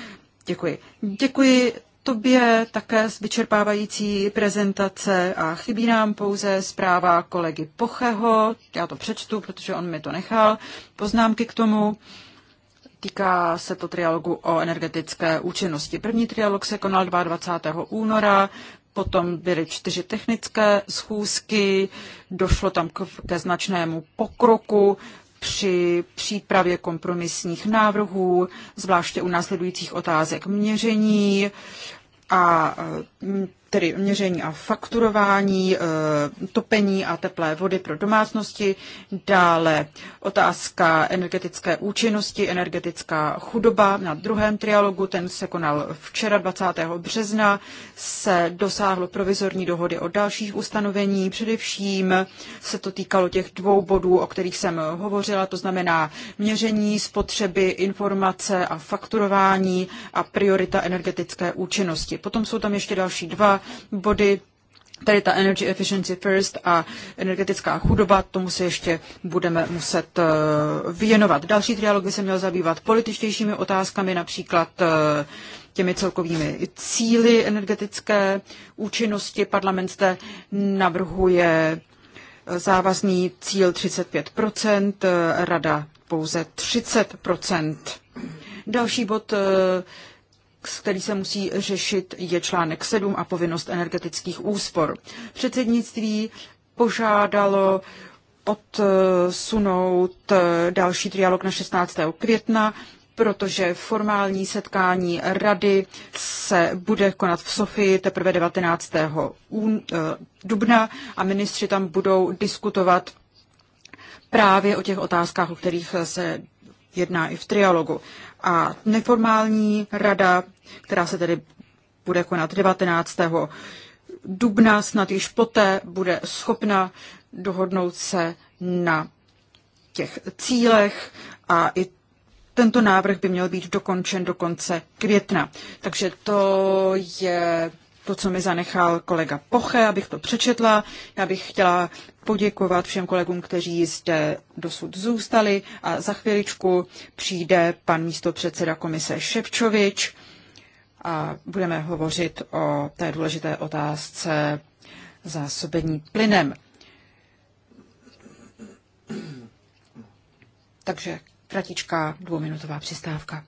Děkuji. Děkuji tobě také z vyčerpávající prezentace a chybí nám pouze zpráva kolegy Pocheho. Já to přečtu, protože on mi to nechal. Poznámky k tomu. Týká se to trialogu o energetické účinnosti. První trialog se konal 22. února, potom byly čtyři technické schůzky, došlo tam ke značnému pokroku při přípravě kompromisních návrhů, zvláště u následujících otázek měření a tedy měření a fakturování, eh, topení a teplé vody pro domácnosti, dále otázka energetické účinnosti, energetická chudoba. Na druhém trialogu, ten se konal včera 20. března, se dosáhlo provizorní dohody o dalších ustanovení. Především se to týkalo těch dvou bodů, o kterých jsem hovořila, to znamená měření spotřeby, informace a fakturování a priorita energetické účinnosti. Potom jsou tam ještě další dva body Tady ta Energy Efficiency First a energetická chudoba, tomu se ještě budeme muset eh, věnovat. Další trialog by se měl zabývat političtějšími otázkami, například eh, těmi celkovými cíly energetické účinnosti. Parlament zde navrhuje eh, závazný cíl 35 rada pouze 30 Další bod který se musí řešit, je článek 7 a povinnost energetických úspor. Předsednictví požádalo odsunout eh, další trialog na 16. května, protože formální setkání rady se bude konat v Sofii teprve 19. Eh, dubna a ministři tam budou diskutovat právě o těch otázkách, o kterých se jedná i v trialogu a neformální rada, která se tedy bude konat 19. dubna, snad již poté bude schopna dohodnout se na těch cílech a i tento návrh by měl být dokončen do konce května. Takže to je to, co mi zanechal kolega Poche, abych to přečetla. Já bych chtěla poděkovat všem kolegům, kteří zde dosud zůstali a za chviličku přijde pan místopředseda komise Ševčovič a budeme hovořit o té důležité otázce zásobení plynem. Takže kratičká dvouminutová přistávka.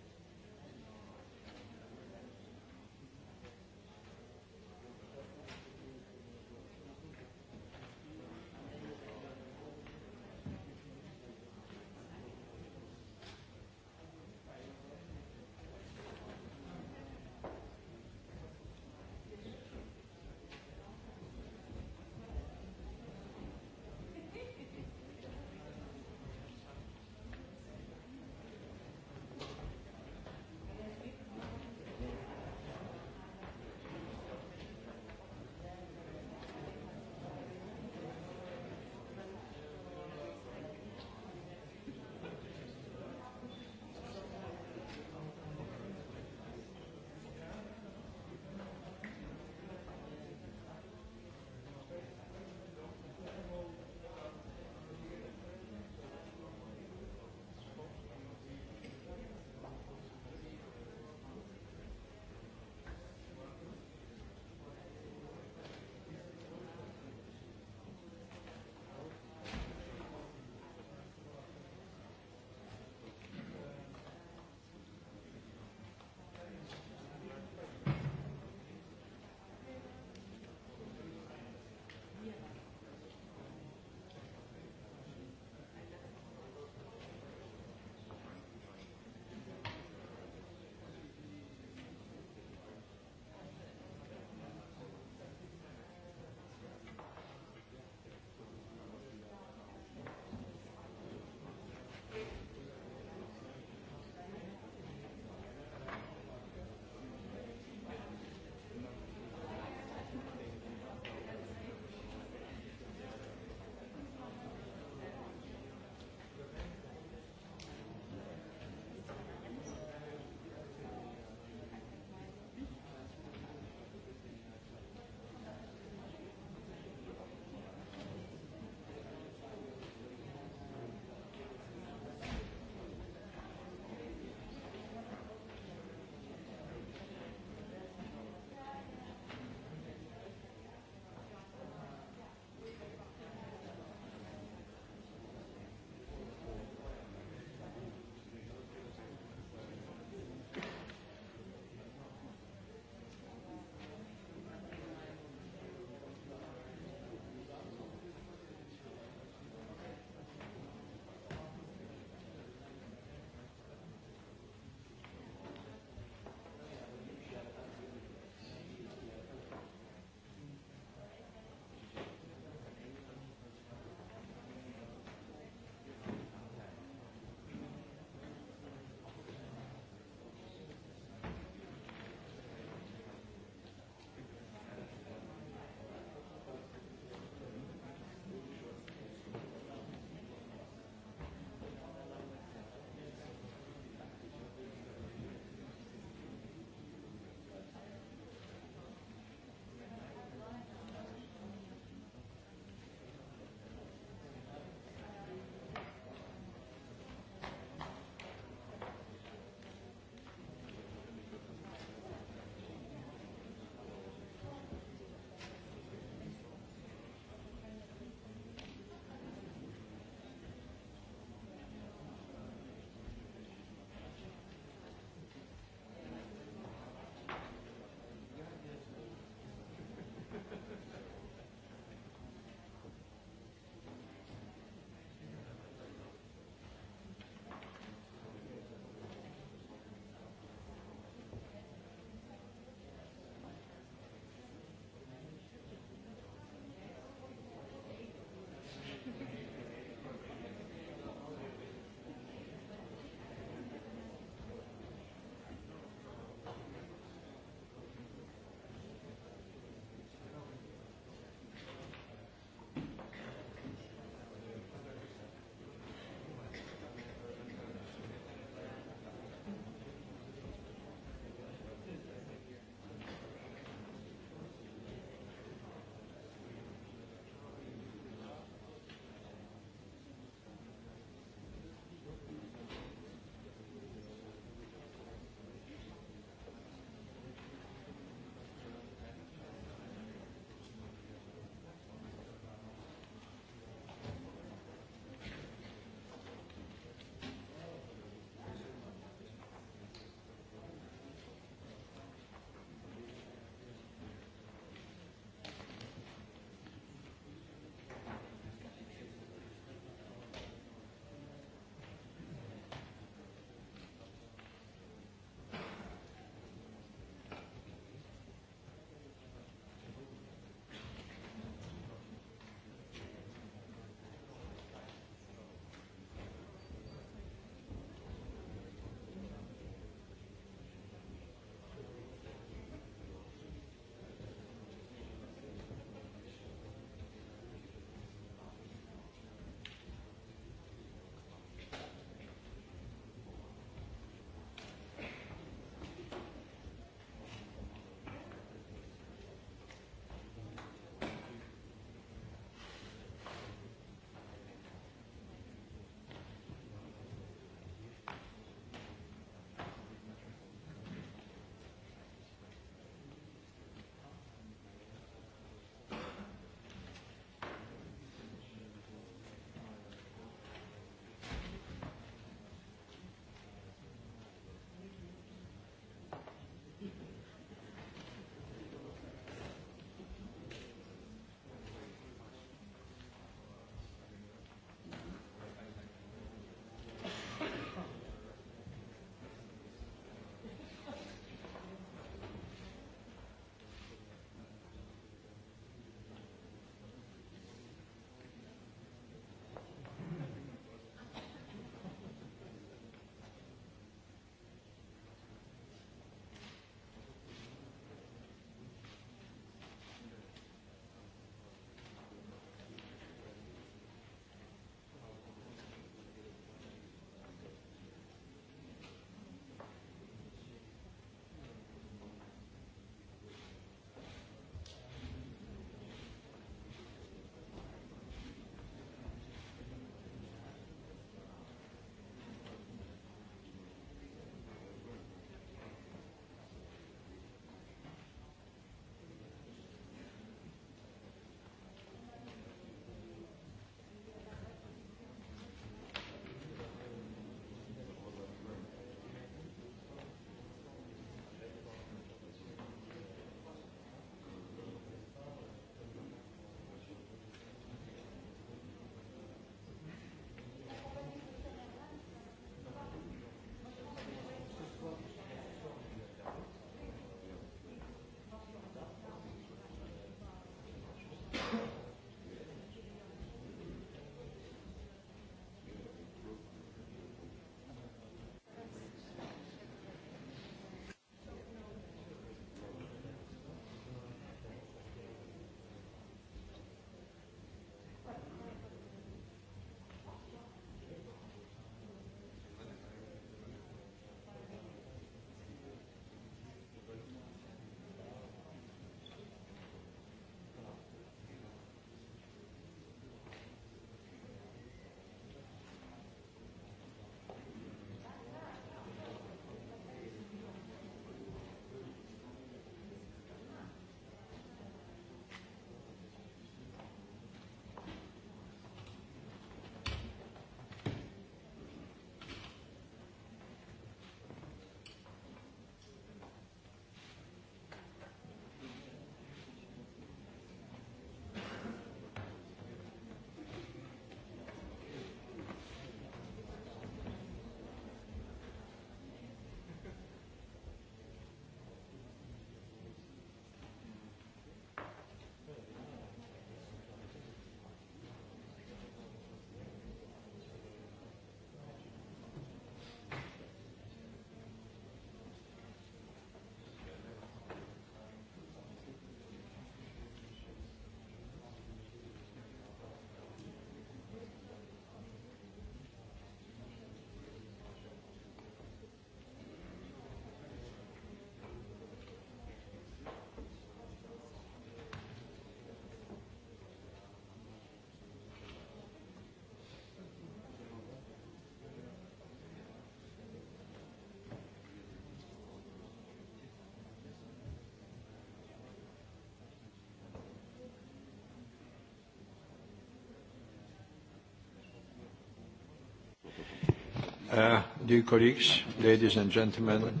Uh, dear colleagues, ladies and gentlemen.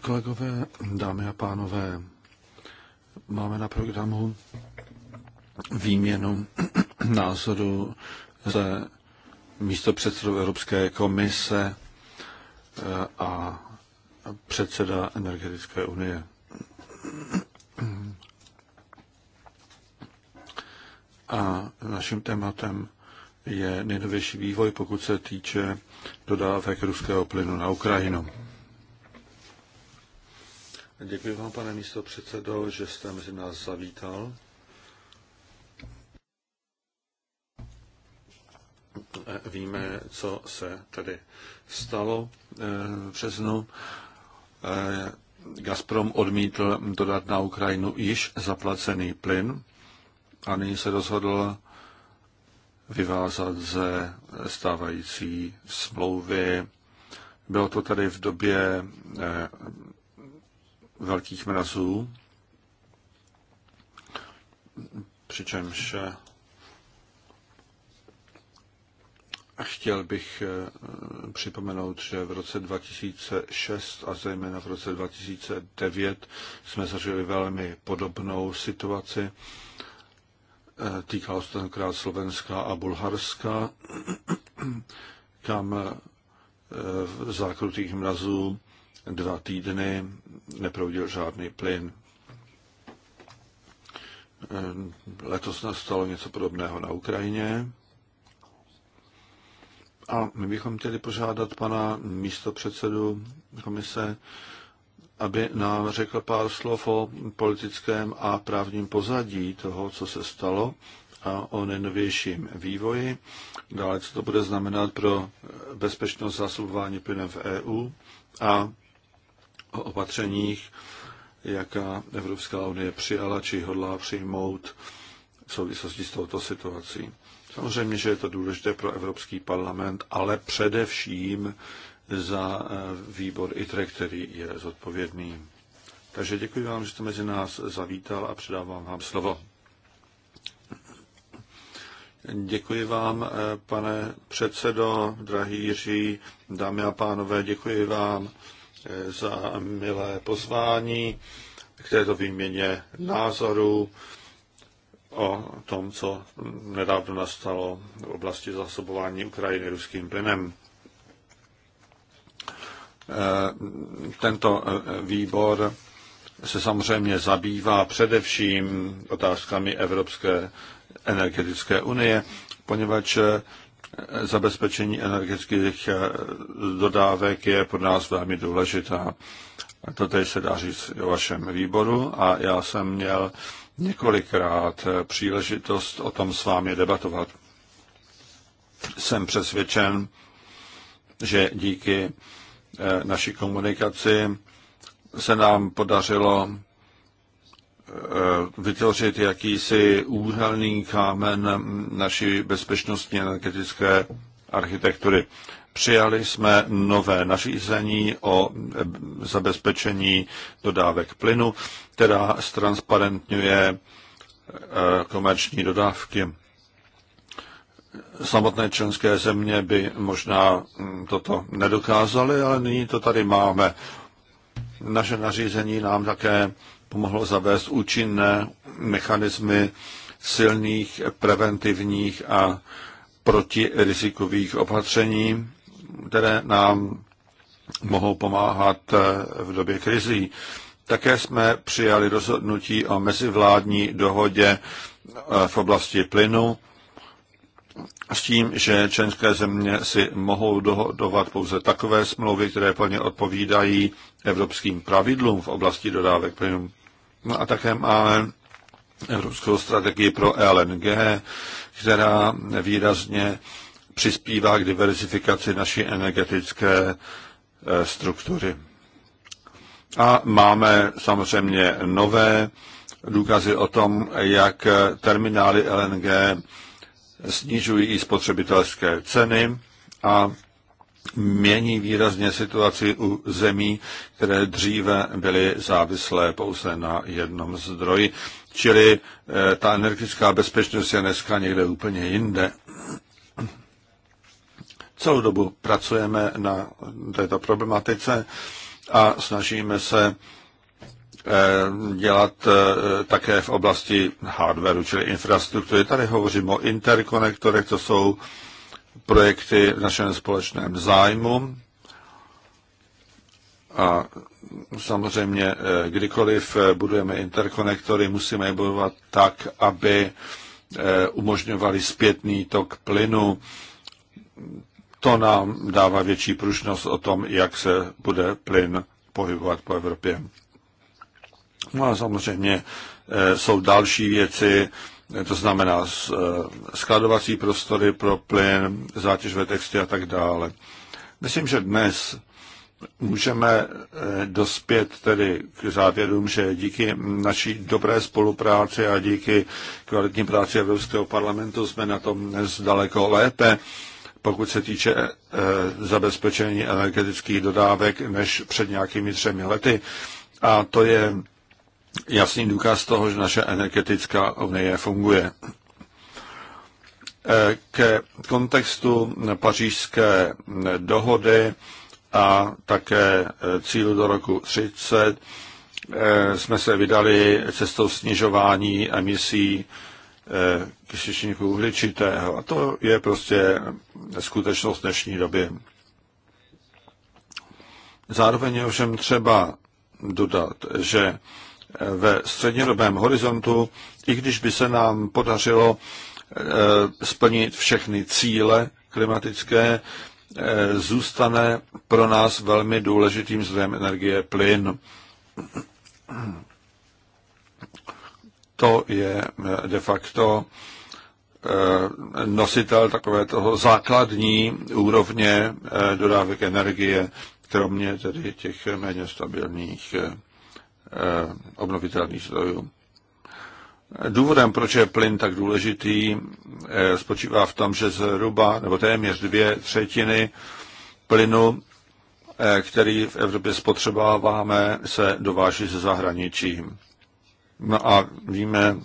Kolegové, dámy a pánové, máme na programu výměnu názoru ze místo předsedu Evropské komise eh, a předseda Energetické unie. A naším tématem je nejnovější vývoj, pokud se týče dodávek ruského plynu na Ukrajinu. Děkuji vám, pane místo předsedo, že jste mezi nás zavítal. E, víme, co se tady stalo e, v březnu. E, Gazprom odmítl dodat na Ukrajinu již zaplacený plyn a nyní se rozhodl vyvázat ze stávající smlouvy. Bylo to tady v době eh, velkých mrazů, přičemž eh, chtěl bych eh, připomenout, že v roce 2006 a zejména v roce 2009 jsme zažili velmi podobnou situaci týkalo se tenkrát Slovenska a Bulharska, kam eh, v zákrutých mrazů dva týdny neproudil žádný plyn. Eh, letos nastalo něco podobného na Ukrajině. A my bychom chtěli požádat pana místopředsedu komise, aby nám řekl pár slov o politickém a právním pozadí toho, co se stalo a o nejnovějším vývoji. Dále, co to bude znamenat pro bezpečnost zásobování plynem v EU a o opatřeních, jaká Evropská unie přijala či hodlá přijmout v souvislosti s touto situací. Samozřejmě, že je to důležité pro Evropský parlament, ale především za eh, výbor ITRE, který je zodpovědný. Takže děkuji vám, že jste mezi nás zavítal a předávám vám slovo. Děkuji vám, eh, pane předsedo, drahý Jiří, dámy a pánové, děkuji vám eh, za milé pozvání k této výměně názorů o tom, co nedávno nastalo v oblasti zasobování Ukrajiny ruským plynem. Eh, tento eh, výbor se samozřejmě zabývá především otázkami Evropské energetické unie, poněvadž eh, zabezpečení energetických dodávek je pro nás velmi důležitá. To teď se dá říct o vašem výboru a já jsem měl několikrát příležitost o tom s vámi debatovat. Jsem přesvědčen, že díky Eh, naší komunikaci se nám podařilo eh, vytvořit jakýsi úhelný kámen naší bezpečnostní energetické architektury. Přijali jsme nové nařízení o eh, zabezpečení dodávek plynu, která ztransparentňuje komerční dodávky. Samotné členské země by možná mm, toto nedokázaly, ale nyní to tady máme. Naše nařízení nám také pomohlo zavést účinné mechanismy silných preventivních a protirizikových opatření, které nám mohou pomáhat eh, v době krizí. Také jsme přijali rozhodnutí o mezivládní dohodě eh, v oblasti plynu s tím, že členské země si mohou dohodovat pouze takové smlouvy, které plně odpovídají evropským pravidlům v oblasti dodávek plynu. No a také máme evropskou strategii pro e LNG, která výrazně přispívá k diversifikaci naší energetické eh, struktury. A máme samozřejmě nové důkazy o tom, jak terminály e LNG snižují i spotřebitelské ceny a mění výrazně situaci u zemí, které dříve byly závislé pouze na jednom zdroji. Čili eh, ta energetická bezpečnost je dneska někde úplně jinde. Celou dobu pracujeme na této problematice a snažíme se Eh, dělat eh, také v oblasti hardwareu, čili infrastruktury. Tady hovořím o interkonektorech, to jsou projekty v našem společném zájmu. A samozřejmě, eh, kdykoliv budujeme interkonektory, musíme je budovat tak, aby umožňovali zpětný tok plynu. To nám dává větší pružnost o tom, jak se bude plyn pohybovat po Evropě. No a samozřejmě eh, jsou další věci, eh, to znamená eh, skladovací prostory pro plyn, zátěžové texty a tak dále. Myslím, že dnes můžeme dospět tedy k závěrům, že díky naší dobré spolupráci a díky kvalitní práci Evropského parlamentu jsme na tom dnes daleko lépe, pokud se týče zabezpečení energetických dodávek, než před nějakými třemi lety. A to je jasný důkaz toho, že naše energetická unie funguje. E, ke kontextu pařížské dohody a také cílu do roku 30 e, jsme se vydali cestou snižování emisí e, kyslíčníku uhličitého. A to je prostě skutečnost dnešní doby. Zároveň je ovšem třeba dodat, že ve střednědobém horizontu, i když by se nám podařilo e, splnit všechny cíle klimatické, e, zůstane pro nás velmi důležitým zdrojem energie plyn. To je e, de facto nositel takové toho základní úrovně dodávek energie, kromě tedy těch méně stabilních Eh, obnovitelných zdrojů. Důvodem, proč je plyn tak důležitý, eh, spočívá v tom, že zhruba nebo téměř dvě třetiny plynu, eh, který v Evropě spotřebáváme, se dováží ze zahraničí. No a víme,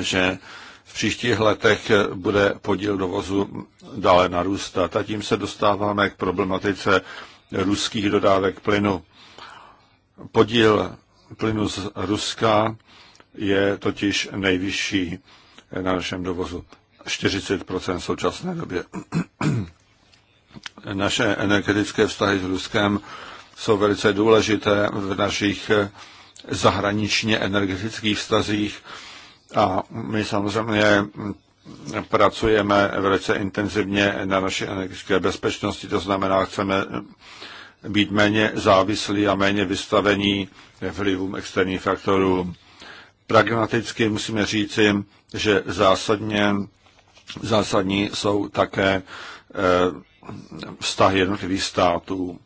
že v příštích letech bude podíl dovozu dále narůstat. A tím se dostáváme k problematice ruských dodávek plynu. Podíl plynu z Ruska je totiž nejvyšší na našem dovozu. 40% v současné době. Naše energetické vztahy s Ruskem jsou velice důležité v našich zahraničně energetických vztazích a my samozřejmě pracujeme velice intenzivně na naší energetické bezpečnosti, to znamená, chceme být méně závislí a méně vystavení vlivům externích faktorů. Pragmaticky musíme říci, že zásadně, zásadní jsou také eh, vztahy jednotlivých států.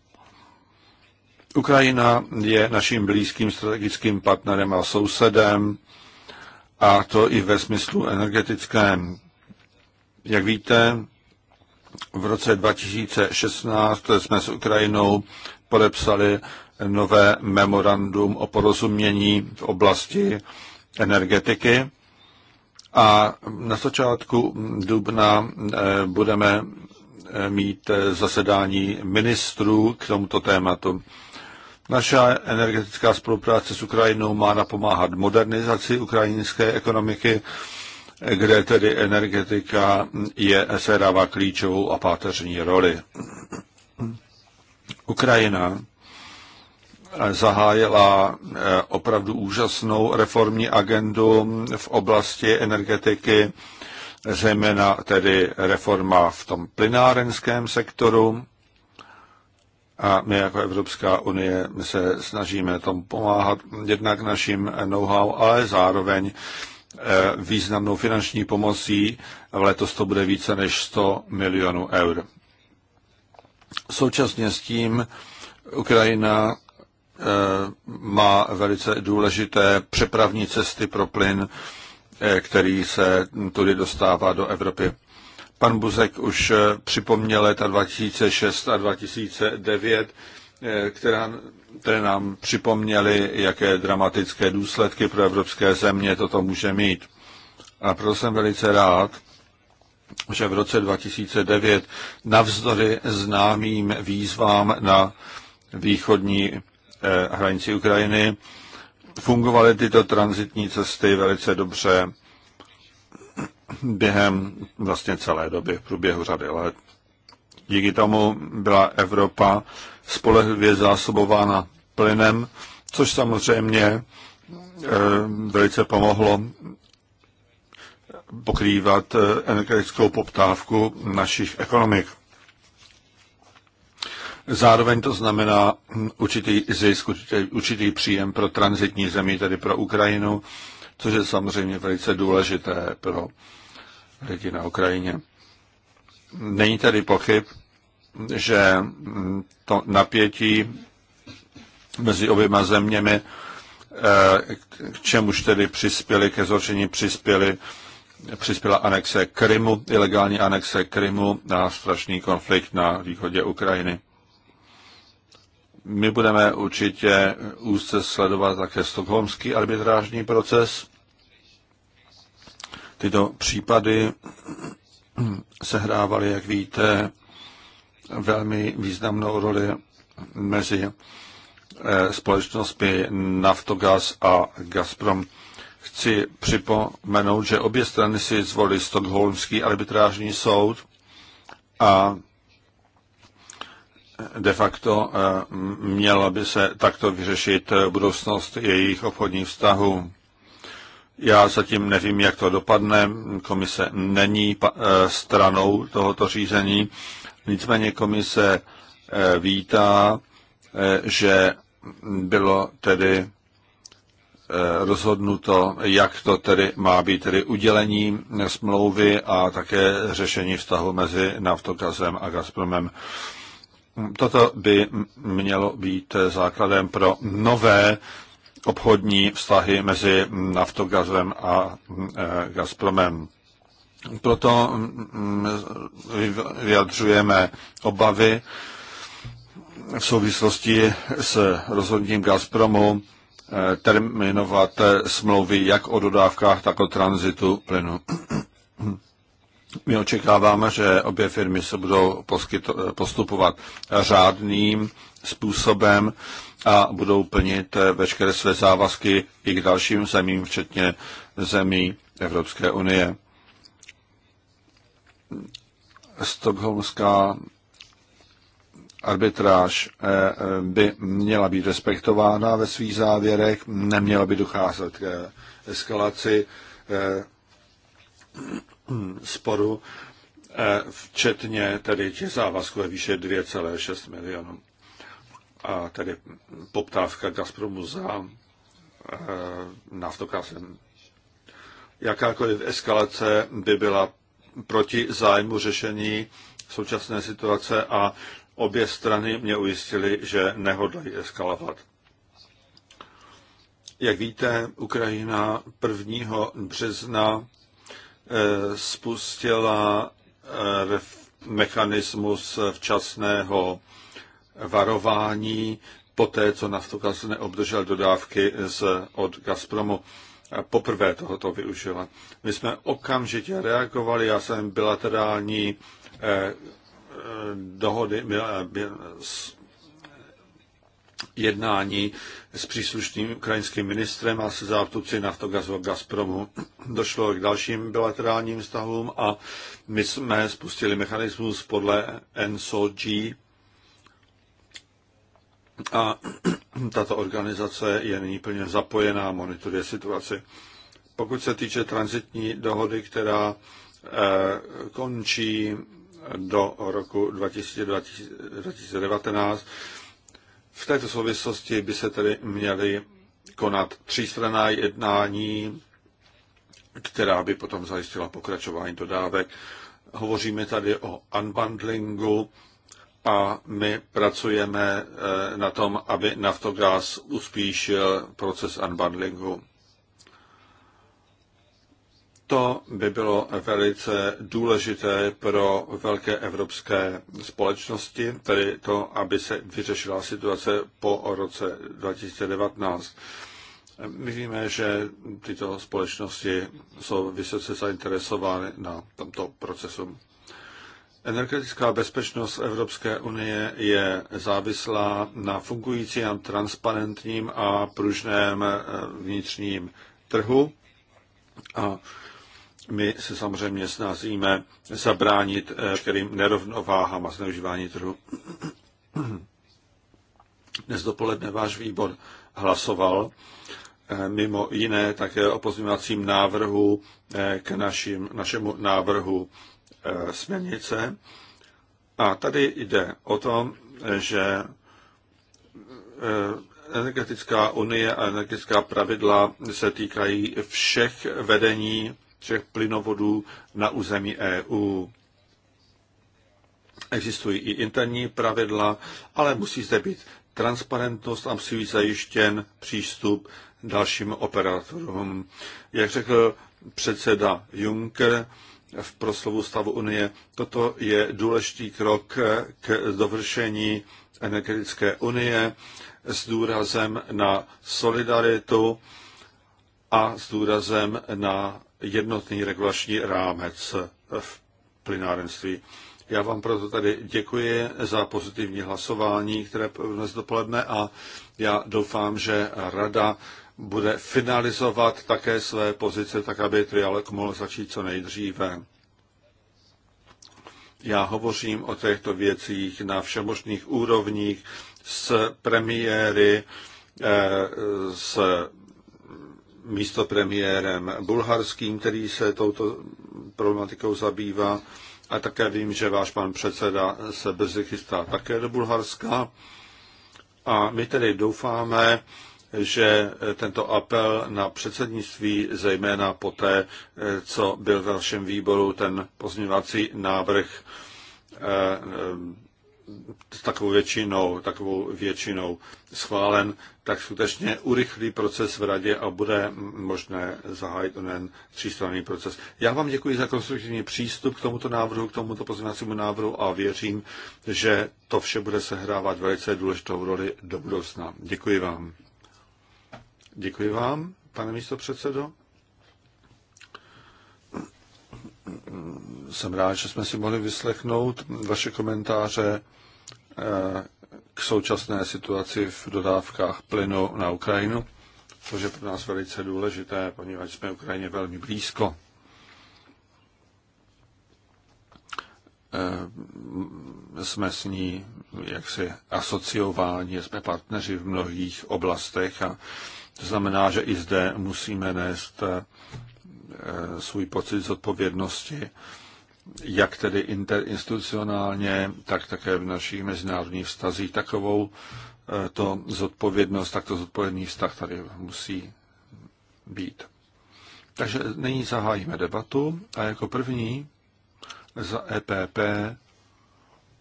Ukrajina je naším blízkým strategickým partnerem a sousedem, a to i ve smyslu energetickém. Jak víte, v roce 2016 jsme s Ukrajinou podepsali nové memorandum o porozumění v oblasti energetiky a na začátku dubna eh, budeme eh, mít eh, zasedání ministrů k tomuto tématu. Naša energetická spolupráce s Ukrajinou má napomáhat modernizaci ukrajinské ekonomiky kde tedy energetika je, se dává klíčovou a páteřní roli. Ukrajina zahájila eh, opravdu úžasnou reformní agendu v oblasti energetiky, zejména tedy reforma v tom plynárenském sektoru. A my jako Evropská unie se snažíme tom pomáhat jednak naším know-how, ale zároveň Eh, významnou finanční pomocí. Letos to bude více než 100 milionů eur. Současně s tím Ukrajina eh, má velice důležité přepravní cesty pro plyn, eh, který se tudy dostává do Evropy. Pan Buzek už připomněl leta 2006 a 2009, Eh, která, které nám připomněly, jaké dramatické důsledky pro evropské země toto může mít. A proto jsem velice rád, že v roce 2009 navzdory známým výzvám na východní eh, hranici Ukrajiny fungovaly tyto transitní cesty velice dobře během vlastně celé doby, v průběhu řady let. Díky tomu byla Evropa spolehlivě zásobována plynem, což samozřejmě eh, velice pomohlo pokrývat eh, energetickou poptávku našich ekonomik. Zároveň to znamená určitý zisk, určitý, určitý příjem pro transitní zemi, tedy pro Ukrajinu, což je samozřejmě velice důležité pro lidi na Ukrajině. Není tady pochyb, že to napětí mezi oběma zeměmi, eh, k čemuž tedy přispěli, ke zhoršení přispěli, přispěla anexe Krymu, ilegální anexe Krymu na strašný konflikt na východě Ukrajiny. My budeme určitě úzce sledovat také stokholmský arbitrážní proces. Tyto případy sehrávaly, jak víte, velmi významnou roli mezi eh, společnostmi Naftogaz a Gazprom. Chci připomenout, že obě strany si zvolily Stockholmský arbitrážní soud a de facto eh, měla by se takto vyřešit eh, budoucnost jejich obchodních vztahů. Já zatím nevím, jak to dopadne. Komise není stranou tohoto řízení, Nicméně komise eh, vítá, eh, že bylo tedy eh, rozhodnuto, jak to tedy má být, tedy udělení smlouvy a také řešení vztahu mezi Naftokazem a Gazpromem. Toto by mělo být základem pro nové obchodní vztahy mezi Naftogazem a Gazpromem. Proto mm, mm, vyjadřujeme obavy v souvislosti s rozhodním Gazpromu eh, terminovat smlouvy jak o dodávkách, tak o tranzitu plynu. My očekáváme, že obě firmy se budou postupovat řádným způsobem a budou plnit eh, veškeré své závazky i k dalším zemím, včetně zemí Evropské unie. Stockholmská arbitráž eh, eh, by měla být respektována ve svých závěrech, neměla by docházet k eskalaci eh, sporu, včetně tedy těch závazků ve výše 2,6 milionů. A tedy poptávka Gazpromu za naftokasem. Jakákoliv eskalace by byla proti zájmu řešení současné situace a obě strany mě ujistily, že nehodlají eskalovat. Jak víte, Ukrajina 1. března eh, spustila eh, mechanismus včasného varování poté, co Naftogaz neobdržel dodávky z, od Gazpromu poprvé tohoto využila. My jsme okamžitě reagovali, já jsem bilaterální eh, eh, dohody, eh, jednání s příslušným ukrajinským ministrem a se zástupci Naftogazu a Gazpromu. Došlo k dalším bilaterálním vztahům a my jsme spustili mechanismus podle NSOG, a tato organizace je nyní plně zapojená, a monitoruje situaci. Pokud se týče transitní dohody, která eh, končí do roku 2019, v této souvislosti by se tedy měly konat třístranná jednání, která by potom zajistila pokračování dodávek. Hovoříme tady o unbundlingu, a my pracujeme eh, na tom, aby Naftogaz uspíšil proces unbundlingu. To by bylo velice důležité pro velké evropské společnosti, tedy to, aby se vyřešila situace po roce 2019. My víme, že tyto společnosti jsou vysoce zainteresovány na tomto procesu. Energetická bezpečnost Evropské unie je závislá na fungujícím transparentním a pružném eh, vnitřním trhu a my se samozřejmě snažíme zabránit eh, kterým nerovnováhám a zneužívání trhu. Dnes dopoledne váš výbor hlasoval eh, mimo jiné také o pozměňovacím návrhu k našim, našemu návrhu Eh, směrnice. A tady jde o to, že eh, energetická unie a energetická pravidla se týkají všech vedení, všech plynovodů na území EU. Existují i interní pravidla, ale musí zde být transparentnost a musí být zajištěn přístup dalším operátorům. Jak řekl předseda Juncker, v proslovu stavu Unie. Toto je důležitý krok k dovršení energetické unie s důrazem na solidaritu a s důrazem na jednotný regulační rámec v plynárenství. Já vám proto tady děkuji za pozitivní hlasování, které dnes dopoledne a já doufám, že Rada bude finalizovat také své pozice, tak aby trialog mohl začít co nejdříve. Já hovořím o těchto věcích na všemožných úrovních s premiéry, eh, s místopremiérem bulharským, který se touto problematikou zabývá. A také vím, že váš pan předseda se brzy chystá také do Bulharska. A my tedy doufáme, že eh, tento apel na předsednictví, zejména poté, eh, co byl ve vašem výboru ten pozměňovací návrh s eh, takovou většinou, takovou většinou schválen, tak skutečně urychlí proces v radě a bude možné zahájit onen třístranný proces. Já vám děkuji za konstruktivní přístup k tomuto návrhu, k tomuto pozměňovacímu návrhu a věřím, že to vše bude sehrávat velice důležitou roli do budoucna. Děkuji vám. Děkuji vám, pane místo předsedo. Jsem rád, že jsme si mohli vyslechnout vaše komentáře eh, k současné situaci v dodávkách plynu na Ukrajinu, což je pro nás velice důležité, poněvadž jsme Ukrajině velmi blízko. Eh, jsme s ní jaksi asociováni, jsme partneři v mnohých oblastech a to znamená, že i zde musíme nést eh, svůj pocit zodpovědnosti, jak tedy interinstitucionálně, tak také v našich mezinárodních vztazích. Takovou eh, to zodpovědnost, takto zodpovědný vztah tady musí být. Takže nyní zahájíme debatu a jako první za EPP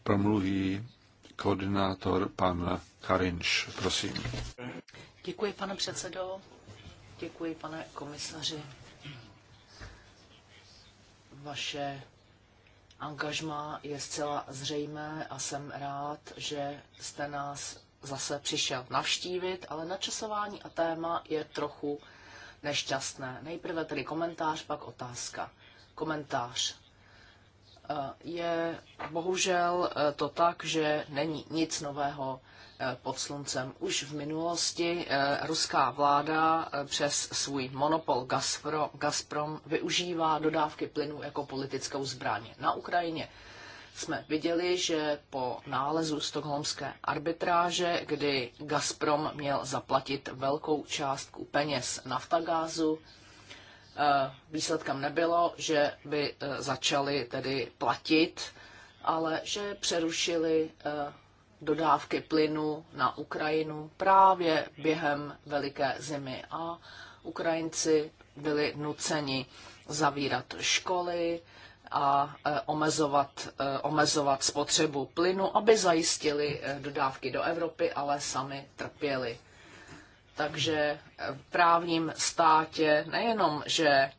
promluví koordinátor pan Karinč. Prosím. Děkuji, pane předsedo. Děkuji, pane komisaři. Vaše angažma je zcela zřejmé a jsem rád, že jste nás zase přišel navštívit, ale načasování a téma je trochu nešťastné. Nejprve tedy komentář, pak otázka. Komentář. Eh, je bohužel eh, to tak, že není nic nového Eh, pod sluncem. Už v minulosti eh, ruská vláda eh, přes svůj monopol Gazprom, Gazprom využívá dodávky plynu jako politickou zbraně Na Ukrajině jsme viděli, že po nálezu stokholmské arbitráže, kdy Gazprom měl zaplatit velkou částku peněz naftagázu, výsledkem nebylo, že by začali tedy platit, ale že přerušili dodávky plynu na Ukrajinu právě během veliké zimy a Ukrajinci byli nuceni zavírat školy a e, omezovat, e, omezovat spotřebu plynu, aby zajistili e, dodávky do Evropy, ale sami trpěli. Takže v právním státě nejenom, že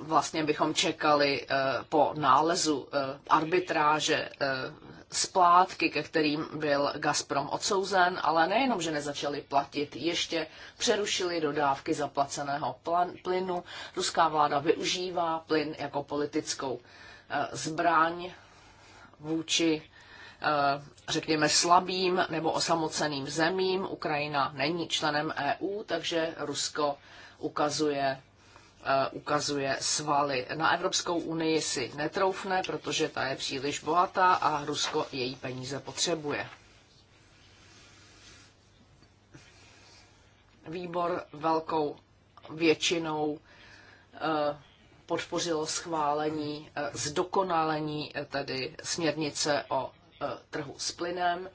vlastně bychom čekali po nálezu arbitráže splátky, ke kterým byl Gazprom odsouzen, ale nejenom, že nezačali platit, ještě přerušili dodávky zaplaceného plynu. Ruská vláda využívá plyn jako politickou eh, zbraň vůči eh, řekněme, slabým nebo osamoceným zemím. Ukrajina není členem EU, takže Rusko ukazuje E, ukazuje svaly. Na Evropskou unii si netroufne, protože ta je příliš bohatá a Rusko její peníze potřebuje. Výbor velkou většinou e, podpořil schválení, e, zdokonalení tedy směrnice o trhu s plynem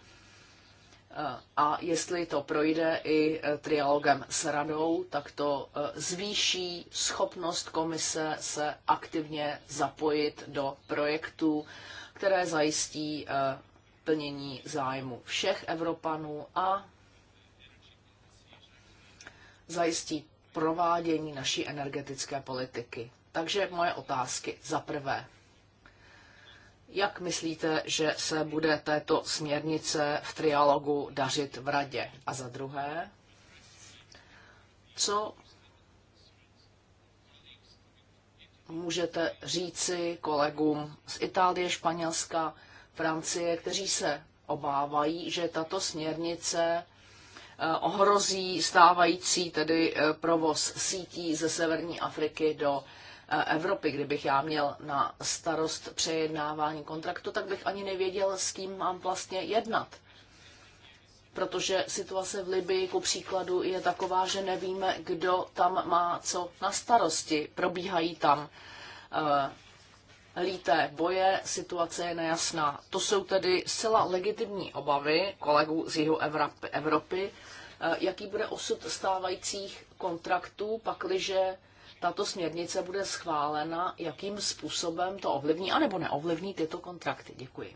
a jestli to projde i e, trialogem s radou, tak to e, zvýší schopnost komise se aktivně zapojit do projektů, které zajistí e, plnění zájmu všech Evropanů a zajistí provádění naší energetické politiky. Takže moje otázky. Za prvé, jak myslíte, že se bude této směrnice v trialogu dařit v radě? A za druhé, co můžete říci kolegům z Itálie, Španělska, Francie, kteří se obávají, že tato směrnice eh, ohrozí stávající tedy eh, provoz sítí ze severní Afriky do Eh, Evropy. Kdybych já měl na starost přejednávání kontraktu, tak bych ani nevěděl, s kým mám vlastně jednat. Protože situace v Libii, ku příkladu, je taková, že nevíme, kdo tam má co na starosti. Probíhají tam eh, líté boje, situace je nejasná. To jsou tedy zcela legitimní obavy kolegů z jihu Evropy, Evropy eh, jaký bude osud stávajících kontraktů, pakliže tato směrnice bude schválena, jakým způsobem to ovlivní anebo neovlivní tyto kontrakty. Děkuji.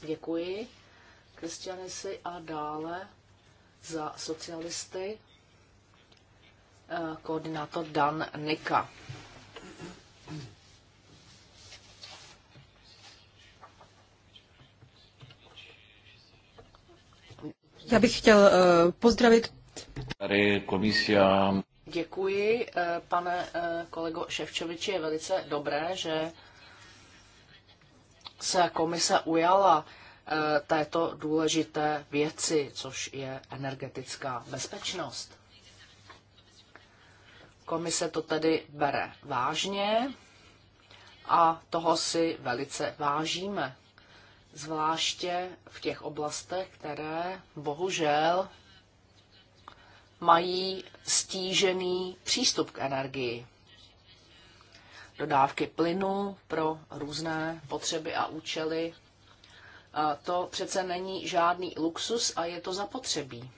Děkuji si a dále za socialisty eh, koordinátor Dan Nika. Já bych chtěl eh, pozdravit. Tady komisia Děkuji, eh, pane eh, kolego Ševčoviči. Je velice dobré, že se komise ujala eh, této důležité věci, což je energetická bezpečnost. Komise to tedy bere vážně a toho si velice vážíme. Zvláště v těch oblastech, které bohužel mají stížený přístup k energii. Dodávky plynu pro různé potřeby a účely. To přece není žádný luxus a je to zapotřebí.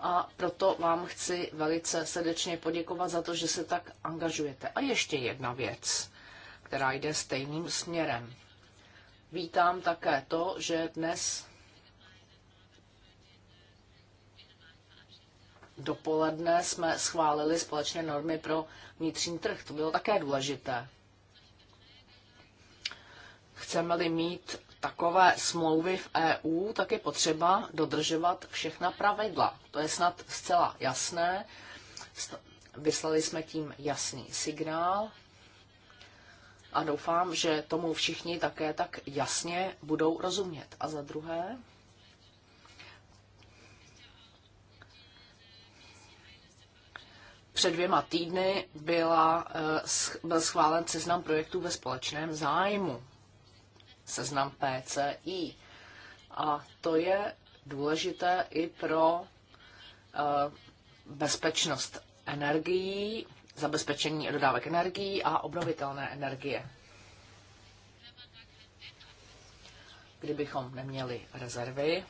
A proto vám chci velice srdečně poděkovat za to, že se tak angažujete. A ještě jedna věc, která jde stejným směrem. Vítám také to, že dnes dopoledne jsme schválili společně normy pro vnitřní trh. To bylo také důležité. Chceme-li mít takové smlouvy v EU, tak je potřeba dodržovat všechna pravidla. To je snad zcela jasné. Vyslali jsme tím jasný signál a doufám, že tomu všichni také tak jasně budou rozumět. A za druhé, před dvěma týdny byla, eh, byl schválen seznam projektů ve společném zájmu, seznam PCI. A to je důležité i pro eh, bezpečnost energií, zabezpečení dodávek energií a obnovitelné energie. Kdybychom neměli rezervy,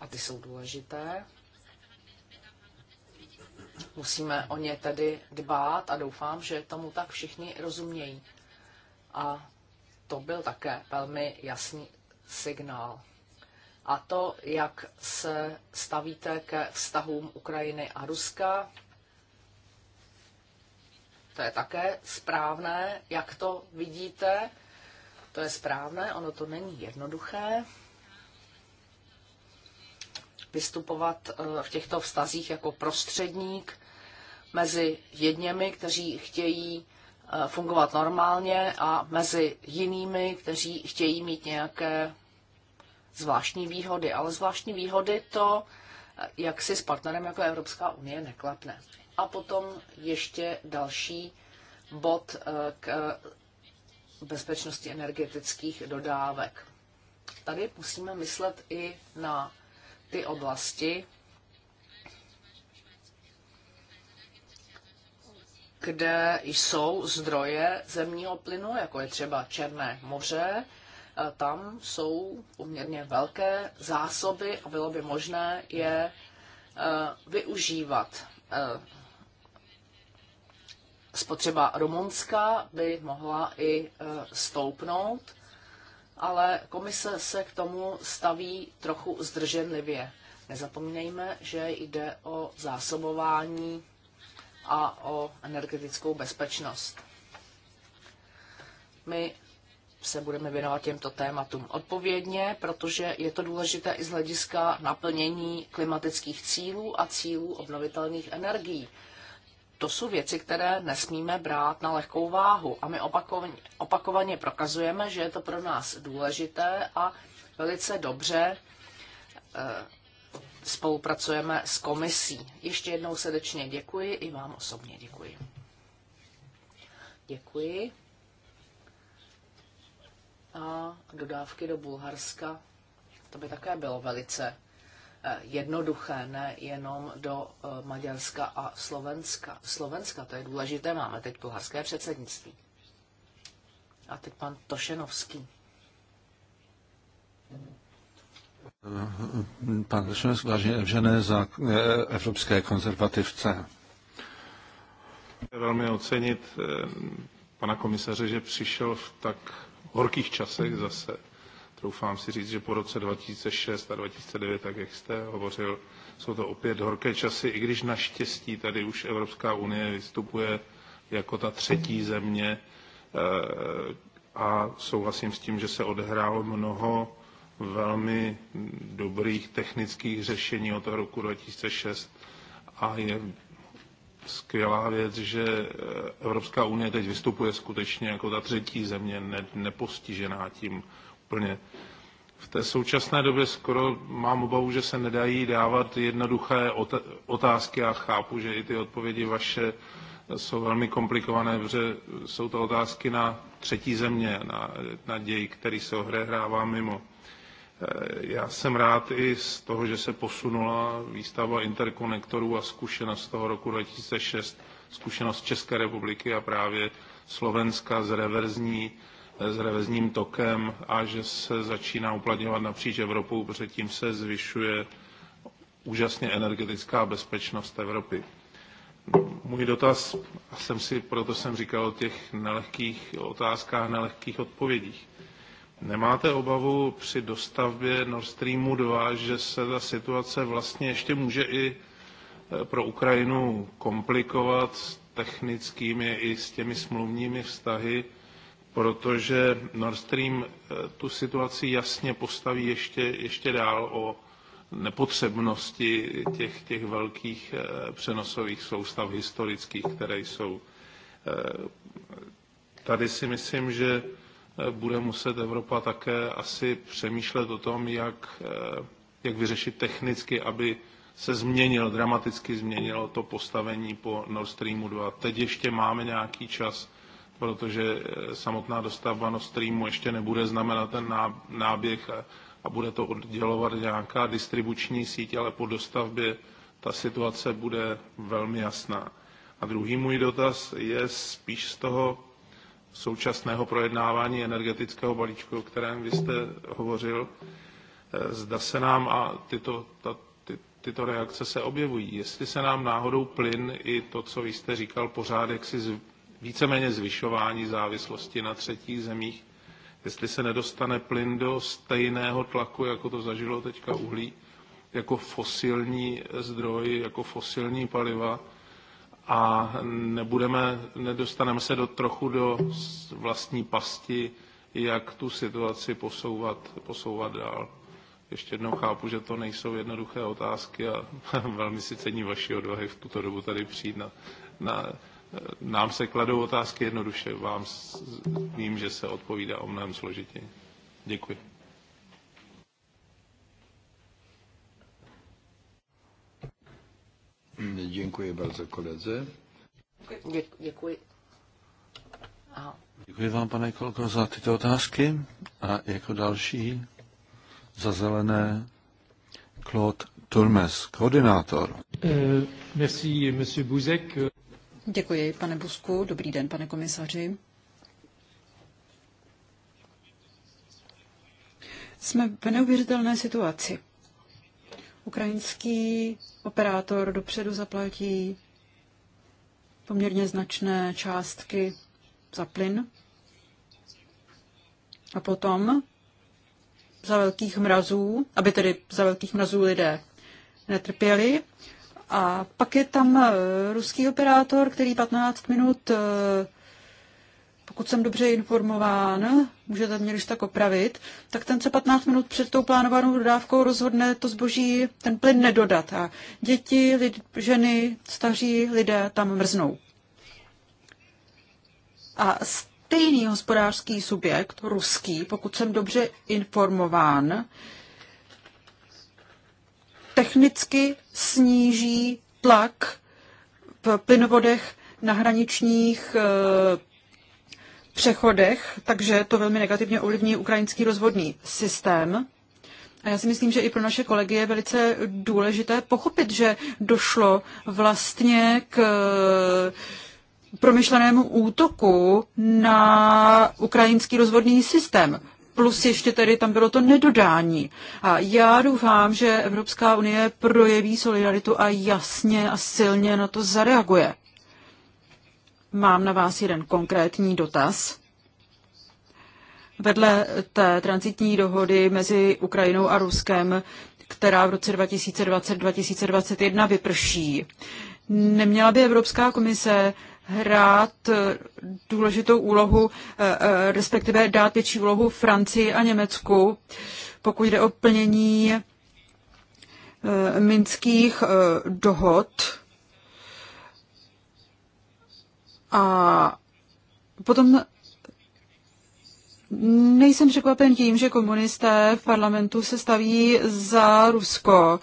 a ty jsou důležité, Musíme o ně tedy dbát a doufám, že tomu tak všichni rozumějí. A to byl také velmi jasný signál. A to, jak se stavíte ke vztahům Ukrajiny a Ruska, to je také správné, jak to vidíte. To je správné, ono to není jednoduché vystupovat eh, v těchto vztazích jako prostředník mezi jedněmi, kteří chtějí eh, fungovat normálně a mezi jinými, kteří chtějí mít nějaké zvláštní výhody. Ale zvláštní výhody to, eh, jak si s partnerem jako Evropská unie neklapne. A potom ještě další bod k bezpečnosti energetických dodávek. Tady musíme myslet i na ty oblasti, kde jsou zdroje zemního plynu, jako je třeba Černé moře, tam jsou poměrně velké zásoby a bylo by možné je e, využívat. E, spotřeba Rumunska by mohla i e, stoupnout ale komise se k tomu staví trochu zdrženlivě. Nezapomínejme, že jde o zásobování a o energetickou bezpečnost. My se budeme věnovat těmto tématům odpovědně, protože je to důležité i z hlediska naplnění klimatických cílů a cílů obnovitelných energií to jsou věci, které nesmíme brát na lehkou váhu. A my opakovaně, opakovaně prokazujeme, že je to pro nás důležité a velice dobře eh, spolupracujeme s komisí. Ještě jednou srdečně děkuji i vám osobně děkuji. Děkuji. A dodávky do Bulharska, to by také bylo velice Eh, jednoduché, ne jenom do eh, Maďarska a Slovenska. Slovenska, to je důležité, máme teď bulharské předsednictví. A teď pan Tošenovský. Pan Tošenovský, vážně vžené za eh, evropské konzervativce. Velmi ocenit pana komisaře, že přišel v tak horkých časech zase troufám si říct, že po roce 2006 a 2009, tak jak jste hovořil, jsou to opět horké časy, i když naštěstí tady už Evropská unie vystupuje jako ta třetí země eh, a souhlasím s tím, že se odehrálo mnoho velmi dobrých technických řešení od toho roku 2006 a je skvělá věc, že eh, Evropská unie teď vystupuje skutečně jako ta třetí země nepostižená tím úplně. V té současné době skoro mám obavu, že se nedají dávat jednoduché otázky a chápu, že i ty odpovědi vaše jsou velmi komplikované, protože jsou to otázky na třetí země, na, na děj, který se ohrehrává mimo. Eh, já jsem rád i z toho, že se posunula výstava interkonektorů a zkušenost z toho roku 2006, zkušenost České republiky a právě Slovenska z reverzní s revezním tokem a že se začíná uplatňovat napříč Evropou, protože tím se zvyšuje úžasně energetická bezpečnost Evropy. Můj dotaz, a jsem si, proto jsem říkal o těch nelehkých otázkách, nelehkých odpovědích. Nemáte obavu při dostavbě Nord Streamu 2, že se ta situace vlastně ještě může i eh, pro Ukrajinu komplikovat s technickými i s těmi smluvními vztahy, protože Nord Stream eh, tu situaci jasně postaví ještě, ještě dál o nepotřebnosti těch, těch velkých eh, přenosových soustav historických, které jsou. Eh, tady si myslím, že bude muset Evropa také asi přemýšlet o tom, jak, jak vyřešit technicky, aby se změnil, dramaticky změnilo to postavení po Nord Streamu 2. Teď ještě máme nějaký čas protože eh, samotná dostavba Nord Streamu ještě nebude znamenat ten náběh a bude to oddělovat nějaká distribuční síť, ale po dostavbě ta situace bude velmi jasná. A druhý můj dotaz je spíš z toho současného projednávání energetického balíčku, o kterém vy jste hovořil. Eh, zda se nám, a tyto, ta, ty, tyto reakce se objevují, jestli se nám náhodou plyn i to, co vy jste říkal, pořád jaksi víceméně zvyšování závislosti na třetích zemích, jestli se nedostane plyn do stejného tlaku, jako to zažilo teďka uhlí, jako fosilní zdroj, jako fosilní paliva a nebudeme, nedostaneme se do, trochu do vlastní pasti, jak tu situaci posouvat, posouvat dál. Ještě jednou chápu, že to nejsou jednoduché otázky a velmi si cení vaší odvahy v tuto dobu tady přijít na, na Eh, nám se kladou otázky jednoduše, vám vím, že se odpovídá o mnohem složitěji. Děkuji. Děkuji bardzo koledze. Děkuji. Aha. Děkuji vám, pane kolego, za tyto otázky. A jako další za zelené Claude Turmes, koordinátor. Uh, merci, monsieur Buzek. Děkuji, pane Busku. Dobrý den, pane komisaři. Jsme v neuvěřitelné situaci. Ukrajinský operátor dopředu zaplatí poměrně značné částky za plyn a potom za velkých mrazů, aby tedy za velkých mrazů lidé netrpěli, a pak je tam eh, ruský operátor, který 15 minut, eh, pokud jsem dobře informován, můžete mě když tak opravit, tak ten se 15 minut před tou plánovanou dodávkou rozhodne to zboží, ten plyn nedodat. A děti, lid, ženy, staří lidé tam mrznou. A stejný hospodářský subjekt, ruský, pokud jsem dobře informován, technicky sníží tlak v plynovodech na hraničních eh, přechodech, takže to velmi negativně ovlivní ukrajinský rozvodný systém. A já si myslím, že i pro naše kolegy je velice důležité pochopit, že došlo vlastně k eh, promyšlenému útoku na ukrajinský rozvodný systém plus ještě tady tam bylo to nedodání. A já doufám, že Evropská unie projeví solidaritu a jasně a silně na to zareaguje. Mám na vás jeden konkrétní dotaz. Vedle té transitní dohody mezi Ukrajinou a Ruskem, která v roce 2020-2021 vyprší, neměla by Evropská komise hrát eh, důležitou úlohu, eh, eh, respektive dát větší úlohu Francii a Německu, pokud jde o plnění minských dohod. A potom nejsem překvapen tím, že komunisté v parlamentu se staví za Rusko.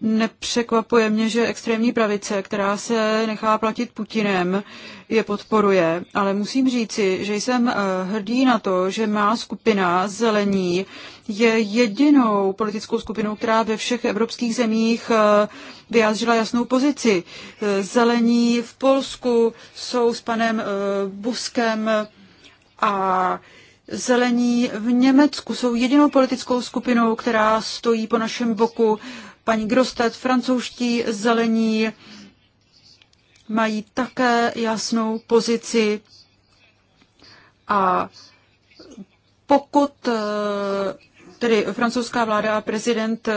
Nepřekvapuje mě, že extrémní pravice, která se nechá platit Putinem, je podporuje, ale musím říci, že jsem eh, hrdý na to, že má skupina zelení je jedinou politickou skupinou, která ve všech evropských zemích eh, vyjádřila jasnou pozici. Eh, zelení v Polsku jsou s panem Buskem a zelení v Německu jsou jedinou politickou skupinou, která stojí po našem boku paní Grostet, francouzští zelení mají také jasnou pozici a pokud eh, tedy francouzská vláda a prezident eh,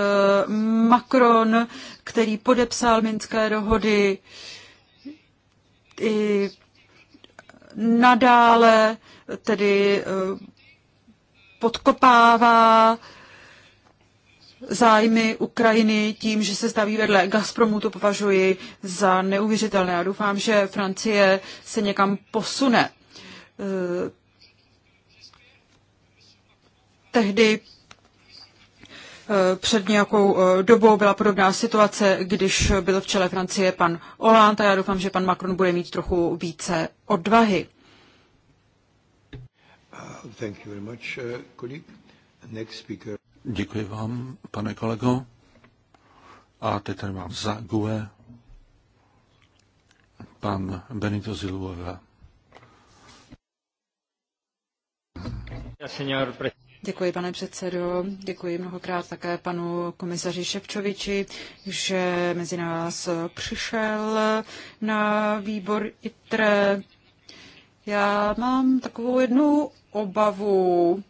Macron, který podepsal Minské dohody, i nadále tedy eh, podkopává zájmy Ukrajiny tím, že se staví vedle Gazpromu, to považuji za neuvěřitelné. Já doufám, že Francie se někam posune. Eh, tehdy eh, před nějakou eh, dobou byla podobná situace, když byl v čele Francie pan Hollande a já doufám, že pan Macron bude mít trochu více odvahy. Uh, thank you very much, uh, colleague. Next speaker. Děkuji vám, pane kolego. A teď tady mám za GUE pan Benito Ziluová. Děkuji, pane předsedo. Děkuji mnohokrát také panu komisaři Ševčoviči, že mezi nás přišel na výbor ITRE. Já mám takovou jednu obavu,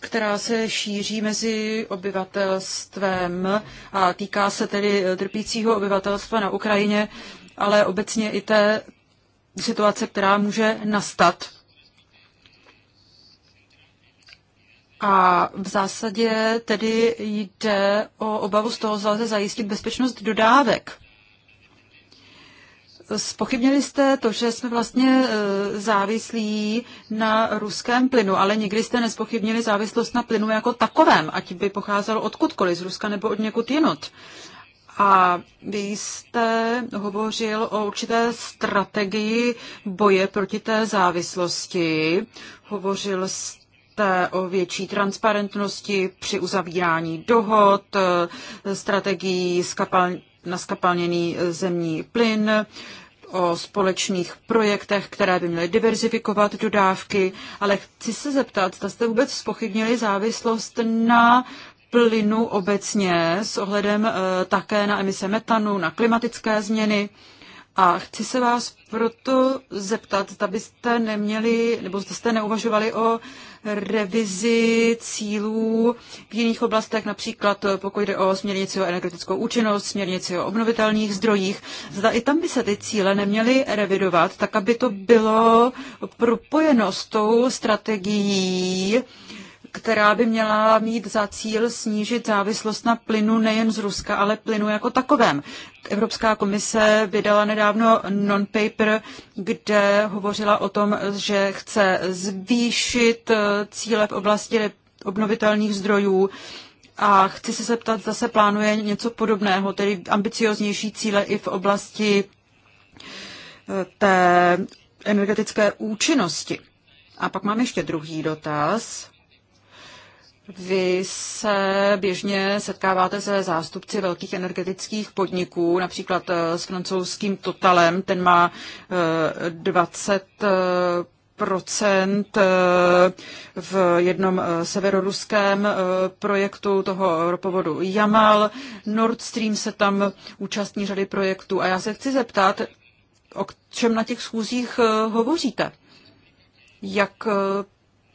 která se šíří mezi obyvatelstvem a týká se tedy trpícího obyvatelstva na Ukrajině, ale obecně i té situace, která může nastat. A v zásadě tedy jde o obavu z toho, zda zajistit bezpečnost dodávek. Spochybnili jste to, že jsme vlastně e, závislí na ruském plynu, ale nikdy jste nespochybnili závislost na plynu jako takovém, ať by pocházelo odkudkoliv, z Ruska nebo od někud jinot. A vy jste hovořil o určité strategii boje proti té závislosti. Hovořil jste o větší transparentnosti při uzavírání dohod, e, strategii skapal na skapalněný eh, zemní plyn, o společných projektech, které by měly diverzifikovat dodávky, ale chci se zeptat, zda jste vůbec spochybnili závislost na plynu obecně s ohledem eh, také na emise metanu, na klimatické změny. A chci se vás proto zeptat, zda byste neměli, nebo zda jste neuvažovali o revizi cílů v jiných oblastech, například pokud jde o směrnici o energetickou účinnost, směrnici o obnovitelných zdrojích. Zda i tam by se ty cíle neměly revidovat, tak aby to bylo propojeno s tou strategií která by měla mít za cíl snížit závislost na plynu nejen z Ruska, ale plynu jako takovém. Evropská komise vydala nedávno non-paper, kde hovořila o tom, že chce zvýšit eh, cíle v oblasti obnovitelných zdrojů a chci se zeptat, zase plánuje něco podobného, tedy ambicioznější cíle i v oblasti eh, té energetické účinnosti. A pak mám ještě druhý dotaz. Vy se běžně setkáváte se zástupci velkých energetických podniků, například eh, s francouzským Totalem, ten má 20 eh, eh, procent v jednom severoruském projektu toho ropovodu Jamal. Nord Stream se tam účastní řady projektů a já se chci zeptat, o čem na těch schůzích hovoříte? Jak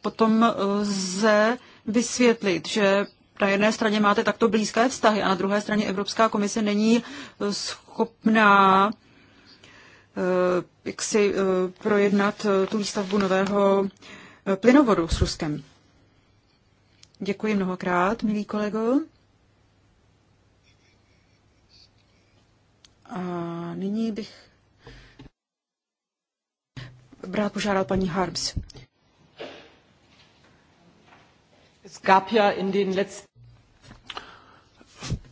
potom lze vysvětlit, že na jedné straně máte takto blízké vztahy a na druhé straně Evropská komise není e, schopná e, jak si e, projednat tu výstavbu nového plynovodu s Ruskem. Děkuji mnohokrát, milý kolego. A nyní bych rád požádal paní Harms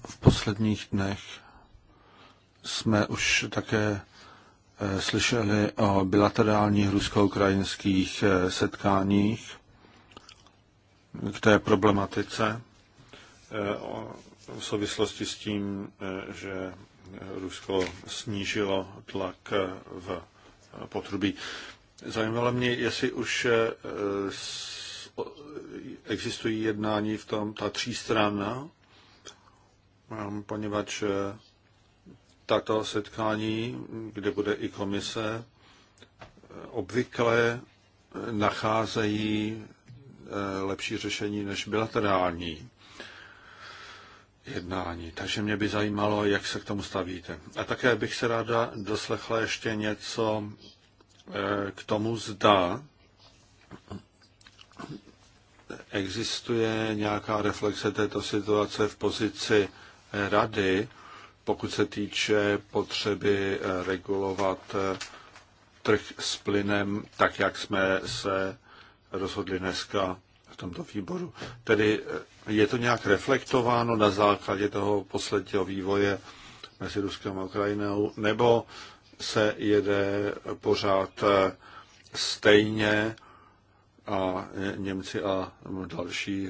v posledních dnech jsme už také eh, slyšeli o bilaterálních rusko-ukrajinských eh, setkáních k té problematice eh, v souvislosti s tím, že Rusko snížilo tlak v potrubí. Zajímalo mě, jestli už existují jednání v tom, ta třístrana, poněvadž eh, tato setkání, kde bude i komise, eh, obvykle eh, nacházejí lepší řešení než bilaterální jednání. Takže mě by zajímalo, jak se k tomu stavíte. A také bych se ráda doslechla ještě něco k tomu, zda existuje nějaká reflexe této situace v pozici rady, pokud se týče potřeby eh, regulovat eh, trh s plynem, tak jak jsme se rozhodli dneska v tomto výboru. Tedy eh, je to nějak reflektováno na základě toho posledního vývoje mezi Ruskem a Ukrajinou, nebo se jede pořád stejně a Němci a další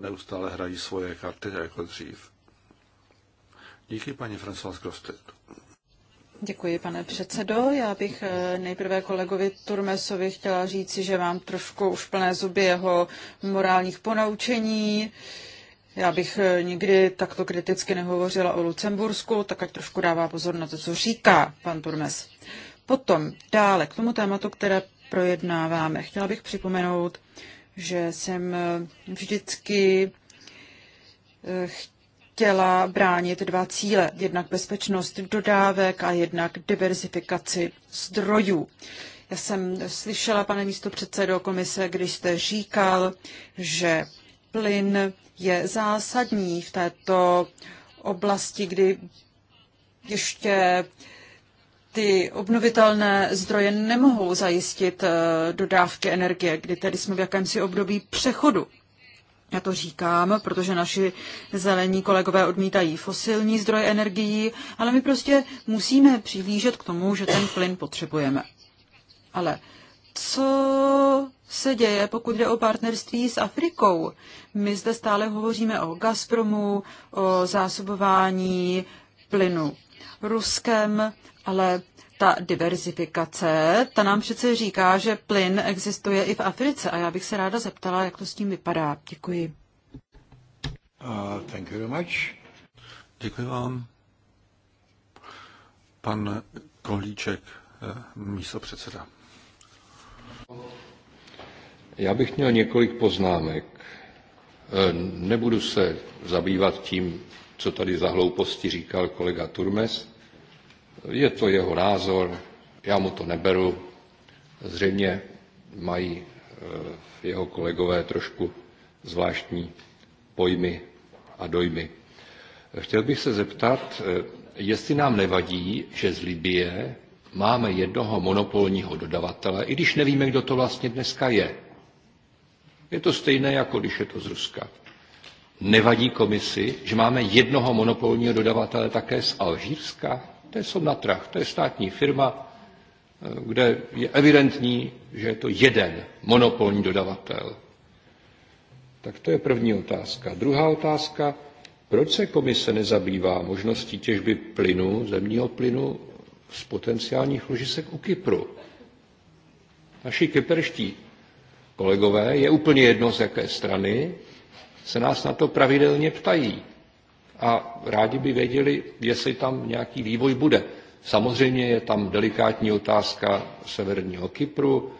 neustále hrají svoje karty jako dřív. Díky paní François Grostet. Děkuji, pane předsedo. Já bych eh, nejprve kolegovi Turmesovi chtěla říci, že mám trošku už plné zuby jeho morálních ponaučení. Já bych eh, nikdy takto kriticky nehovořila o Lucembursku, tak ať trošku dává pozor na to, co říká pan Turmes. Potom dále k tomu tématu, které projednáváme. Chtěla bych připomenout, že jsem eh, vždycky eh, chtěla bránit dva cíle, jednak bezpečnost dodávek a jednak diversifikaci zdrojů. Já jsem slyšela, pane místo předsedo komise, když jste říkal, že plyn je zásadní v této oblasti, kdy ještě uh, ty obnovitelné zdroje nemohou zajistit eh, dodávky energie, kdy tedy jsme v jakémsi období přechodu. Já to říkám, protože naši zelení kolegové odmítají fosilní zdroje energií, ale my prostě musíme přihlížet k tomu, že ten plyn potřebujeme. Ale co se děje, pokud jde o partnerství s Afrikou? My zde stále hovoříme o Gazpromu, o zásobování plynu Ruskem, ale ta diverzifikace, ta nám přece říká, že plyn existuje i v Africe a já bych se ráda zeptala, jak to s tím vypadá. Děkuji. Uh, thank you very much. Děkuji vám. Pan Kohlíček, eh, místo předseda. Já bych měl několik poznámek. Eh, nebudu se zabývat tím, co tady za hlouposti říkal kolega Turmes, je to jeho názor, já mu to neberu. Zřejmě mají e, jeho kolegové trošku zvláštní pojmy a dojmy. Chtěl bych se zeptat, e, jestli nám nevadí, že z Libie máme jednoho monopolního dodavatele, i když nevíme, kdo to vlastně dneska je. Je to stejné, jako když je to z Ruska. Nevadí komisi, že máme jednoho monopolního dodavatele také z Alžírska? To je na trh. To je státní firma, eh, kde je evidentní, že je to jeden monopolní dodavatel. Tak to je první otázka. Druhá otázka, proč se komise nezabývá možností těžby plynu, zemního plynu z potenciálních ložisek u Kypru? Naši kyperští kolegové, je úplně jedno z jaké strany, se nás na to pravidelně ptají a rádi by věděli, jestli tam nějaký vývoj bude. Samozřejmě je tam delikátní otázka severního Kypru,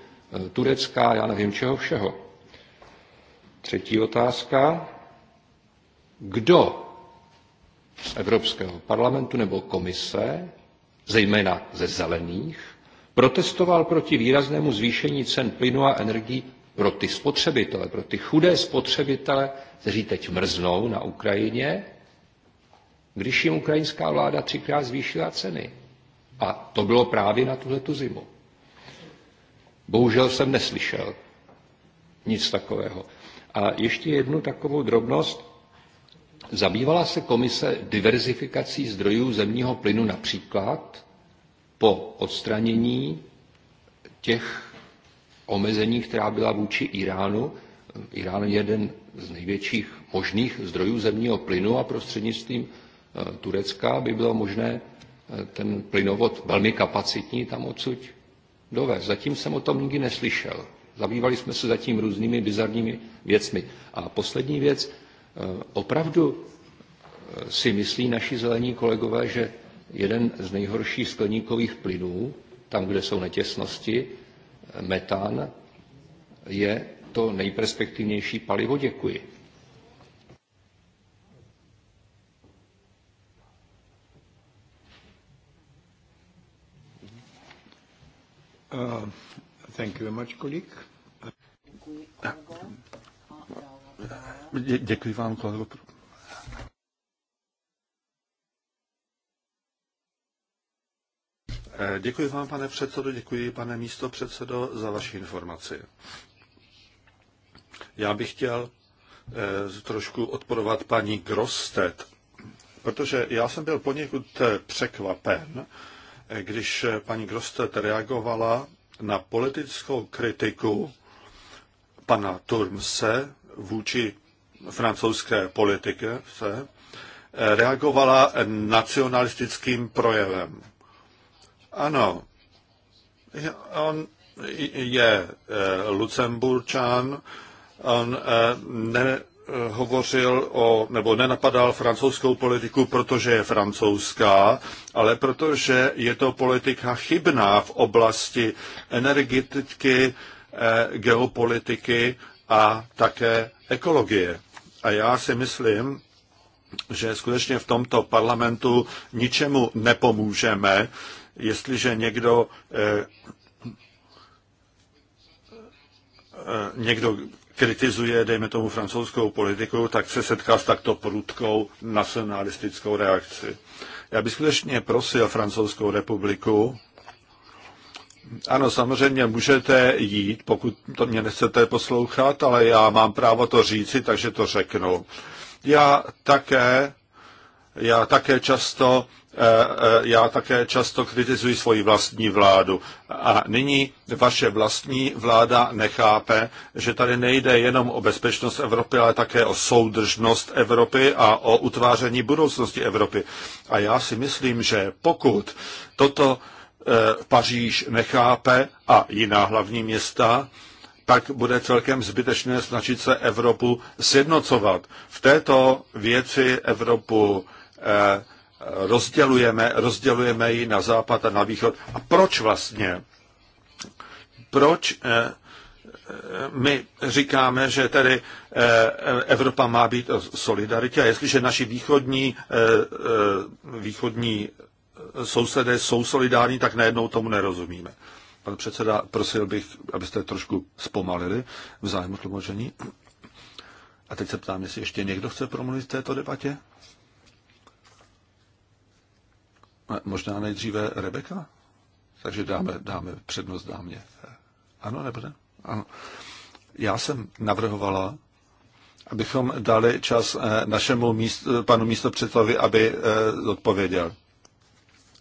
e, Turecka, já nevím čeho všeho. Třetí otázka. Kdo z Evropského parlamentu nebo komise, zejména ze zelených, protestoval proti výraznému zvýšení cen plynu a energii pro ty spotřebitele, pro ty chudé spotřebitele, kteří teď mrznou na Ukrajině když jim ukrajinská vláda třikrát zvýšila ceny. A to bylo právě na tuhletu zimu. Bohužel jsem neslyšel nic takového. A ještě jednu takovou drobnost. Zabývala se komise diverzifikací zdrojů zemního plynu například po odstranění těch omezení, která byla vůči Iránu. Irán je jeden z největších možných zdrojů zemního plynu a prostřednictvím Turecka by bylo možné eh, ten plynovod velmi kapacitní tam odsud dovést. Zatím jsem o tom nikdy neslyšel. Zabývali jsme se zatím různými bizarními věcmi. A poslední věc, eh, opravdu eh, si myslí naši zelení kolegové, že jeden z nejhorších skleníkových plynů, tam, kde jsou netěsnosti, metan, je to nejperspektivnější palivo. Děkuji. Uh, thank you very much, colleague. Děkuji, vám, kolego. Eh, děkuji vám, pane předsedo, děkuji, pane místo předsedo, za vaši informaci. Já bych chtěl eh, trošku odporovat paní Grostet, protože já jsem byl poněkud eh, překvapen, když paní Grostet reagovala na politickou kritiku pana Turmse vůči francouzské politice, se reagovala nacionalistickým projevem. Ano, on je eh, Lucemburčan, on eh, ne, Eh, hovořil o, nebo nenapadal francouzskou politiku, protože je francouzská, ale protože je to politika chybná v oblasti energetiky, eh, geopolitiky a také ekologie. A já si myslím, že skutečně v tomto parlamentu ničemu nepomůžeme, jestliže někdo eh, někdo kritizuje, dejme tomu, francouzskou politiku, tak se setká s takto prudkou nacionalistickou reakci. Já bych skutečně prosil Francouzskou republiku, ano, samozřejmě můžete jít, pokud to mě nechcete poslouchat, ale já mám právo to říci, takže to řeknu. Já také, já také často Eh, eh, já také často kritizuji svoji vlastní vládu. A nyní vaše vlastní vláda nechápe, že tady nejde jenom o bezpečnost Evropy, ale také o soudržnost Evropy a o utváření budoucnosti Evropy. A já si myslím, že pokud toto eh, Paříž nechápe a jiná hlavní města, tak bude celkem zbytečné snažit se Evropu sjednocovat. V této věci Evropu eh, rozdělujeme, rozdělujeme ji na západ a na východ. A proč vlastně? Proč eh, eh, my říkáme, že tedy eh, Evropa má být o solidaritě a jestliže naši východní, východní sousedé jsou solidární, tak najednou tomu nerozumíme. Pan předseda, prosil bych, abyste trošku zpomalili v zájmu tlumočení. A teď se ptám, jestli ještě někdo chce promluvit v této debatě? Možná nejdříve Rebeka? Takže dáme, dáme přednost dámě. Ano, nebo ne? Ano. Já jsem navrhovala, abychom dali čas eh, našemu míst, panu místopředsedovi, aby eh, odpověděl.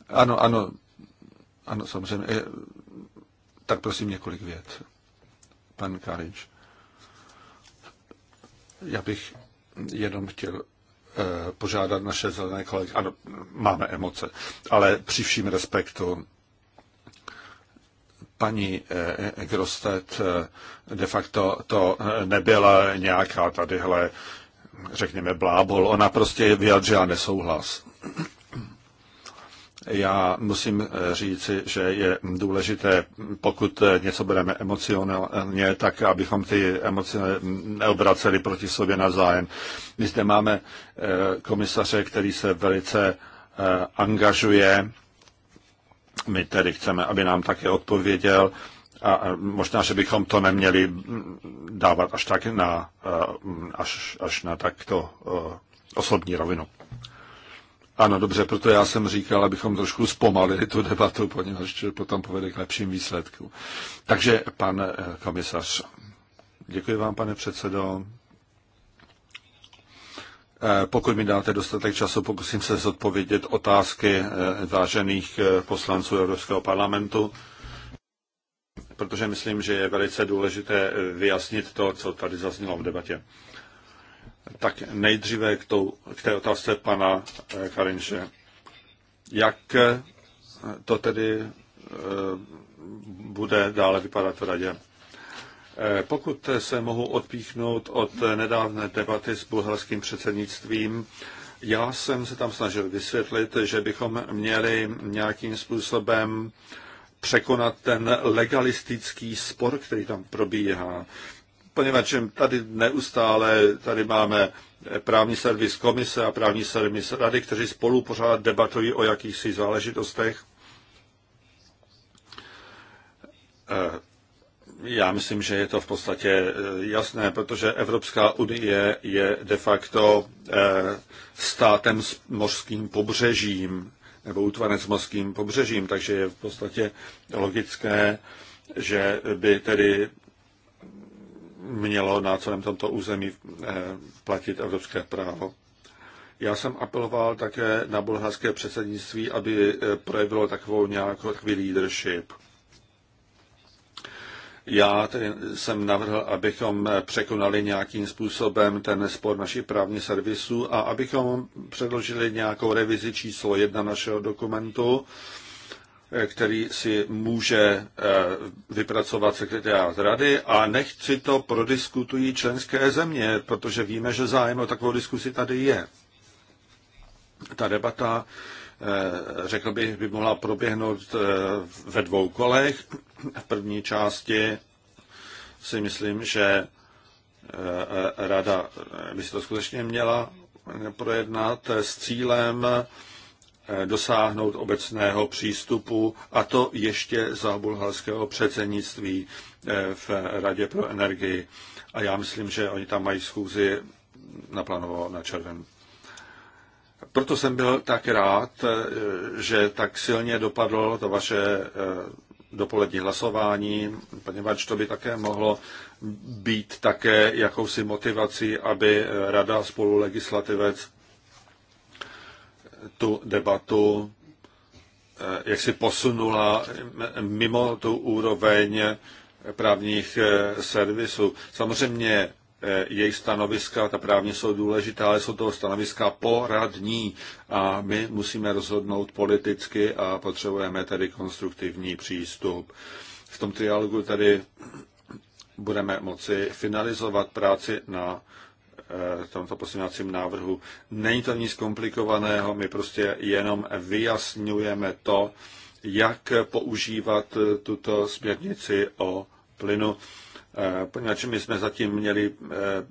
Ano, ano, ano, samozřejmě. Eh, tak prosím několik vět. Pan Karinč. Já bych jenom chtěl Eh, požádat naše zelené kolegy. Ano, máme emoce, ale při vším respektu paní eh, Grostet eh, de facto to nebyla nějaká tadyhle, řekněme, blábol. Ona prostě vyjadřila nesouhlas. Já musím eh, říci, že je důležité, pokud eh, něco bereme emocionálně, tak abychom ty emoce neobraceli proti sobě na zájem. My zde máme eh, komisaře, který se velice angažuje. My tedy chceme, aby nám také odpověděl. A možná, že bychom to neměli mm, dávat až tak na, mm, až, až na takto osobní rovinu. Ano, dobře, proto já jsem říkal, abychom trošku zpomalili tu debatu, poněvadž potom povede k lepším výsledkům. Takže, pan eh, komisař, děkuji vám, pane předsedo. Eh, pokud mi dáte dostatek času, pokusím se zodpovědět otázky eh, vážených poslanců Evropského parlamentu, protože myslím, že je velice důležité vyjasnit to, co tady zaznělo v debatě. Tak nejdříve k, tou, k té otázce pana eh, Karinše. Jak eh, to tedy eh, bude dále vypadat v radě? Pokud se mohu odpíchnout od nedávné debaty s bulharským předsednictvím, já jsem se tam snažil vysvětlit, že bychom měli nějakým způsobem překonat ten legalistický spor, který tam probíhá poněvadž tady neustále, tady máme právní servis komise a právní servis rady, kteří spolu pořád debatují o jakýchsi záležitostech. Eh, já myslím, že je to v podstatě eh, jasné, protože Evropská unie je de facto eh, státem s mořským pobřežím nebo útvarem s mořským pobřežím, takže je v podstatě logické, že by tedy mělo na celém tomto území eh, platit evropské právo. Já jsem apeloval také na bulharské předsednictví, aby eh, projevilo takovou nějakou takový leadership. Já jsem navrhl, abychom překonali nějakým způsobem ten spor našich právních servisů a abychom předložili nějakou revizi číslo jedna našeho dokumentu, který si může eh, vypracovat sekretariát rady a nechci to prodiskutují členské země, protože víme, že zájem o takovou diskusi tady je. Ta debata, eh, řekl bych, by mohla proběhnout eh, ve dvou kolech. V první části si myslím, že rada by si to skutečně měla projednat s cílem Eh, dosáhnout obecného přístupu, a to ještě za bulharského předsednictví eh, v Radě pro energii. A já myslím, že oni tam mají schůzi naplánováno na červen. Proto jsem byl tak rád, eh, že tak silně dopadlo to vaše dopolední hlasování, poněvadž to by také mohlo být také jakousi motivací, aby rada spolulegislativec tu debatu eh, jak si posunula mimo tu úroveň právních eh, servisů. Samozřejmě eh, jejich stanoviska, ta právně jsou důležitá, ale jsou to stanoviska poradní a my musíme rozhodnout politicky a potřebujeme tady konstruktivní přístup. V tom trialogu tady budeme moci finalizovat práci na Eh, tomto pozměňovacím návrhu. Není to nic komplikovaného, my prostě jenom vyjasňujeme to, jak používat eh, tuto směrnici o plynu, eh, poněvadž my jsme zatím měli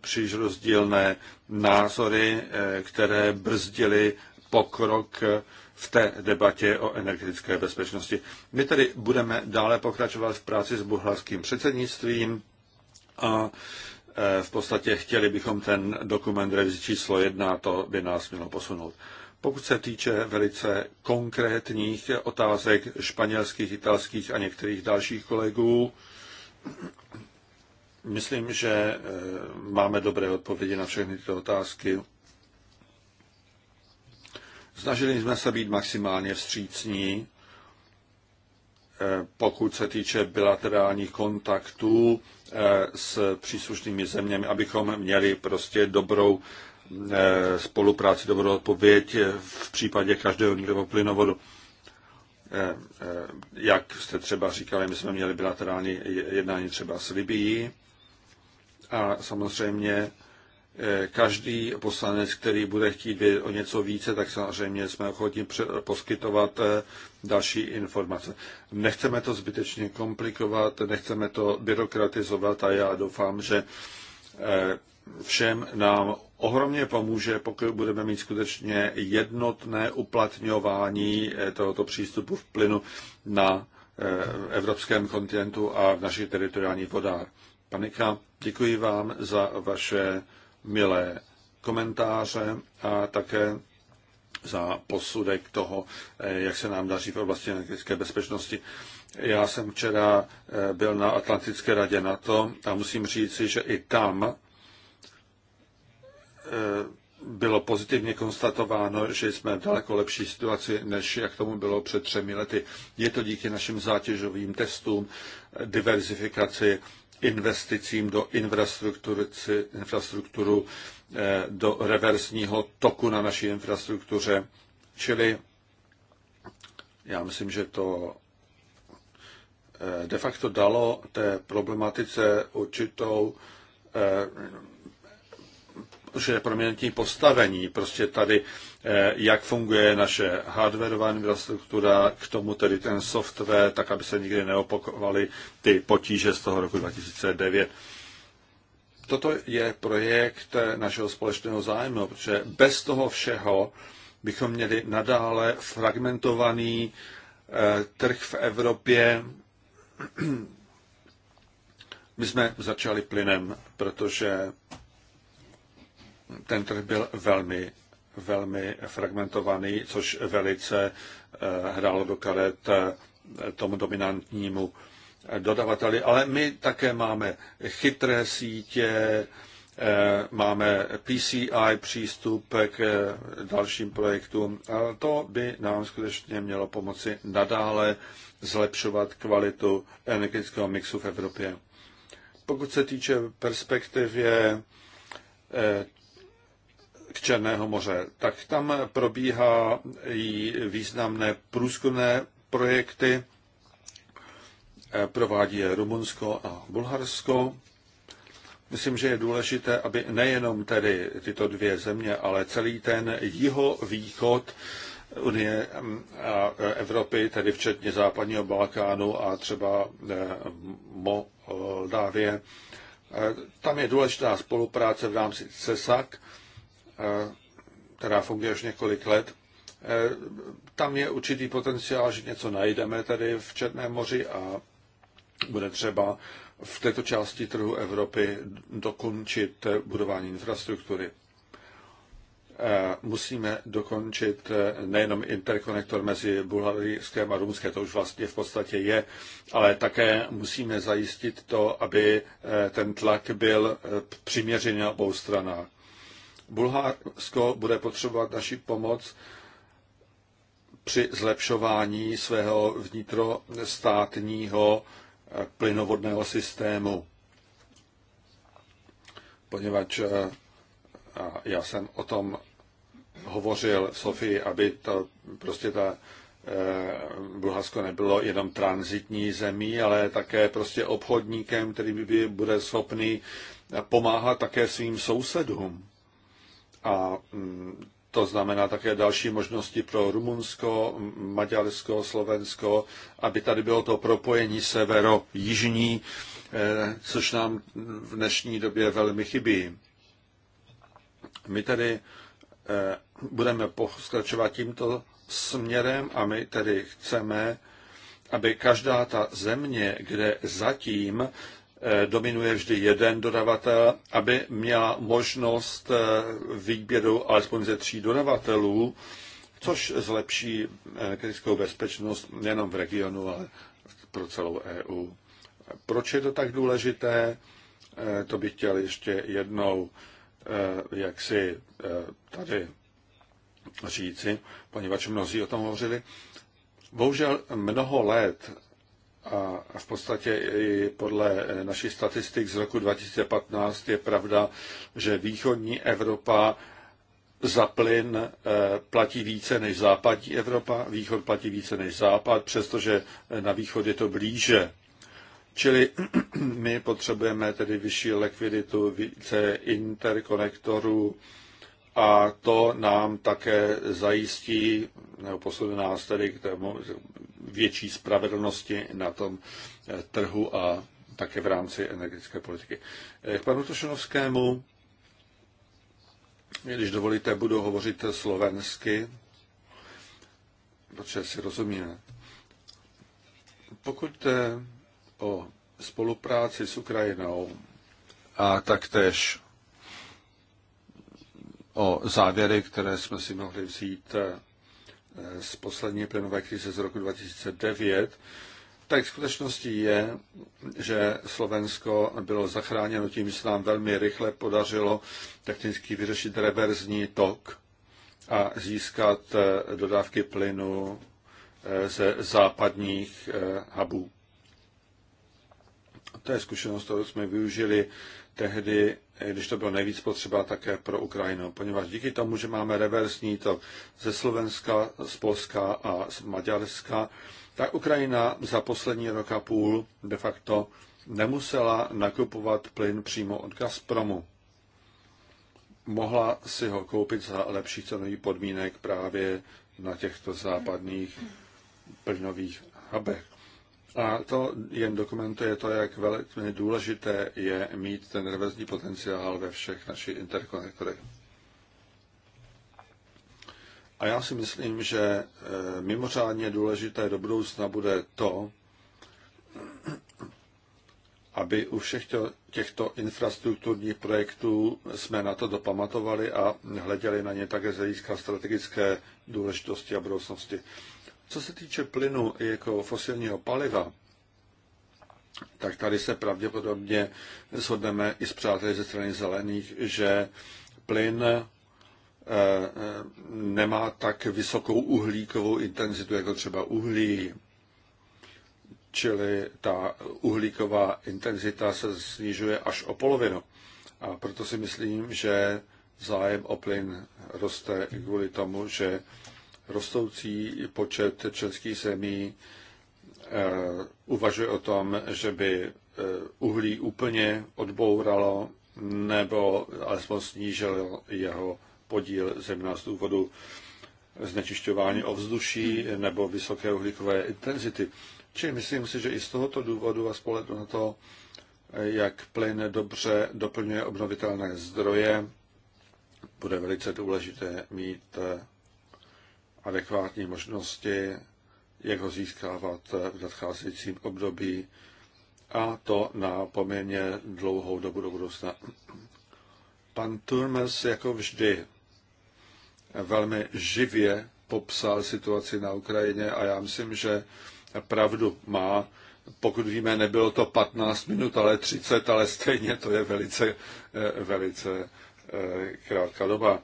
příliš rozdílné názory, které brzdily pokrok v té debatě o energetické bezpečnosti. My tedy budeme dále pokračovat v práci s bulharským předsednictvím a Eh, v podstatě chtěli bychom ten dokument revizi číslo jedna, to by nás mělo posunout. Pokud se týče velice konkrétních otázek španělských, italských a některých dalších kolegů, myslím, že eh, máme dobré odpovědi na všechny tyto otázky. Snažili jsme se být maximálně vstřícní pokud se týče bilaterálních kontaktů eh, s příslušnými zeměmi, abychom měli prostě dobrou eh, spolupráci, dobrou odpověď v případě každého nového plynovodu. Eh, jak jste třeba říkali, my jsme měli bilaterální jednání třeba s Libií a samozřejmě každý poslanec, který bude chtít o něco více, tak samozřejmě jsme ochotni poskytovat další informace. Nechceme to zbytečně komplikovat, nechceme to byrokratizovat a já doufám, že eh, všem nám ohromně pomůže, pokud budeme mít skutečně jednotné uplatňování eh, tohoto přístupu v plynu na eh, evropském kontinentu a v našich teritoriálních vodách. Panika, děkuji vám za vaše milé komentáře a také za posudek toho, eh, jak se nám daří v oblasti energetické bezpečnosti. Já jsem včera eh, byl na Atlantické radě NATO a musím říci, že i tam eh, bylo pozitivně konstatováno, že jsme v daleko lepší situaci, než jak tomu bylo před třemi lety. Je to díky našim zátěžovým testům, diverzifikaci investicím do infrastrukturu, eh, do reverzního toku na naší infrastruktuře. Čili já myslím, že to eh, de facto dalo té problematice určitou eh, že proměnitní postavení. Prostě tady Eh, jak funguje naše hardwareová infrastruktura, k tomu tedy ten software, tak aby se nikdy neopakovaly ty potíže z toho roku 2009. Toto je projekt eh, našeho společného zájmu, protože bez toho všeho bychom měli nadále fragmentovaný eh, trh v Evropě. My jsme začali plynem, protože ten trh byl velmi velmi fragmentovaný, což velice eh, hrálo do karet eh, tomu dominantnímu dodavateli. Ale my také máme chytré sítě, eh, máme PCI přístup k dalším projektům. A to by nám skutečně mělo pomoci nadále zlepšovat kvalitu energetického mixu v Evropě. Pokud se týče perspektivě k Černého moře, tak tam probíhá i významné průzkumné projekty, provádí je Rumunsko a Bulharsko. Myslím, že je důležité, aby nejenom tedy tyto dvě země, ale celý ten jihovýchod Unie a Evropy, tedy včetně západního Balkánu a třeba eh, Moldávie, eh, tam je důležitá spolupráce v rámci CESAC, která funguje už několik let, e, tam je určitý potenciál, že něco najdeme tady v Černém moři a bude třeba v této části trhu Evropy dokončit budování infrastruktury. E, musíme dokončit e, nejenom interkonektor mezi Bulharskem a Rumunskem, to už vlastně v podstatě je, ale také musíme zajistit to, aby ten tlak byl přiměřený na obou stranách. Bulharsko bude potřebovat naši pomoc při zlepšování svého vnitrostátního eh, plynovodného systému. Poněvadž eh, já jsem o tom hovořil Sofii, aby to prostě ta eh, Bulharsko nebylo jenom transitní zemí, ale také prostě obchodníkem, který by bude schopný pomáhat také svým sousedům. A mm, to znamená také další možnosti pro Rumunsko, Maďarsko, Slovensko, aby tady bylo to propojení severo-jižní, eh, což nám v dnešní době velmi chybí. My tedy eh, budeme pokračovat tímto směrem a my tedy chceme, aby každá ta země, kde zatím Eh, dominuje vždy jeden dodavatel, aby měla možnost eh, výběru alespoň ze tří dodavatelů, což zlepší eh, kritickou bezpečnost nejenom v regionu, ale pro celou EU. Proč je to tak důležité? To bych chtěl ještě jednou jak si tady říci, poněvadž mnozí o tom hovořili. Bohužel mnoho let a v podstatě i podle e, našich statistik z roku 2015 je pravda, že východní Evropa za plyn e, platí více než západní Evropa, východ platí více než západ, přestože e, na východ je to blíže. Čili my potřebujeme tedy vyšší likviditu, více interkonektorů a to nám také zajistí, nebo posune nás tedy k, větší spravedlnosti na tom eh, trhu a také v rámci energetické politiky. Eh, k panu Tošanovskému, když dovolíte, budu hovořit slovensky, protože si rozumíme. Pokud jde o spolupráci s Ukrajinou a taktéž o závěry, které jsme si mohli vzít eh, z poslední plynové krize z roku 2009, tak skutečností je, že Slovensko bylo zachráněno tím, že se nám velmi rychle podařilo technicky vyřešit reverzní tok a získat eh, dodávky plynu eh, ze západních eh, hubů. To je zkušenost, kterou jsme využili tehdy když to bylo nejvíc potřeba také pro Ukrajinu, poněvadž díky tomu, že máme reverzní to ze Slovenska, z Polska a z Maďarska, tak Ukrajina za poslední rok a půl de facto nemusela nakupovat plyn přímo od Gazpromu. Mohla si ho koupit za lepší cenový podmínek právě na těchto západních plynových hubech. A to jen dokumentuje to, jak velmi důležité je mít ten reverzní potenciál ve všech našich interkonektorech. A já si myslím, že eh, mimořádně důležité do budoucna bude to, aby u všech těchto infrastrukturních projektů jsme na to dopamatovali a hleděli na ně také z hlediska strategické důležitosti a budoucnosti. Co se týče plynu jako fosilního paliva, tak tady se pravděpodobně shodneme i s přáteli ze strany zelených, že plyn eh, eh, nemá tak vysokou uhlíkovou intenzitu jako třeba uhlí. Čili ta uhlíková intenzita se snižuje až o polovinu. A proto si myslím, že zájem o plyn roste kvůli tomu, že rostoucí počet českých zemí eh, uvažuje o tom, že by eh, uhlí úplně odbouralo nebo alespoň snížil jeho podíl zejména z důvodu znečišťování ovzduší hmm. nebo vysoké uhlíkové intenzity. Čili myslím si, že i z tohoto důvodu a spolehnu na to, eh, jak plyn dobře doplňuje obnovitelné zdroje, bude velice důležité mít adekvátní možnosti, jak ho získávat v nadcházejícím období a to na poměrně dlouhou dobu do budoucna. Pan Turmes jako vždy velmi živě popsal situaci na Ukrajině a já myslím, že pravdu má. Pokud víme, nebylo to 15 minut, ale 30, ale stejně to je velice, eh, velice eh, krátká doba.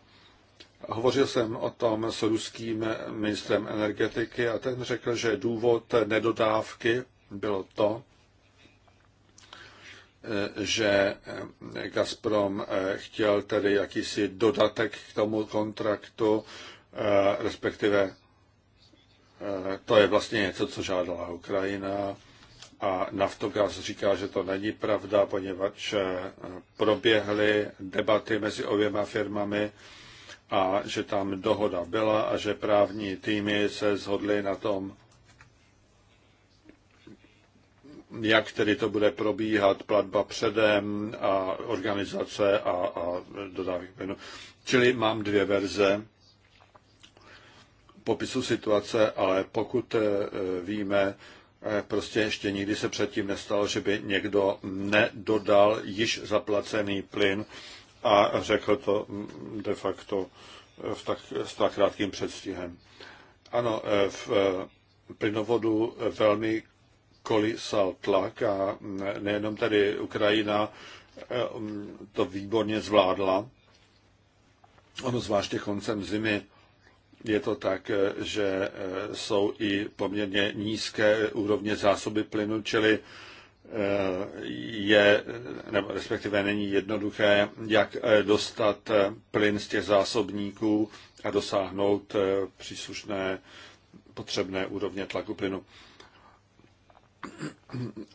Hovořil jsem o tom s ruským ministrem energetiky a ten řekl, že důvod nedodávky bylo to, že Gazprom chtěl tedy jakýsi dodatek k tomu kontraktu, respektive to je vlastně něco, co žádala Ukrajina a Naftogaz říká, že to není pravda, poněvadž proběhly debaty mezi oběma firmami a že tam dohoda byla a že právní týmy se zhodly na tom, jak tedy to bude probíhat, platba předem a organizace a, a dodávky. plynu. Čili mám dvě verze popisu situace, ale pokud eh, víme, eh, prostě ještě nikdy se předtím nestalo, že by někdo nedodal již zaplacený plyn a řekl to de facto v tak, s tak krátkým předstihem. Ano, eh, v eh, plynovodu velmi kolisal tlak a nejenom tady Ukrajina eh, um, to výborně zvládla. Ono zvláště koncem zimy je to tak, že jsou i poměrně nízké úrovně zásoby plynu, čili je, nebo respektive není jednoduché, jak eh, dostat eh, plyn z těch zásobníků a dosáhnout eh, příslušné potřebné úrovně tlaku plynu.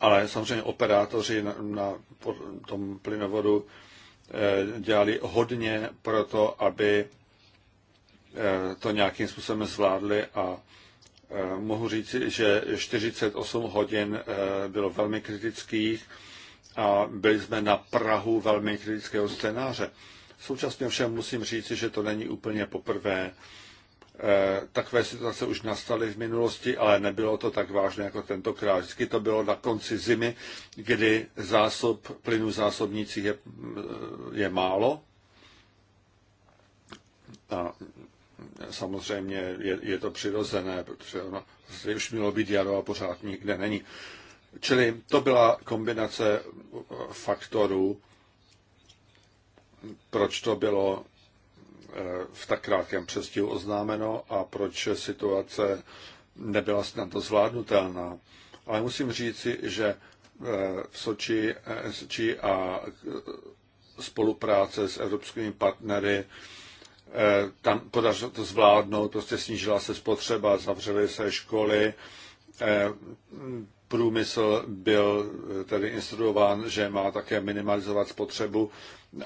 Ale samozřejmě operátoři na, na tom plynovodu dělali hodně pro to, aby to nějakým způsobem zvládli a Eh, mohu říci, že 48 hodin eh, bylo velmi kritických a byli jsme na Prahu velmi kritického scénáře. Současně všem musím říci, že to není úplně poprvé. Eh, takové situace už nastaly v minulosti, ale nebylo to tak vážné jako tentokrát. Vždycky to bylo na konci zimy, kdy zásob plynu v je, je málo. A samozřejmě je, je to přirozené, protože ono už mělo být jaro a pořád nikde není. Čili to byla kombinace faktorů, proč to bylo eh, v tak krátkém přestihu oznámeno a proč situace nebyla snad to zvládnutelná. Ale musím říci, že eh, v Soči, eh, Soči a spolupráce s evropskými partnery Eh, tam podařilo to zvládnout, prostě snížila se spotřeba, zavřely se školy, eh, průmysl byl eh, tedy instruován, že má také minimalizovat spotřebu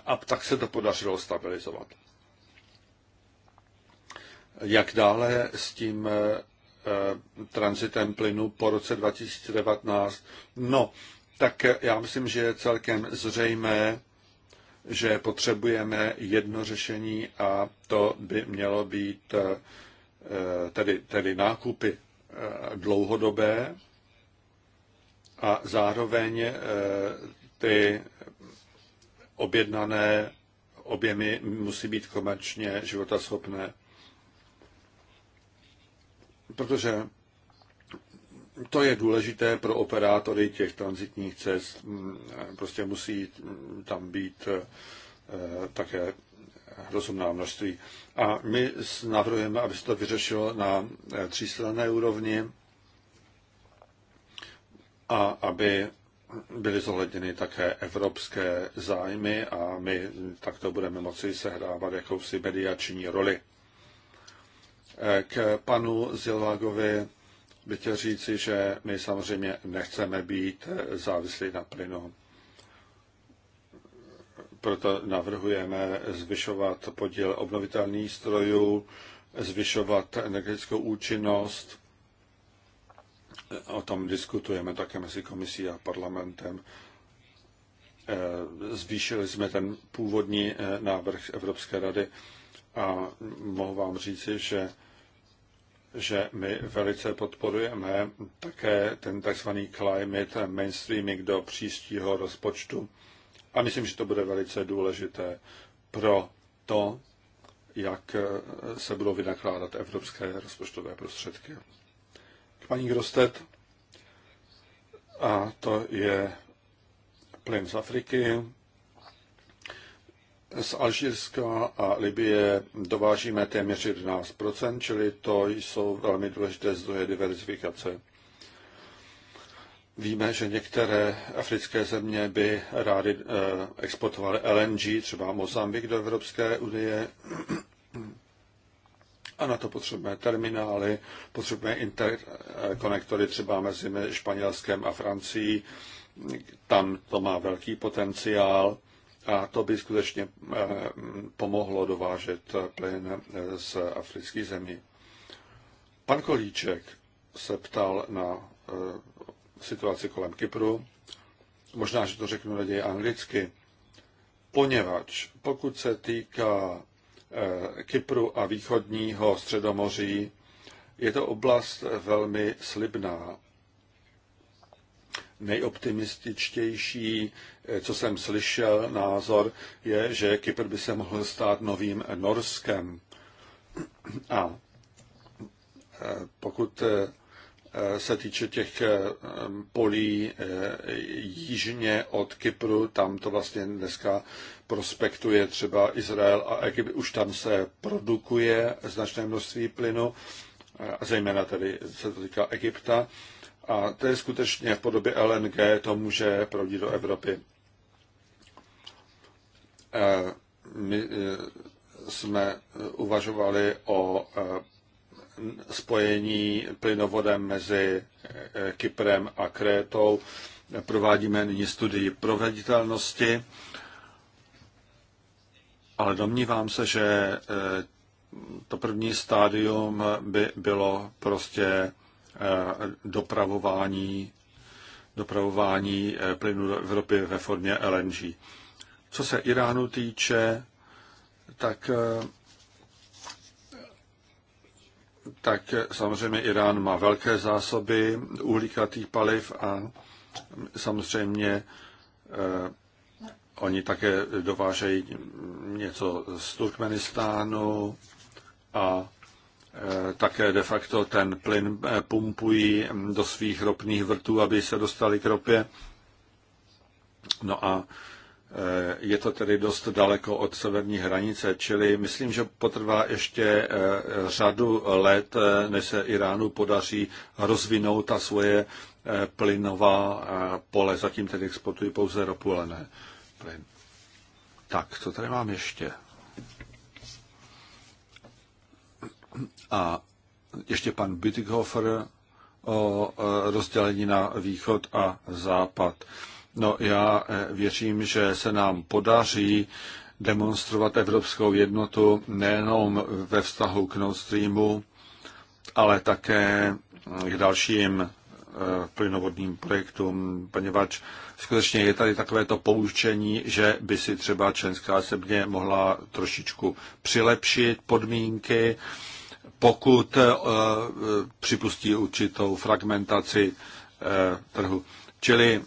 a tak se to podařilo stabilizovat. Jak dále s tím transitem plynu po roce 2019? No, tak já myslím, že je celkem zřejmé, že potřebujeme jedno řešení a to by mělo být eh, tedy, tedy nákupy eh, dlouhodobé a zároveň eh, ty objednané objemy musí být komerčně životaschopné. Protože to je důležité pro operátory těch transitních cest. Mm, prostě musí tam být eh, také rozumná množství. A my navrhujeme, aby se to vyřešilo na eh, třístranné úrovni a aby byly zohledněny také evropské zájmy a my takto budeme moci sehrávat jakousi mediační roli. Eh, k panu Zilvagovi bych chtěl říci, že my samozřejmě nechceme být závislí na plynu. Proto navrhujeme zvyšovat podíl obnovitelných strojů, zvyšovat energetickou účinnost. O tom diskutujeme také mezi komisí a parlamentem. Eh, zvýšili jsme ten původní eh, návrh Evropské rady a mohu vám říci, že že my velice podporujeme také ten tzv. climate mainstreaming do příštího rozpočtu. A myslím, že to bude velice důležité pro to, jak se budou vynakládat evropské rozpočtové prostředky. K paní Grostet, a to je plyn z Afriky, z Alžírska a Libie dovážíme téměř 11 čili to jsou velmi důležité zdroje diverzifikace. Víme, že některé africké země by rády eh, exportovaly LNG, třeba Mozambik do Evropské unie. A na to potřebujeme terminály, potřebujeme interkonektory třeba mezi Španělskem a Francií. Tam to má velký potenciál a to by skutečně eh, pomohlo dovážet plyn eh, z afrických zemí. Pan Kolíček se ptal na eh, situaci kolem Kypru. Možná, že to řeknu raději anglicky. Poněvadž pokud se týká Kypru a východního středomoří, je to oblast velmi slibná nejoptimističtější, eh, co jsem slyšel, názor je, že Kypr by se mohl stát novým Norskem. A eh, pokud eh, se týče těch polí jižně od Kypru, tam to vlastně dneska prospektuje třeba Izrael a Egypt, už tam se produkuje značné množství plynu, zejména tedy se to týká Egypta. A to je skutečně v podobě LNG, to může proudit do Evropy. Eh, my eh, jsme eh, uvažovali o spojení plynovodem mezi Kyprem a Krétou. Provádíme nyní studii proveditelnosti, ale domnívám se, že to první stádium by bylo prostě Eh, dopravování, dopravování eh, plynu do Evropy ve formě LNG. Co se Iránu týče, tak eh, tak samozřejmě Irán má velké zásoby uhlíkatých paliv a samozřejmě oni také dovážejí něco z Turkmenistánu a Eh, také de facto ten plyn eh, pumpují mm, do svých ropných vrtů, aby se dostali k ropě. No a eh, je to tedy dost daleko od severní hranice, čili myslím, že potrvá ještě řadu let, než se Iránu podaří rozvinout ta svoje plynová pole. Zatím tedy exportují pouze ropu, ale ne plyn. Tak, co tady mám ještě? A ještě pan Bittighofer o rozdělení na východ a západ. No já e, věřím, že se nám podaří demonstrovat evropskou jednotu nejenom ve vztahu k Nord Streamu, ale také k dalším e, plynovodním projektům, poněvadž skutečně je tady takové to poučení, že by si třeba členská země mohla trošičku přilepšit podmínky, pokud eh, eh, připustí určitou fragmentaci eh, trhu. Čili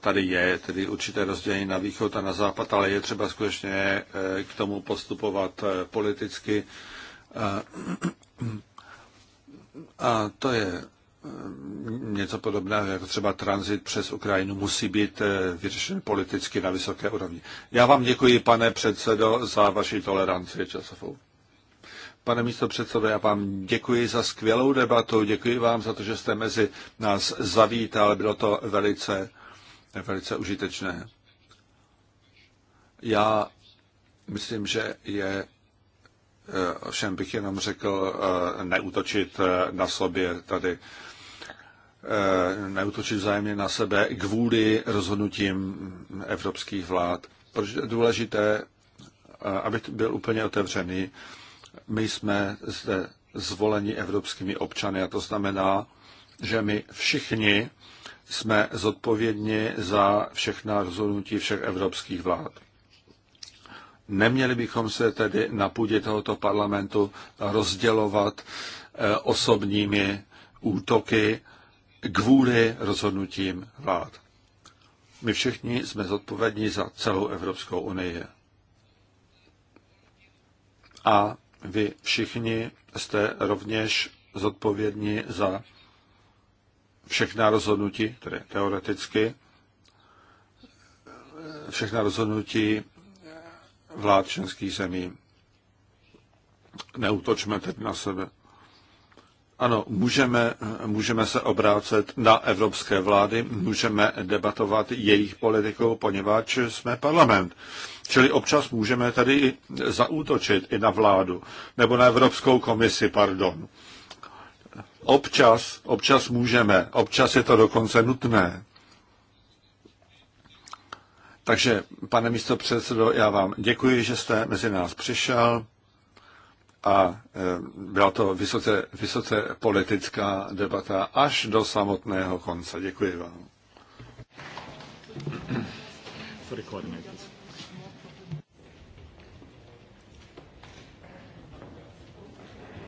tady je tedy určité rozdělení na východ a na západ, ale je třeba skutečně k tomu postupovat politicky. A to je něco podobného, jako třeba tranzit přes Ukrajinu musí být vyřešen politicky na vysoké úrovni. Já vám děkuji, pane předsedo, za vaši toleranci časovou. Pane místo předsedo, já vám děkuji za skvělou debatu, děkuji vám za to, že jste mezi nás zavítal, bylo to velice, velice užitečné. Já myslím, že je eh, Ovšem bych jenom řekl, eh, neutočit eh, na sobě tady, neutočit vzájemně na sebe kvůli rozhodnutím evropských vlád. Proč je důležité, abych byl úplně otevřený, my jsme zde zvoleni evropskými občany a to znamená, že my všichni jsme zodpovědní za všechna rozhodnutí všech evropských vlád. Neměli bychom se tedy na půdě tohoto parlamentu rozdělovat eh, osobními útoky kvůli rozhodnutím vlád. My všichni jsme zodpovědní za celou Evropskou unii. A vy všichni jste rovněž zodpovědní za všechna rozhodnutí, tedy teoreticky, všechna rozhodnutí vlád členských zemí. Neutočme teď na sebe. Ano, můžeme, můžeme se obrácet na evropské vlády, můžeme debatovat jejich politikou, poněvadž jsme parlament. Čili občas můžeme tady zaútočit i na vládu, nebo na Evropskou komisi, pardon. Občas, občas můžeme, občas je to dokonce nutné. Takže, pane místo předsedo, já vám děkuji, že jste mezi nás přišel a e, byla to vysoce, vysoce politická debata až do samotného konce. Děkuji vám.